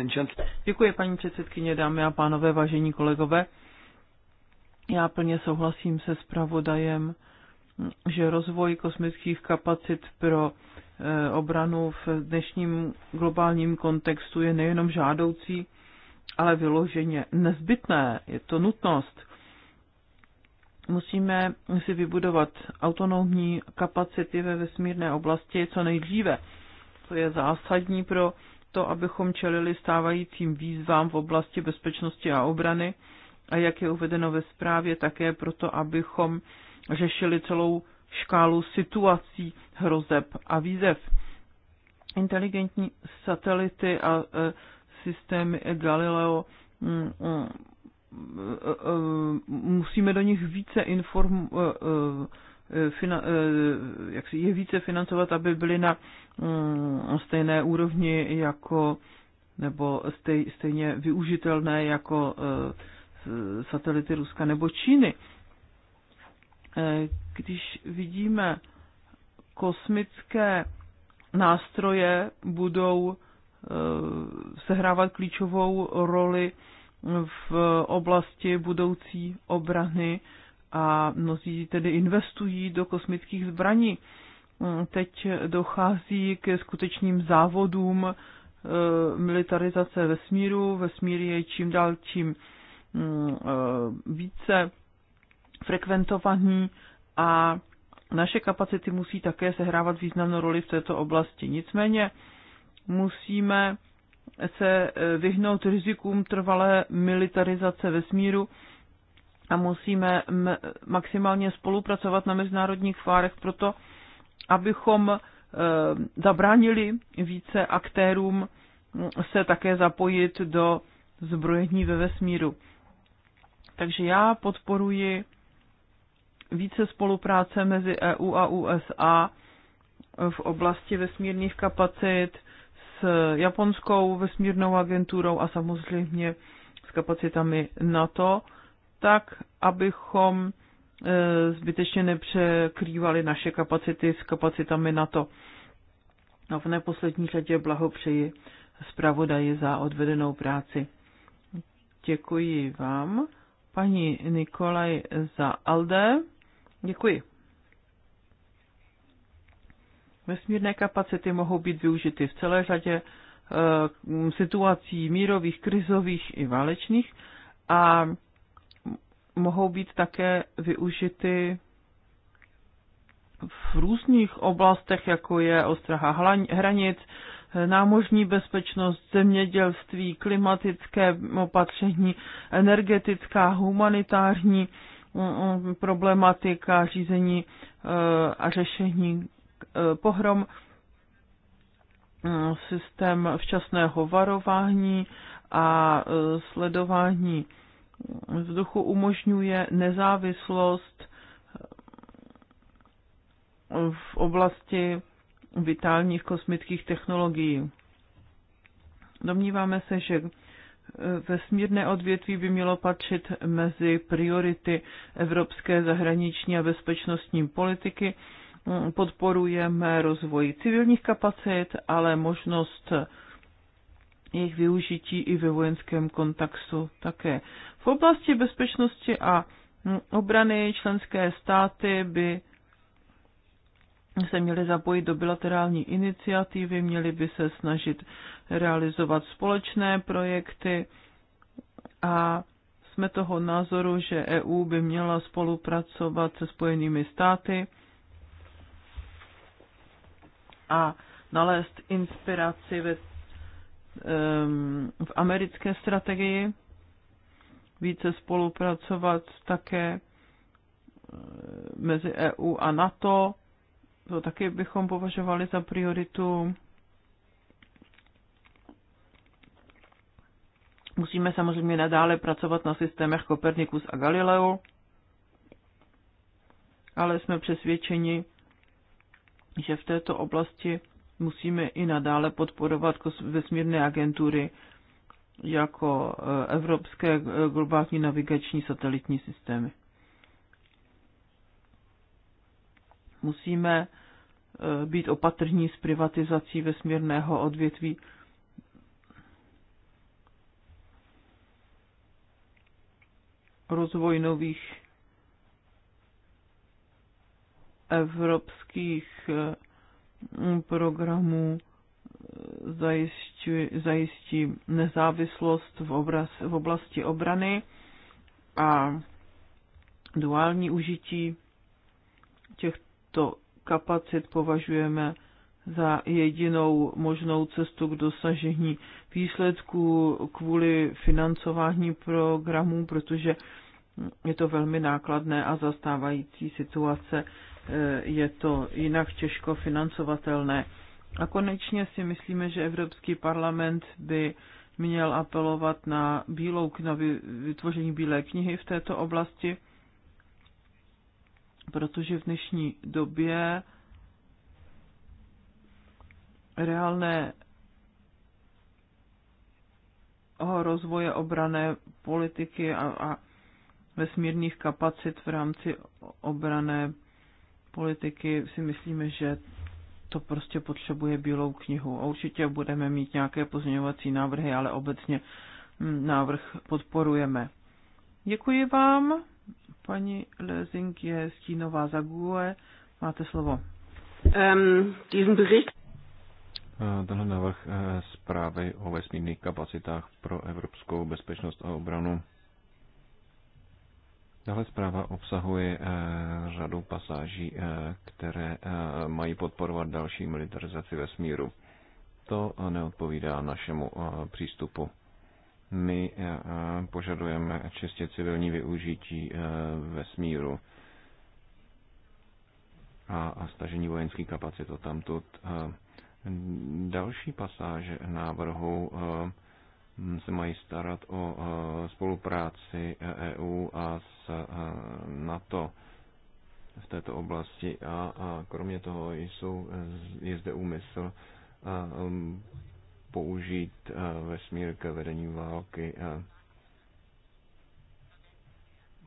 Uh, Děkuji, paní předsedkyně, dámy a pánové, vážení kolegové. Já plně souhlasím se zpravodajem, že rozvoj kosmických kapacit pro eh, obranu v dnešním globálním kontextu je nejenom žádoucí, ale vyloženě nezbytné, je to nutnost musíme si vybudovat autonomní kapacity ve vesmírné oblasti co nejdříve. To je zásadní pro to, abychom čelili stávajícím výzvám v oblasti bezpečnosti a obrany a jak je uvedeno ve zprávě, také proto, abychom řešili celou škálu situací, hrozeb a výzev. Inteligentní satelity a e, systémy Galileo mm, mm, Eh, musíme do nich více inform, eh, eh, fina, jak si je více financovat, aby byly na mm, stejné úrovni jako nebo stej, stejně využitelné jako satelity Ruska nebo Číny. Když vidíme kosmické nástroje budou sehrávat klíčovou roli v oblasti budoucí obrany a mnozí tedy investují do kosmických zbraní. Teď dochází ke skutečným závodům e, militarizace vesmíru. Vesmír je čím dál tím mm, e, více frekventovaný a naše kapacity musí také sehrávat významnou roli v této oblasti. Nicméně musíme se eh, vyhnout rizikům trvalé militarizace vesmíru a musíme maximálně spolupracovat na mezinárodních fárech proto, abychom eh, zabránili více aktérům hm, se také zapojit do zbrojení ve vesmíru. Takže já podporuji více spolupráce mezi EU a USA v oblasti vesmírných kapacit, Eh, japonskou vesmírnou agenturou a samozřejmě s kapacitami NATO, tak abychom eh, zbytečně nepřekrývali naše kapacity s kapacitami NATO. A v neposlední řadě blahopřeji zpravodaji za odvedenou práci. Děkuji vám, paní Nikolaj za Alde. Děkuji. Vesmírné kapacity mohou být využity v celé řadě eh, situací mírových, krizových i válečných a mohou být také využity v různých oblastech, jako je ostraha hranic, námožní bezpečnost, zemědělství, klimatické opatření, energetická, humanitární mm, mm, problematika, řízení eh, a řešení Eh, pohrom, eh, systém včasného varování a eh, sledování vzduchu umožňuje nezávislost v oblasti vitálních kosmických technologií. Domníváme se, že vesmírné odvětví by mělo patřit mezi priority evropské zahraniční a bezpečnostní politiky Mm, podporujeme rozvoj civilních kapacit, ale možnost jejich využití i ve vojenském kontextu také. V oblasti bezpečnosti a mm, obrany členské státy by se měly zapojit do bilaterální iniciativy, měly by se snažit realizovat společné projekty a jsme toho názoru, že EU by měla spolupracovat se Spojenými státy a nalézt inspiraci ve, v americké strategii, více spolupracovat také eh, mezi EU a NATO. To taky bychom považovali za prioritu. Musíme samozřejmě nadále pracovat na systémech Copernicus a Galileo, ale jsme přesvědčeni, že v této oblasti musíme i nadále podporovat vesmírné agentury jako e, evropské e, globální navigační satelitní systémy. Musíme e, být opatrní s privatizací vesmírného odvětví. Rozvoj nových evropských eh, mm, programů eh, zajistí, zajistí nezávislost v, obraz, v oblasti obrany a duální užití těchto kapacit považujeme za jedinou možnou cestu k dosažení výsledků kvůli financování programů, protože je to velmi nákladné a zastávající situace Eh, je to jinak těžko financovatelné. A konečně si myslíme, že Evropský parlament by měl apelovat na, bílou, na vytvoření bílé knihy v této oblasti, protože v dnešní době reálné rozvoje obrané politiky a, a vesmírných kapacit v rámci obrané politiky si myslíme, že to prostě potřebuje bílou knihu. A určitě budeme mít nějaké pozměňovací návrhy, ale obecně hm, návrh podporujeme. Děkuji vám. Paní Lezink je stínová za e. Máte slovo. Um, Bericht. Eh, tenhle návrh eh, zprávy o vesmírných kapacitách pro evropskou bezpečnost a obranu Dále zpráva obsahuje eh, řadu pasáží, eh, které eh, mají podporovat další militarizaci vesmíru. To neodpovídá našemu přístupu. My požadujeme čistě civilní využití vesmíru a stažení vojenských kapacit tamtud. Další pasáže návrhu Mm, se mají starat o eh, spolupráci EU eh, e a s eh, NATO v této oblasti a, a kromě toho jsou, je zde úmysl a, um, použít a, vesmír ke vedení války a,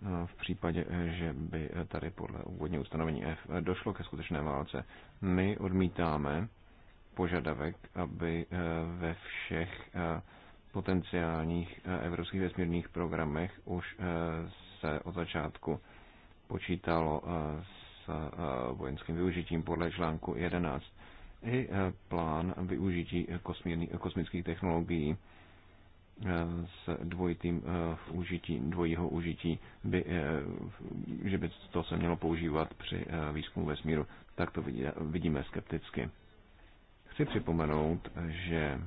a v případě, že by tady podle úvodního ustanovení F došlo ke skutečné válce. My odmítáme požadavek, aby ve všech a, potenciálních eh, evropských vesmírných programech už eh, se od začátku počítalo eh, s vojenským využitím podle článku 11 i plán využití kosmických technologií s dvojitým užití, dvojího užití, by, že by to se mělo používat při výzkumu vesmíru, tak to vidíme skepticky. Chci připomenout, že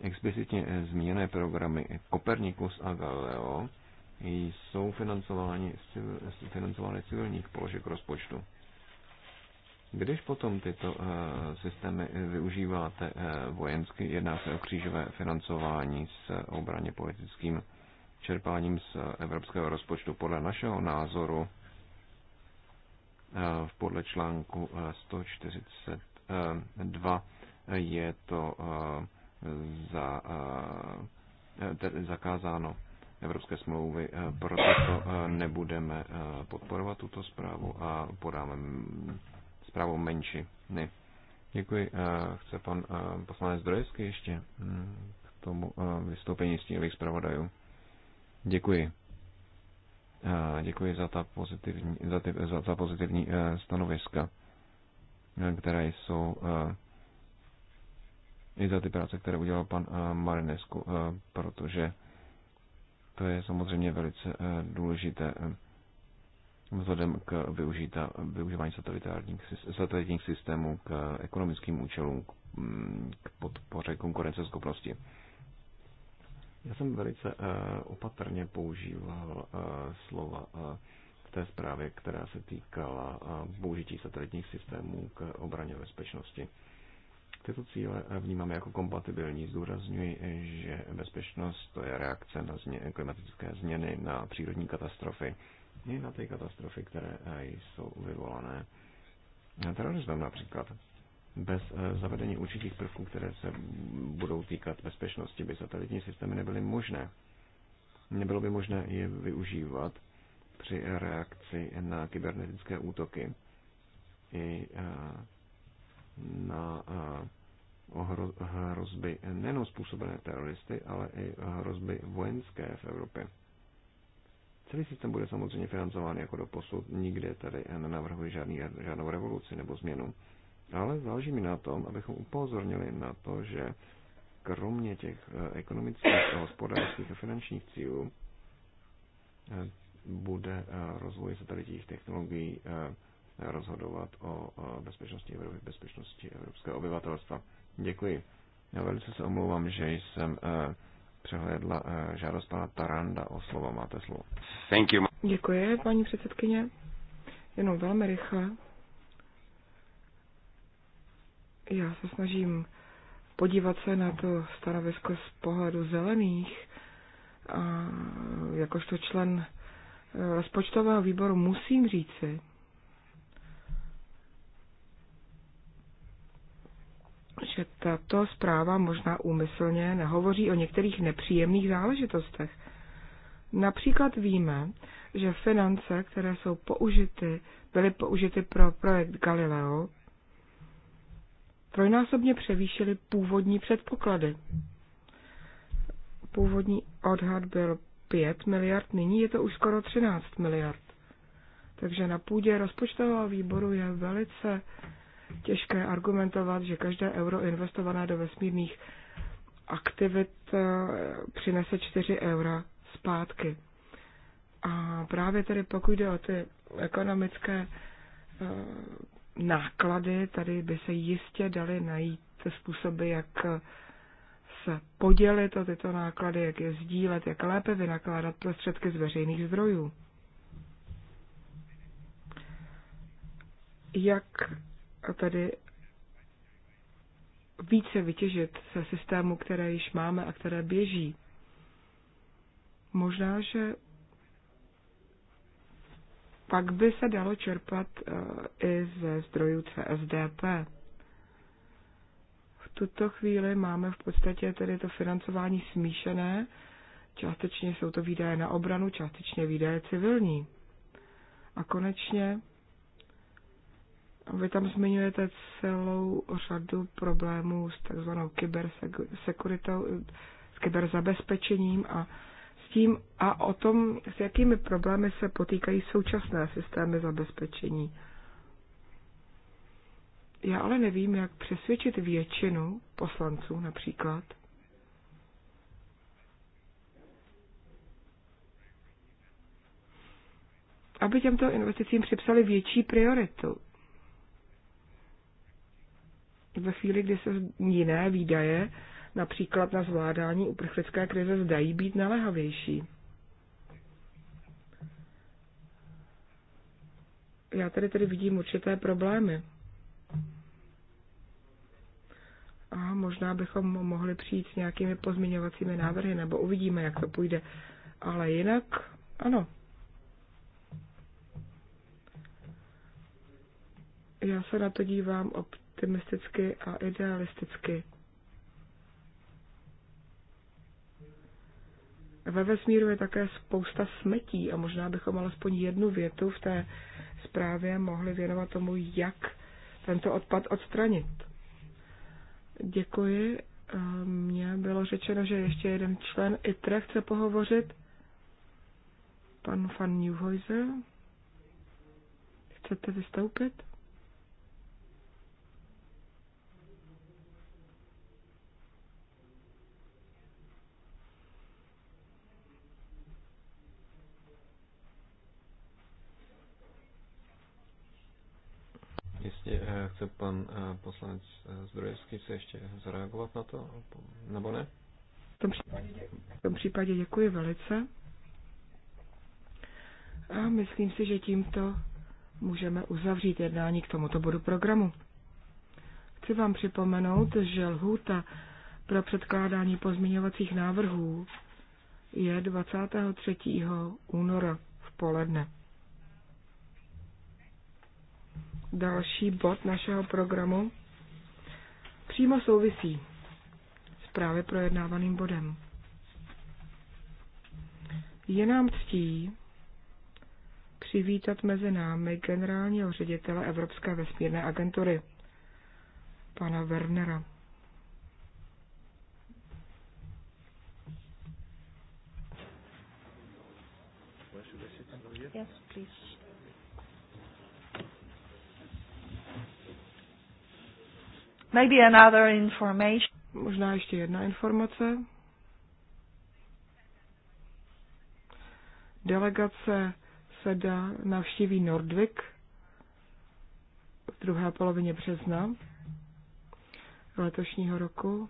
explicitně eh, zmíněné programy Kopernikus a Galileo jsou financovány z, financovány z civilních položek rozpočtu. Když potom tyto uh, systémy eh, využíváte uh, vojensky, jedná se o křížové financování s obraně politickým čerpáním z evropského rozpočtu. Podle našeho názoru uh, podle článku 142 je to uh, za, eh, tedy zakázáno Evropské smlouvy, eh, proto eh, nebudeme podporovat tuto zprávu a podáme zprávu menší. Ne. Děkuji. Chce pan poslanec Drojevský ještě mm, k tomu vystoupení stínových zpravodajů. Děkuji. Děkuji za ta pozitivní, za ty, za ta pozitivní stanoviska, která jsou i za ty práce, které udělal pan eh, Marinesku, eh, protože to je samozřejmě velice eh, důležité vzhledem k využita, využívání satelitárních, satelitních systémů k ekonomickým účelům, k mm, podpoře konkurenceschopnosti. Já jsem velice opatrně používal slova v té zprávě, která se týkala použití satelitních systémů k obraně bezpečnosti. Tyto cíle vnímáme jako kompatibilní. Zdůrazňuji, že bezpečnost to je reakce na změ- klimatické změny, na přírodní katastrofy i na ty katastrofy, které eh, jsou vyvolané terorismem například. Bez eh, zavedení určitých prvků, které se budou týkat bezpečnosti, by satelitní systémy nebyly možné. Nebylo by možné je využívat při reakci na kybernetické útoky i eh, na eh, hrozby nejenom způsobené teroristy, ale i hrozby vojenské v Evropě. Celý systém bude samozřejmě financován jako do posud. Nikde tady nenavrhuji žádný, žádnou revoluci nebo změnu. Ale záleží mi na tom, abychom upozornili na to, že kromě těch eh, ekonomických, hospodářských a finančních cílů eh, bude rozvoj satelitních technologií rozhodovat o bezpečnosti Evropy, bezpečnosti evropského obyvatelstva. Děkuji. Já velice se omlouvám, že jsem eh, přehlédla eh, žádost pana Taranda o slovo. Máte slovo. Thank you. Děkuji, paní předsedkyně. Jenom velmi rychle. Já se snažím podívat se na to stanovisko z pohledu zelených. A jakožto člen eh, rozpočtového výboru musím říci, že tato zpráva možná úmyslně nehovoří o některých nepříjemných záležitostech. Například víme, že finance, které jsou použity, byly použity pro projekt Galileo, trojnásobně převýšily původní předpoklady. Původní odhad byl 5 miliard, nyní je to už skoro 13 miliard. Takže na půdě rozpočtového výboru je velice těžké argumentovat, že každé euro investované do vesmírných aktivit eh, přinese 4 eura zpátky. A právě tedy pokud jde o ty ekonomické eh, náklady, tady by se jistě dali najít způsoby, jak eh, se podělit o tyto náklady, jak je sdílet, jak lépe vynakládat prostředky z veřejných zdrojů. Jak tady více vytěžit ze systému, které již máme a které běží. Možná, že pak by se dalo čerpat eh, i ze zdrojů CSDP. V tuto chvíli máme v podstatě tedy to financování smíšené. Částečně jsou to výdaje na obranu, částečně výdaje civilní. A konečně vy tam zmiňujete celou řadu problémů s takzvanou kybersekuritou, s kyberzabezpečením a s tím a o tom, s jakými problémy se potýkají současné systémy zabezpečení. Já ale nevím, jak přesvědčit většinu poslanců například, aby těmto investicím připsali větší prioritu, ve chvíli, kdy se jiné výdaje, například na zvládání uprchlické krize, zdají být naléhavější. Já tady tedy vidím určité problémy. A možná bychom mohli přijít s nějakými pozměňovacími návrhy, nebo uvidíme, jak to půjde. Ale jinak, ano, já se na to dívám ob, optimisticky a idealisticky. Ve vesmíru je také spousta smetí a možná bychom alespoň jednu větu v té zprávě mohli věnovat tomu, jak tento odpad odstranit. Děkuji. Mně bylo řečeno, že ještě jeden člen ITRE chce pohovořit. Pan van Newhäuser. Chcete vystoupit? Ještě vlastně, eh, chce pan eh, poslanec eh, Zdrojevský se ještě zareagovat na to, nebo ne? V tom případě, v tom případě děkuji velice. A myslím si, že tímto můžeme uzavřít jednání k tomuto bodu programu. Chci vám připomenout, že lhůta pro předkládání pozměňovacích návrhů je 23. února v poledne. další bod našeho programu přímo souvisí s právě projednávaným bodem. Je nám ctí přivítat mezi námi generálního ředitele Evropské vesmírné agentury, pana Wernera. Maybe another information. Možná ještě jedna informace. Delegace SEDA navštíví Nordvik v druhé polovině března letošního roku.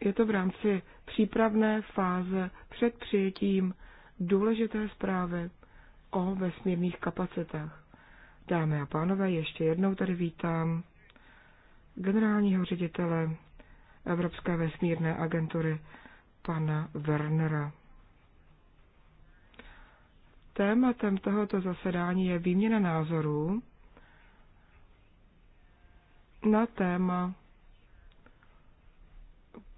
Je to v rámci přípravné fáze před přijetím důležité zprávy o vesmírných kapacitách. Dámy a pánové, ještě jednou tady vítám generálního ředitele Evropské vesmírné agentury pana Wernera. Tématem tohoto zasedání je výměna názorů na téma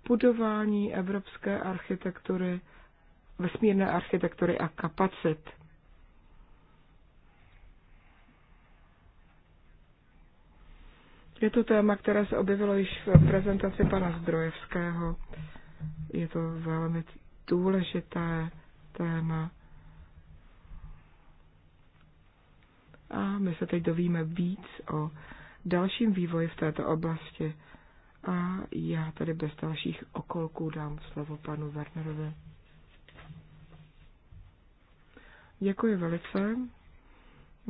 budování evropské architektury, vesmírné architektury a kapacit. Je to téma, které se objevilo již v prezentaci pana Zdrojevského. Je to velmi důležité téma. A my se teď dovíme víc o dalším vývoji v této oblasti. A já tady bez dalších okolků dám slovo panu Wernerovi. Děkuji velice.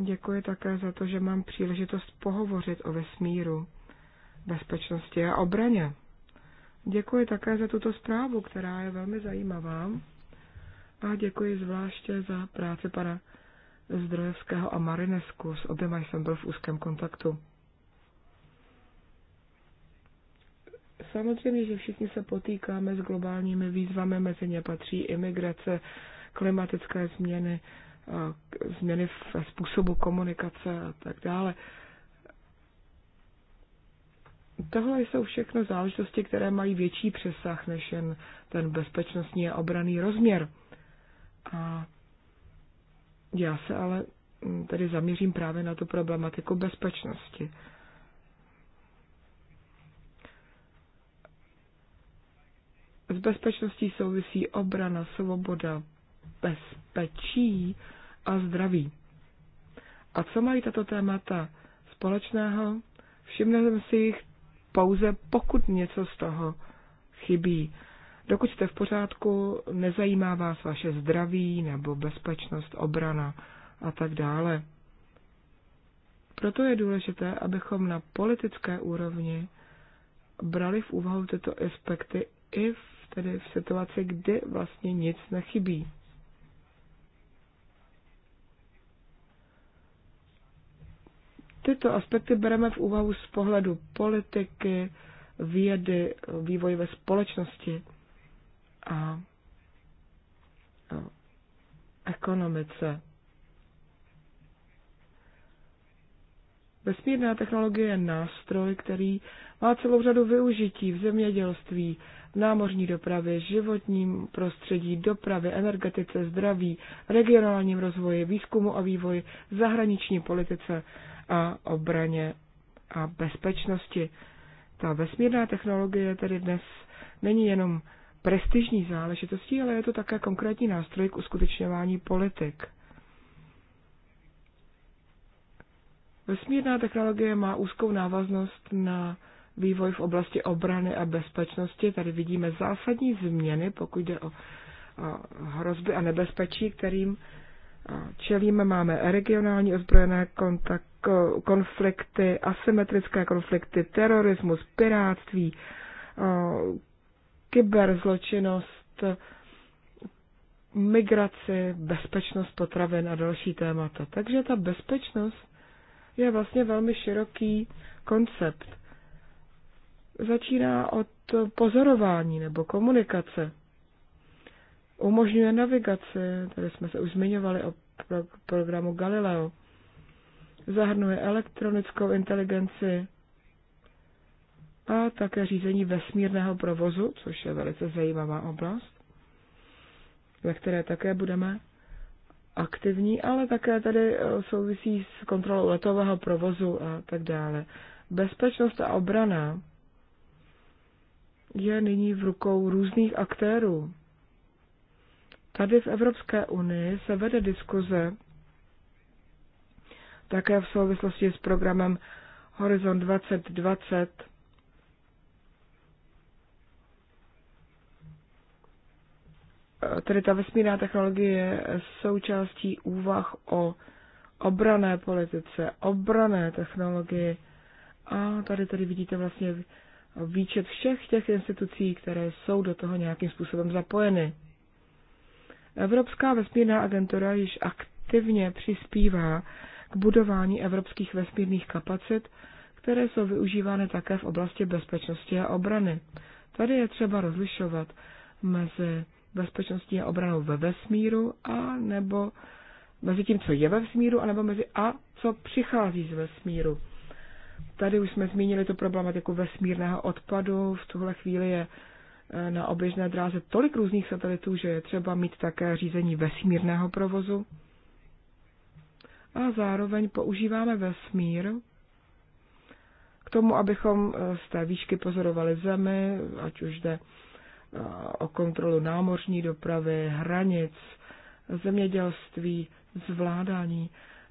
Děkuji také za to, že mám příležitost pohovořit o vesmíru, bezpečnosti a obraně. Děkuji také za tuto zprávu, která je velmi zajímavá. A děkuji zvláště za práci pana Zdrojevského a Marinesku. S oběma jsem byl v úzkém kontaktu. Samozřejmě, že všichni se potýkáme s globálními výzvami, mezi ně patří imigrace, klimatické změny, změny ve způsobu komunikace a tak dále. Tohle jsou všechno záležitosti, které mají větší přesah než jen ten bezpečnostní a obraný rozměr. A já se ale mm, tedy zaměřím právě na tu problematiku bezpečnosti. S bezpečností souvisí obrana, svoboda, bezpečí, a zdraví. A co mají tato témata společného? Všimne jsem si jich pouze, pokud něco z toho chybí. Dokud jste v pořádku, nezajímá vás vaše zdraví nebo bezpečnost, obrana a tak dále. Proto je důležité, abychom na politické úrovni brali v úvahu tyto aspekty i v, tedy v situaci, kdy vlastně nic nechybí. Tyto aspekty bereme v úvahu z pohledu politiky, vědy, vývoj ve společnosti a ekonomice. Vesmírná technologie je nástroj, který má celou řadu využití v zemědělství, v námořní dopravě, životním prostředí, dopravě, energetice, zdraví, regionálním rozvoji, výzkumu a vývoji, zahraniční politice a obraně a bezpečnosti. Ta vesmírná technologie tedy dnes není jenom prestižní záležitostí, ale je to také konkrétní nástroj k uskutečňování politik. Vesmírná technologie má úzkou návaznost na vývoj v oblasti obrany a bezpečnosti. Tady vidíme zásadní změny, pokud jde o hrozby a nebezpečí, kterým čelíme, máme regionální ozbrojené kontak, konflikty, asymetrické konflikty, terorismus, piráctví, kyberzločinnost, migraci, bezpečnost potravin a další témata. Takže ta bezpečnost je vlastně velmi široký koncept. Začíná od pozorování nebo komunikace umožňuje navigaci, tady jsme se už zmiňovali o pro- programu Galileo, zahrnuje elektronickou inteligenci a také řízení vesmírného provozu, což je velice zajímavá oblast, ve které také budeme aktivní, ale také tady eh, souvisí s kontrolou letového provozu a tak dále. Bezpečnost a obrana je nyní v rukou různých aktérů. Tady v Evropské unii se vede diskuze také v souvislosti s programem Horizon 2020, tedy ta vesmírná technologie je součástí úvah o obrané politice, obrané technologii. A tady tady vidíte vlastně výčet všech těch institucí, které jsou do toho nějakým způsobem zapojeny. Evropská vesmírná agentura již aktivně přispívá k budování evropských vesmírných kapacit, které jsou využívány také v oblasti bezpečnosti a obrany. Tady je třeba rozlišovat mezi bezpečností a obranou ve vesmíru a nebo mezi tím, co je ve vesmíru, anebo mezi a co přichází z vesmíru. Tady už jsme zmínili tu problematiku vesmírného odpadu. V tuhle chvíli je Eh, na oběžné dráze tolik různých satelitů, že je třeba mít také řízení vesmírného provozu. A zároveň používáme vesmír k tomu, abychom eh, z té výšky pozorovali Zemi, ať už jde eh, o kontrolu námořní dopravy, hranic, zemědělství, zvládání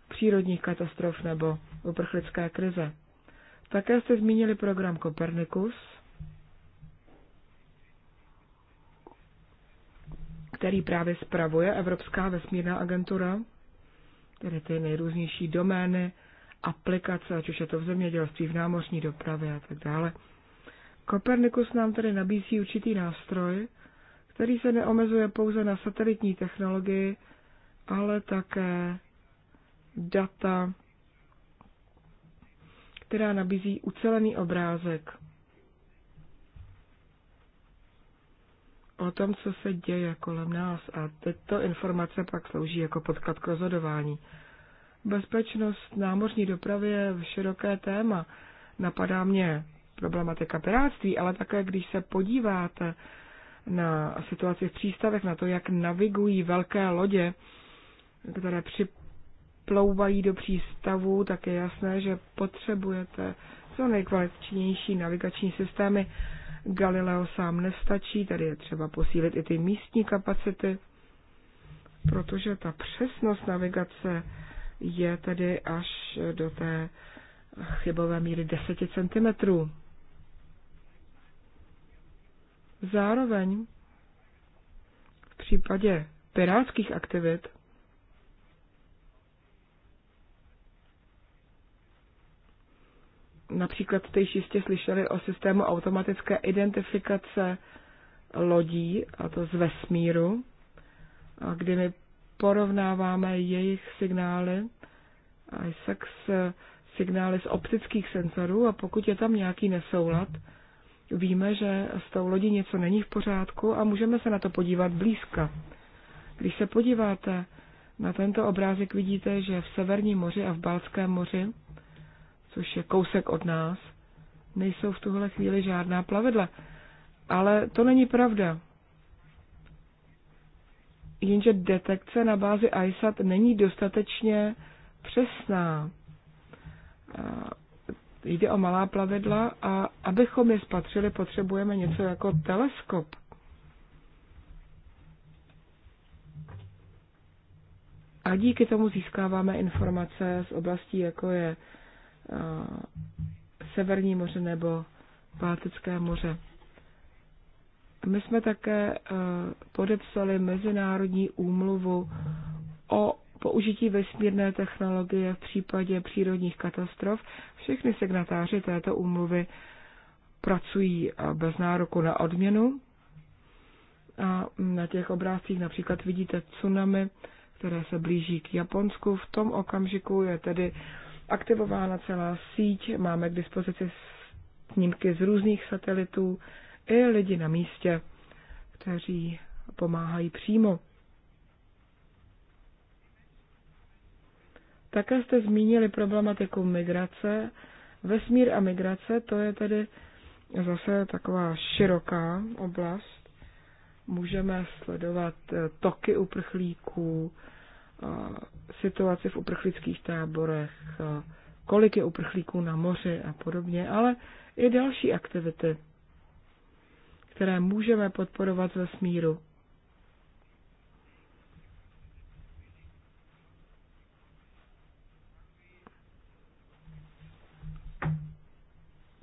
přírodních katastrof nebo uprchlické krize. Také jste zmínili program Kopernikus, který právě spravuje Evropská vesmírná agentura, tedy ty nejrůznější domény, aplikace, ať už je to v zemědělství, v námořní dopravě a tak dále. Kopernikus nám tedy nabízí určitý nástroj, který se neomezuje pouze na satelitní technologii, ale také data, která nabízí ucelený obrázek o tom, co se děje kolem nás a tyto informace pak slouží jako podklad k rozhodování. Bezpečnost námořní dopravy je široké téma. Napadá mě problematika piráctví, ale také když se podíváte na situaci v přístavech, na to, jak navigují velké lodě, které připlouvají do přístavu, tak je jasné, že potřebujete co nejkvalitnější navigační systémy Galileo sám nestačí, tady je třeba posílit i ty místní kapacity, protože ta přesnost navigace je tedy až do té chybové míry 10 cm. Zároveň v případě pirátských aktivit Například jste již jistě slyšeli o systému automatické identifikace lodí, a to z vesmíru, kdy my porovnáváme jejich signály, ISAC s eh, signály z optických senzorů a pokud je tam nějaký nesoulad, víme, že s tou lodí něco není v pořádku a můžeme se na to podívat blízka. Když se podíváte na tento obrázek, vidíte, že v Severním moři a v Balckém moři což je kousek od nás, nejsou v tuhle chvíli žádná plavidla. Ale to není pravda. Jenže detekce na bázi ISAT není dostatečně přesná. Jde o malá plavidla a abychom je spatřili, potřebujeme něco jako teleskop. A díky tomu získáváme informace z oblastí, jako je Severní moře nebo Baltické moře. My jsme také e, podepsali mezinárodní úmluvu o použití vesmírné technologie v případě přírodních katastrof. Všichni signatáři této úmluvy pracují e, bez nároku na odměnu. A na těch obrázcích například vidíte tsunami, které se blíží k Japonsku. V tom okamžiku je tedy aktivována celá síť, máme k dispozici snímky z různých satelitů i lidi na místě, kteří pomáhají přímo. Také jste zmínili problematiku migrace. Vesmír a migrace, to je tedy zase taková široká oblast. Můžeme sledovat toky uprchlíků, Eh, situaci v uprchlických táborech, eh, kolik je uprchlíků na moři a podobně, ale i další aktivity, které můžeme podporovat ve smíru.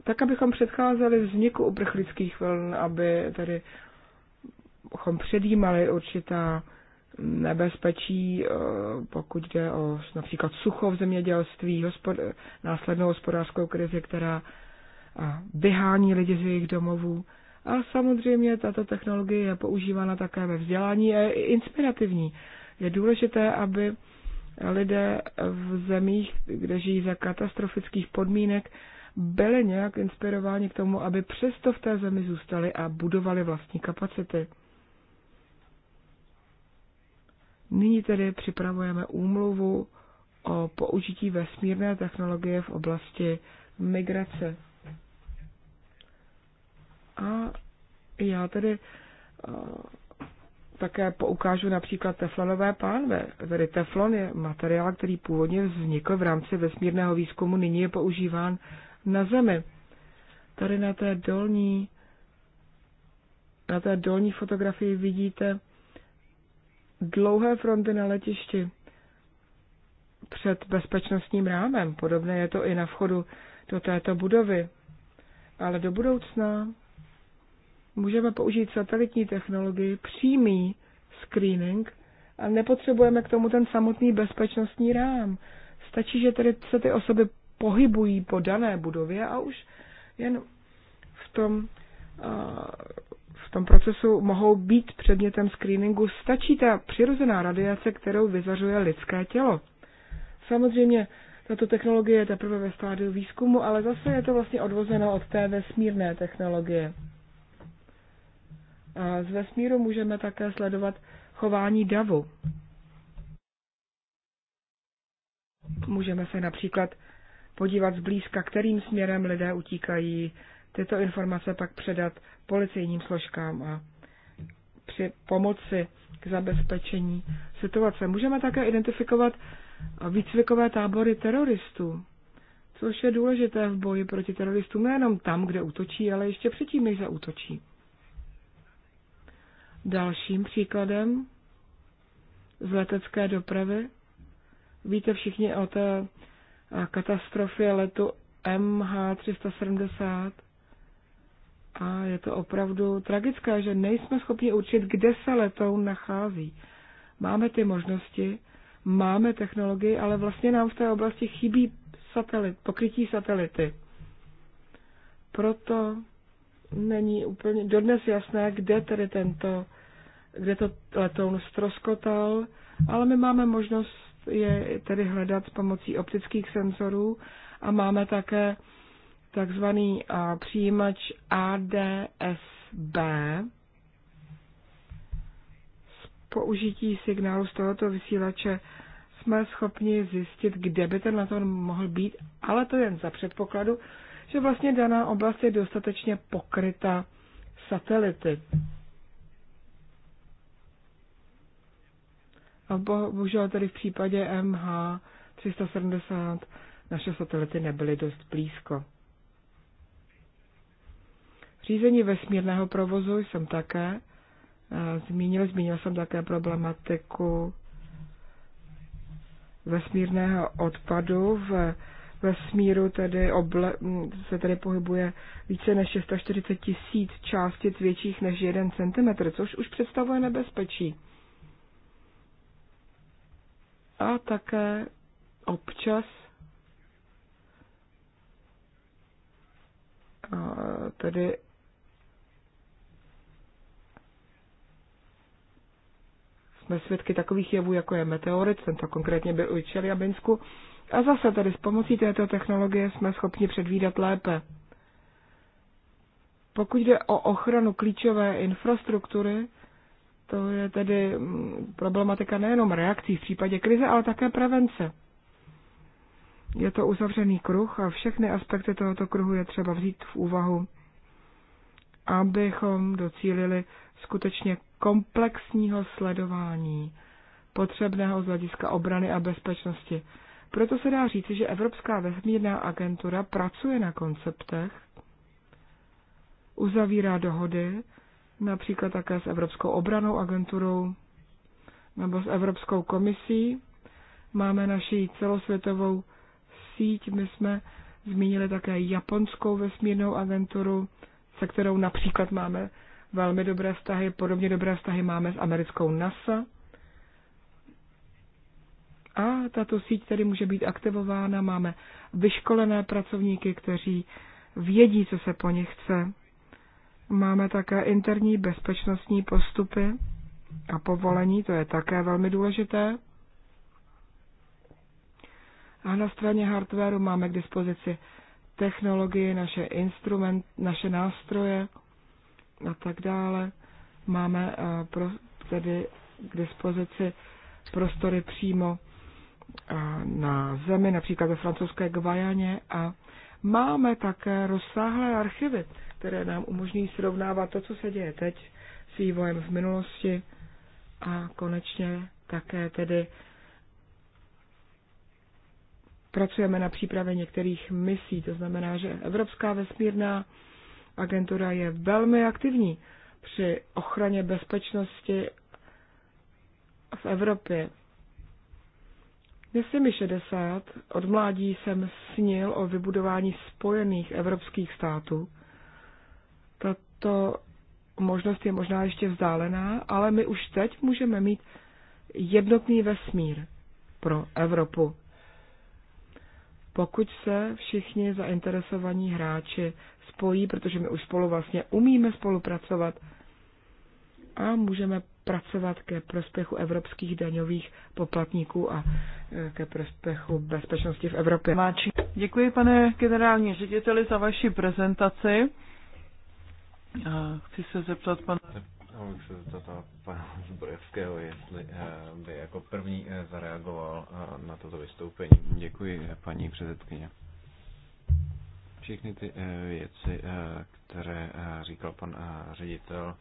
Tak, abychom předcházeli vzniku uprchlických vln, aby tedy abychom předjímali určitá nebezpečí, eh, pokud jde o například sucho v zemědělství, hospod, následnou hospodářskou krizi, která eh, vyhání lidi z jejich domovů. A samozřejmě tato technologie je používána také ve vzdělání, je inspirativní. Je důležité, aby lidé v zemích, kde žijí za katastrofických podmínek, byli nějak inspirováni k tomu, aby přesto v té zemi zůstali a budovali vlastní kapacity. Nyní tedy připravujeme úmluvu o použití vesmírné technologie v oblasti migrace. A já tedy eh, také poukážu například teflonové pánve. Tedy teflon je materiál, který původně vznikl v rámci vesmírného výzkumu, nyní je používán na Zemi. Tady na té dolní, na té dolní fotografii vidíte dlouhé fronty na letišti před bezpečnostním rámem. Podobné je to i na vchodu do této budovy. Ale do budoucna můžeme použít satelitní technologii, přímý screening a nepotřebujeme k tomu ten samotný bezpečnostní rám. Stačí, že tedy se ty osoby pohybují po dané budově a už jen v tom tom procesu mohou být předmětem screeningu, stačí ta přirozená radiace, kterou vyzařuje lidské tělo. Samozřejmě tato technologie je teprve ve stádiu výzkumu, ale zase je to vlastně odvozeno od té vesmírné technologie. A z vesmíru můžeme také sledovat chování davu. Můžeme se například podívat zblízka, kterým směrem lidé utíkají, tyto informace pak předat policejním složkám a při pomoci k zabezpečení situace. Můžeme také identifikovat výcvikové tábory teroristů, což je důležité v boji proti teroristům nejenom tam, kde útočí, ale ještě předtím, než zaútočí. Dalším příkladem z letecké dopravy. Víte všichni o té katastrofě letu MH370 a je to opravdu tragické, že nejsme schopni určit, kde se letoun nachází. Máme ty možnosti, máme technologii, ale vlastně nám v té oblasti chybí satelit, pokrytí satelity. Proto není úplně dodnes jasné, kde tedy tento, kde to letoun stroskotal, ale my máme možnost je tedy hledat pomocí optických senzorů a máme také takzvaný přijímač ADSB z použití signálu z tohoto vysílače jsme schopni zjistit, kde by ten letoun mohl být, ale to jen za předpokladu, že vlastně daná oblast je dostatečně pokryta satelity. A bohužel tedy v případě MH 370 naše satelity nebyly dost blízko. Řízení vesmírného provozu jsem také eh, zmínil. Zmínil jsem také problematiku vesmírného odpadu. V vesmíru tedy oble, se tedy pohybuje více než 640 tisíc částic větších než 1 cm, což už představuje nebezpečí. A také občas eh, tedy jsme svědky takových jevů, jako je meteorit, tento konkrétně byl u Čeliabinsku. A zase tedy s pomocí této technologie jsme schopni předvídat lépe. Pokud jde o ochranu klíčové infrastruktury, to je tedy mm, problematika nejenom reakcí v případě krize, ale také prevence. Je to uzavřený kruh a všechny aspekty tohoto kruhu je třeba vzít v úvahu, abychom docílili skutečně komplexního sledování potřebného z hlediska obrany a bezpečnosti. Proto se dá říci, že Evropská vesmírná agentura pracuje na konceptech, uzavírá dohody, například také s Evropskou obranou agenturou nebo s Evropskou komisí. Máme naši celosvětovou síť, my jsme zmínili také japonskou vesmírnou agenturu, se kterou například máme velmi dobré vztahy, podobně dobré vztahy máme s americkou NASA. A tato síť tedy může být aktivována, máme vyškolené pracovníky, kteří vědí, co se po nich chce. Máme také interní bezpečnostní postupy a povolení, to je také velmi důležité. A na straně hardwareu máme k dispozici technologie, naše instrument, naše nástroje, a tak dále. Máme eh, pro, tedy k dispozici prostory přímo eh, na zemi, například ve francouzské Gvajaně a máme také rozsáhlé archivy, které nám umožní srovnávat to, co se děje teď s vývojem v minulosti a konečně také tedy pracujeme na přípravě některých misí, to znamená, že Evropská vesmírná Agentura je velmi aktivní při ochraně bezpečnosti v Evropě. Dnes je mi 60, od mládí jsem snil o vybudování spojených evropských států. Tato možnost je možná ještě vzdálená, ale my už teď můžeme mít jednotný vesmír pro Evropu pokud se všichni zainteresovaní hráči spojí, protože my už spolu vlastně umíme spolupracovat a můžeme pracovat ke prospěchu evropských daňových poplatníků a e, ke prospěchu bezpečnosti v Evropě. Děkuji, pane generální řediteli, za vaši prezentaci. Chci se zeptat pana abych se zeptal pana Zbrojevského, jestli eh, by jako první eh, zareagoval eh, na toto vystoupení. Děkuji, paní předsedkyně. Všechny ty věci, které říkal pan ředitel,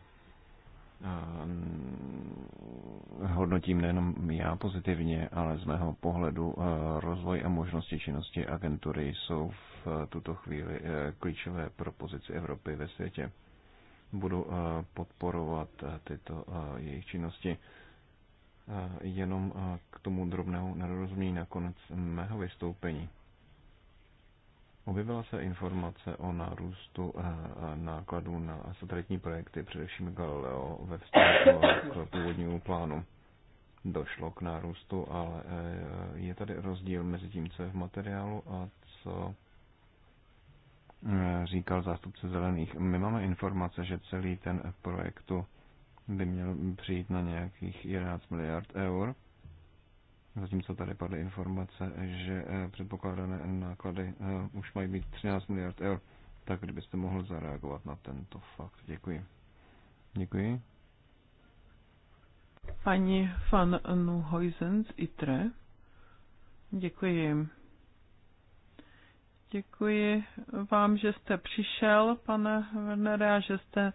hodnotím nejenom já pozitivně, ale z mého pohledu rozvoj a možnosti činnosti agentury jsou v tuto chvíli klíčové pro pozici Evropy ve světě budu eh, podporovat eh, tyto eh, jejich činnosti. Jenom k tomu drobnému nedorozumění na konec mého vystoupení. Objevila se informace o nárůstu nákladů na satelitní projekty, především Galileo, ve vztahu k původnímu plánu. Došlo k nárůstu, ale je tady rozdíl mezi tím, co je v materiálu a co Eh, říkal zástupce zelených. My máme informace, že celý ten projektu by měl přijít na nějakých 11 miliard eur. Zatímco tady padly informace, že eh, předpokládané náklady eh, už mají být 13 miliard eur. Tak kdybyste mohl zareagovat na tento fakt. Děkuji. Děkuji. Paní van Nuhuizen z ITRE. Děkuji. Děkuji vám, že jste přišel, pane Wernere, a že jste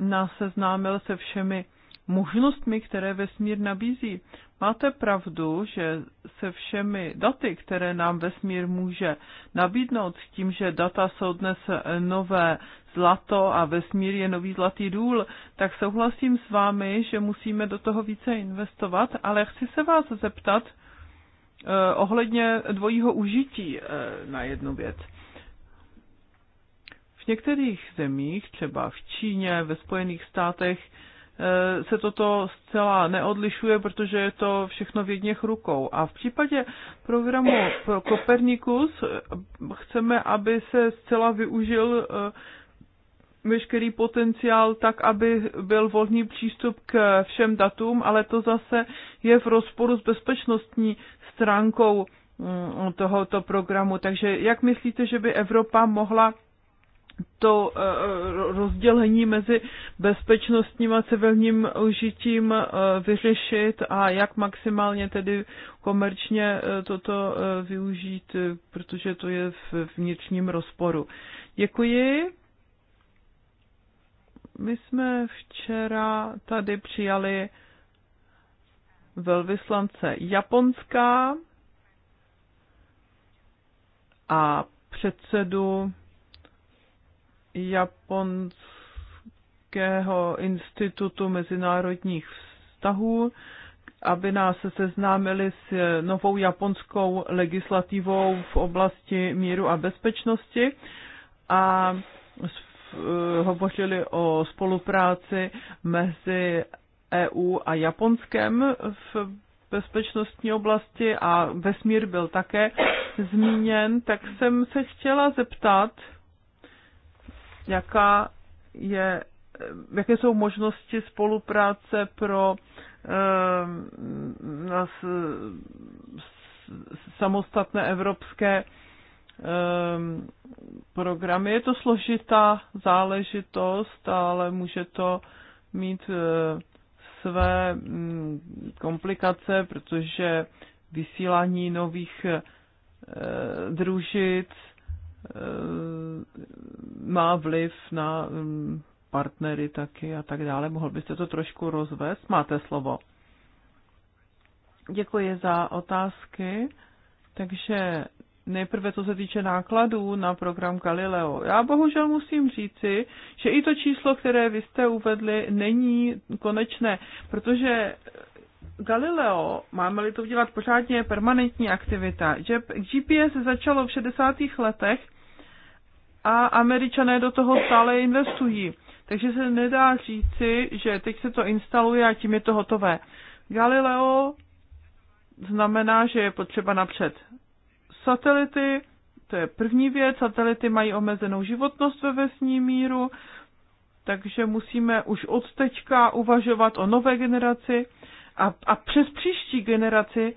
nás seznámil se všemi možnostmi, které vesmír nabízí. Máte pravdu, že se všemi daty, které nám vesmír může nabídnout, s tím, že data jsou dnes nové zlato a vesmír je nový zlatý důl, tak souhlasím s vámi, že musíme do toho více investovat, ale chci se vás zeptat, Eh, ohledně dvojího užití eh, na jednu věc. V některých zemích, třeba v Číně, ve Spojených státech, eh, se toto zcela neodlišuje, protože je to všechno v jedněch rukou. A v případě programu pro Kopernikus chceme, aby se zcela využil veškerý potenciál tak, aby byl volný přístup k všem datům, ale to zase je v rozporu s bezpečnostní stránkou mm, tohoto programu. Takže jak myslíte, že by Evropa mohla to eh, eh, rozdělení mezi bezpečnostním a civilním užitím eh, vyřešit a jak maximálně tedy komerčně toto využít, protože to je v vnitřním rozporu. Děkuji. My jsme včera tady přijali velvyslance Japonská a předsedu Japonského institutu mezinárodních vztahů, aby nás seznámili s novou japonskou legislativou v oblasti míru a bezpečnosti a Eh, hovořili o spolupráci mezi EU a Japonskem v bezpečnostní oblasti a vesmír byl také zmíněn, tak jsem se chtěla zeptat, jaká je, eh, jaké jsou možnosti spolupráce pro eh, nás, samostatné evropské Ehm, programy. Je to složitá záležitost, ale může to mít eh, své mm, komplikace, protože vysílání nových eh, družic eh, má vliv na mm, partnery taky a tak dále. Mohl byste to trošku rozvést? Máte slovo. Děkuji za otázky. Takže Nejprve co se týče nákladů na program Galileo. Já bohužel musím říci, že i to číslo, které vy jste uvedli, není konečné, protože Galileo, máme-li to udělat pořádně, je permanentní aktivita. GPS začalo v 60. letech a američané do toho stále investují. Takže se nedá říci, že teď se to instaluje a tím je to hotové. Galileo znamená, že je potřeba napřed Satelity, to je první věc, satelity mají omezenou životnost ve vesní míru, takže musíme už od teďka uvažovat o nové generaci a, a přes příští generaci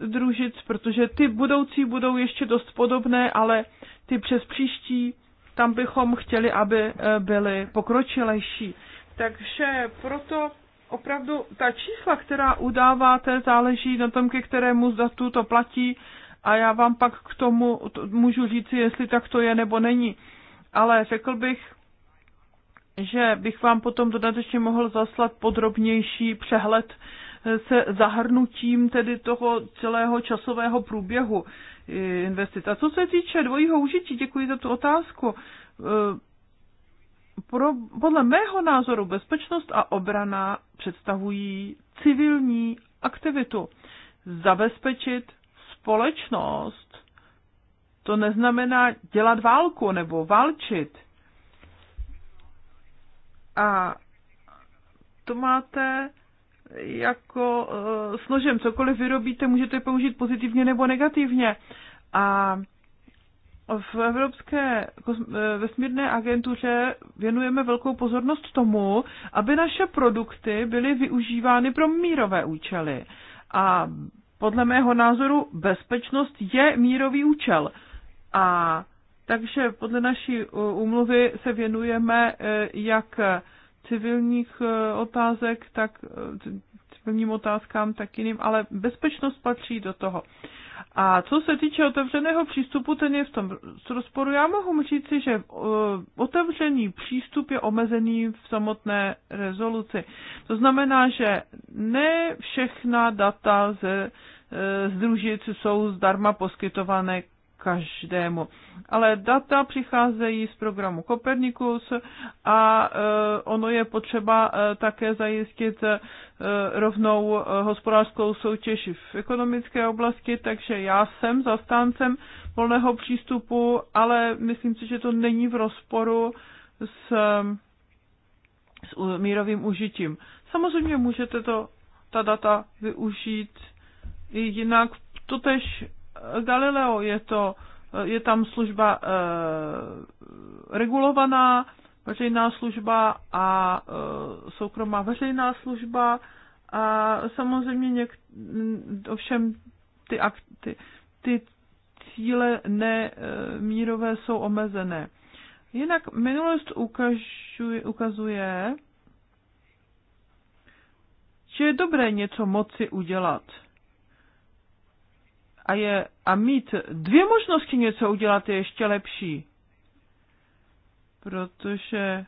družic, protože ty budoucí budou ještě dost podobné, ale ty přes příští, tam bychom chtěli, aby eh, byly pokročilejší. Takže proto opravdu ta čísla, která udáváte, záleží na tom, ke kterému datu to platí a já vám pak k tomu můžu říci, jestli tak to je nebo není. Ale řekl bych, že bych vám potom dodatečně mohl zaslat podrobnější přehled eh, se zahrnutím tedy toho celého časového průběhu eh, investic. A co se týče dvojího užití, děkuji za tu otázku. Eh, pro, podle mého názoru bezpečnost a obrana představují civilní aktivitu. Zabezpečit společnost, to neznamená dělat válku nebo válčit. A to máte jako eh, s nožem. Cokoliv vyrobíte, můžete použít pozitivně nebo negativně. A v Evropské eh, vesmírné agentuře věnujeme velkou pozornost tomu, aby naše produkty byly využívány pro mírové účely. A podle mého názoru bezpečnost je mírový účel. A takže podle naší uh, úmluvy se věnujeme uh, jak civilních uh, otázek, tak civilním otázkám, tak jiným, ale bezpečnost patří do toho. A co se týče otevřeného přístupu, ten je v tom rozporu. Já mohu říci, že uh, otevřený přístup je omezený v samotné rezoluci. To znamená, že ne všechna data ze eh, združit jsou zdarma poskytované každému. Ale data přicházejí z programu Copernicus a eh, ono je potřeba eh, také zajistit eh, rovnou hospodářskou soutěž v ekonomické oblasti, takže já jsem zastáncem volného přístupu, ale myslím si, že to není v rozporu s, s mírovým užitím. Samozřejmě můžete to, ta data využít i jinak. Totež Galileo je to, je tam služba eh, regulovaná, veřejná služba a eh, soukromá veřejná služba a samozřejmě něk, ovšem ty, ty, ty cíle nemírové jsou omezené. Jinak minulost ukažuje, ukazuje, že je dobré něco moci udělat a, je, a mít dvě možnosti něco udělat je ještě lepší. Protože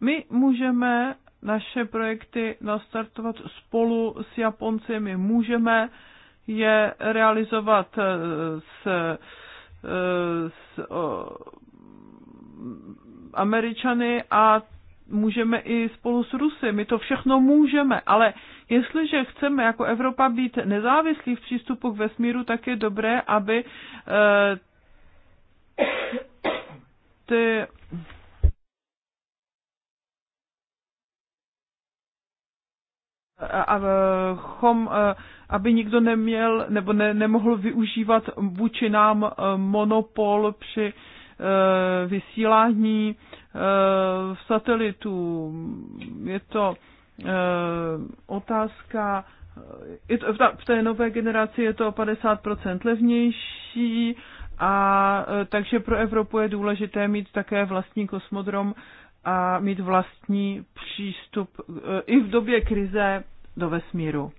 my můžeme naše projekty nastartovat spolu s Japonci, my můžeme je realizovat eh, s, eh, s o, Američany a můžeme i spolu s Rusy. My to všechno můžeme, ale Jestliže chceme jako Evropa být nezávislí v přístupu k vesmíru, tak je dobré, aby eh, ty abychom, eh, aby nikdo neměl nebo ne, nemohl využívat vůči nám eh, monopol při vysílání v satelitu. Je to Eh, otázka, eh, v té nové generaci je to o 50% levnější, a eh, takže pro Evropu je důležité mít také vlastní kosmodrom a mít vlastní přístup i v době krize do vesmíru.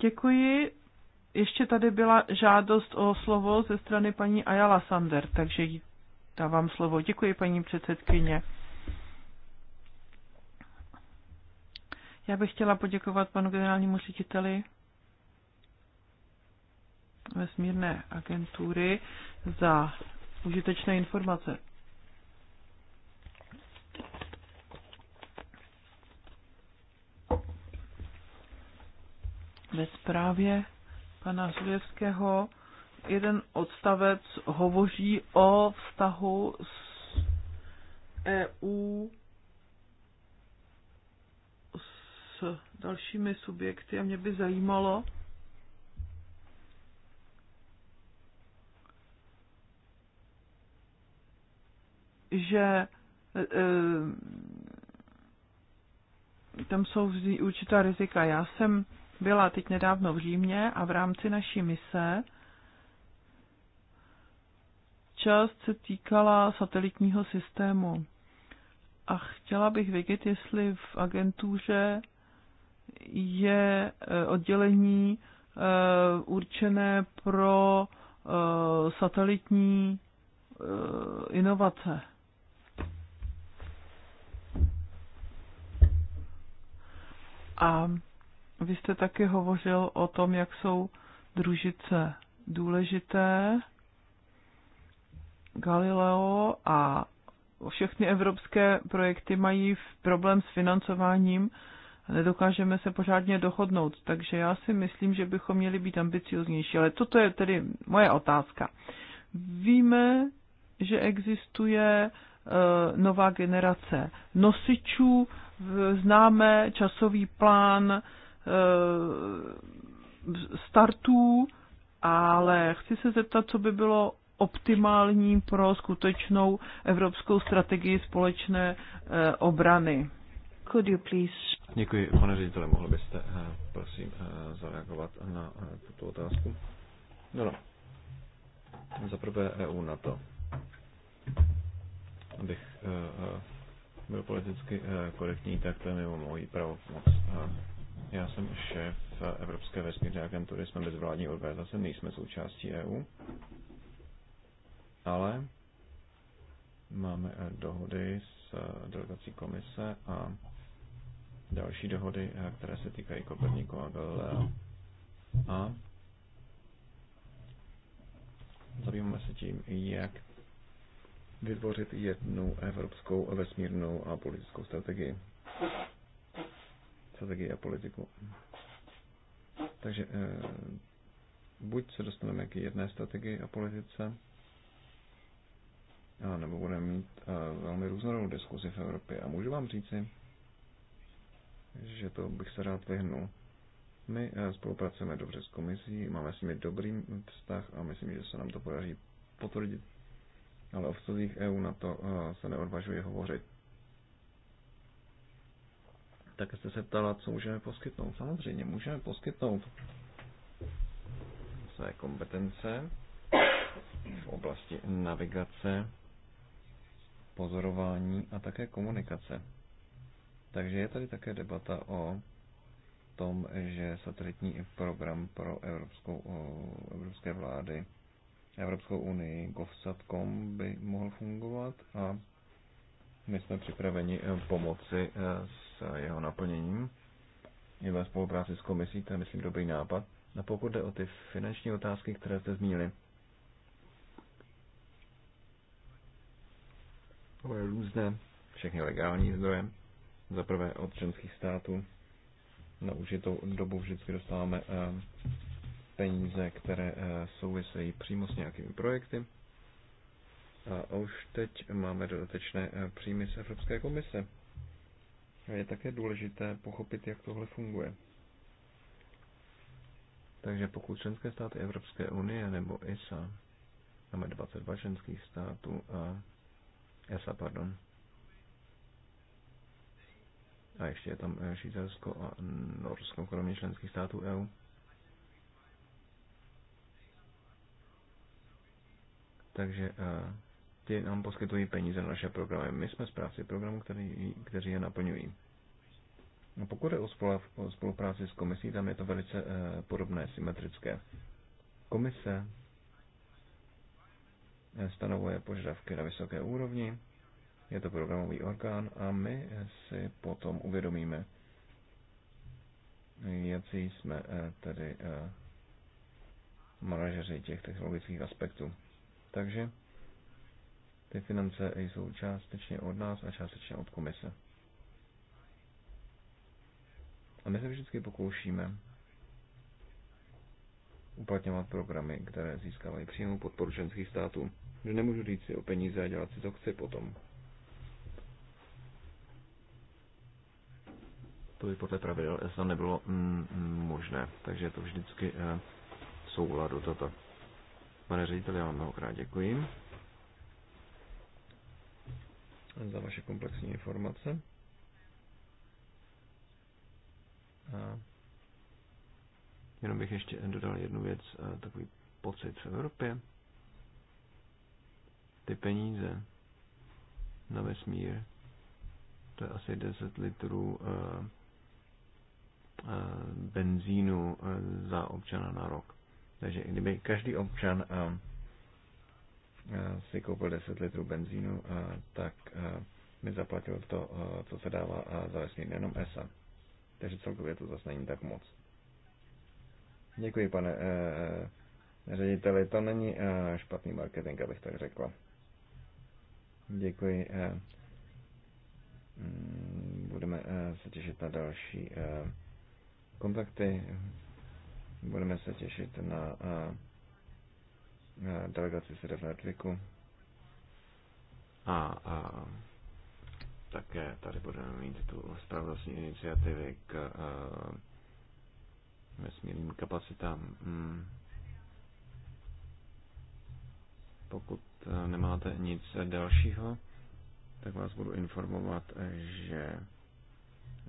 Děkuji. Ještě tady byla žádost o slovo ze strany paní Ayala Sander, takže jí dávám slovo. Děkuji, paní předsedkyně. Já bych chtěla poděkovat panu generálnímu řediteli vesmírné agentury za užitečné informace. Ve zprávě pana Zvěřského jeden odstavec hovoří o vztahu s EU s dalšími subjekty a mě by zajímalo, že eh, tam jsou určitá rizika. Já jsem byla teď nedávno v Římě a v rámci naší mise část se týkala satelitního systému. A chtěla bych vědět, jestli v agentuře je eh, oddělení eh, určené pro eh, satelitní inovace. A vy jste taky hovořil o tom, jak jsou družice důležité. Galileo a všechny evropské projekty mají problém s financováním nedokážeme se pořádně dohodnout. Takže já si myslím, že bychom měli být ambicioznější. Ale toto je tedy moje otázka. Víme, že existuje eh, nová generace nosičů, známe časový plán eh, startů, ale chci se zeptat, co by bylo optimální pro skutečnou evropskou strategii společné eh, obrany. Could you please Děkuji, pane ředitele, mohl byste, eh, prosím, eh, zareagovat na eh, tuto otázku? No, no. Za prvé EU na to. Abych byl politicky korektní, tak to je mimo mojí pravomoc. Já jsem šéf Evropské vesmírné agentury, jsme bezvládní organizace, nejsme součástí EU, ale máme dohody s delegací komise a další dohody, eh, které se týkají Koperníku a Galilea. A zabýváme se tím, jak vytvořit jednu evropskou vesmírnou a politickou strategii. Strategii a politiku. Takže eh, buď se dostaneme k jedné strategii a politice, a nebo budeme mít eh, velmi různorodou diskuzi v Evropě. A můžu vám říci, že to bych se rád vyhnul. My eh, spolupracujeme dobře s komisí, máme s nimi dobrý vztah a myslím, že se nám to podaří potvrdit. Ale o vztazích EU na to eh, se neodvažuje hovořit. Tak jste se ptala, co můžeme poskytnout. Samozřejmě můžeme poskytnout své kompetence v oblasti navigace, pozorování a také komunikace. Takže je tady také debata o tom, že satelitní program pro evropskou, evropské vlády, Evropskou unii, govsat.com by mohl fungovat a my jsme připraveni eh, pomoci eh, s jeho naplněním. Je ve spolupráci s komisí, to je, myslím, dobrý nápad. A pokud jde o ty finanční otázky, které jste zmínili, různé, všechny legální zdroje, za prvé od členských států na určitou dobu vždycky dostáváme eh, peníze, které eh, souvisejí přímo s nějakými projekty. A už teď máme dodatečné eh, příjmy z Evropské komise. Je také důležité pochopit, jak tohle funguje. Takže pokud členské státy Evropské unie nebo ISA, máme 22 členských států a ESA, pardon, a ještě je tam eh, Švýcarsko a Norsko, kromě členských států EU. Takže eh, ty nám poskytují peníze na naše programy. My jsme správci programů, který, kteří je naplňují. No pokud je o spolupráci s komisí, tam je to velice eh, podobné, symetrické. Komise stanovuje požadavky na vysoké úrovni, je to programový orgán a my si potom uvědomíme, jaký jsme eh, tedy eh, manažeři těch technologických aspektů. Takže ty finance jsou částečně od nás a částečně od komise. A my se vždycky pokoušíme uplatňovat programy, které získávají přímou podporu členských států. Že nemůžu říct si o peníze a dělat si, co chci potom. To by podle pravidel ESA nebylo mm, mm, možné, takže je to vždycky e, souladu toto. Pane řediteli, já vám mnohokrát děkuji za vaše komplexní informace. A jenom bych ještě dodal jednu věc, eh, takový pocit v Evropě. Ty peníze na vesmír, to je asi 10 litrů eh, Eh, benzínu eh, za občana na rok. Takže kdyby každý občan eh, si koupil 10 litrů benzínu, tak by zaplatil to, co se dává za vesmír, jenom ESA. Takže celkově to zase není tak moc. Děkuji, pane řediteli. To není špatný marketing, abych tak řekla. Děkuji. Mm, budeme se těšit na další kontakty. Budeme se těšit na, na eh, eh, delegaci Severné Atliku. A, a také tady budeme mít tu spravodlostní iniciativy k eh, vesmírným kapacitám. Hmm. Pokud nemáte nic dalšího, tak vás budu informovat, že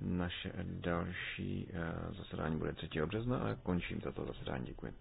naše další eh, zasedání bude 3. března a končím toto zasedání. Děkuji.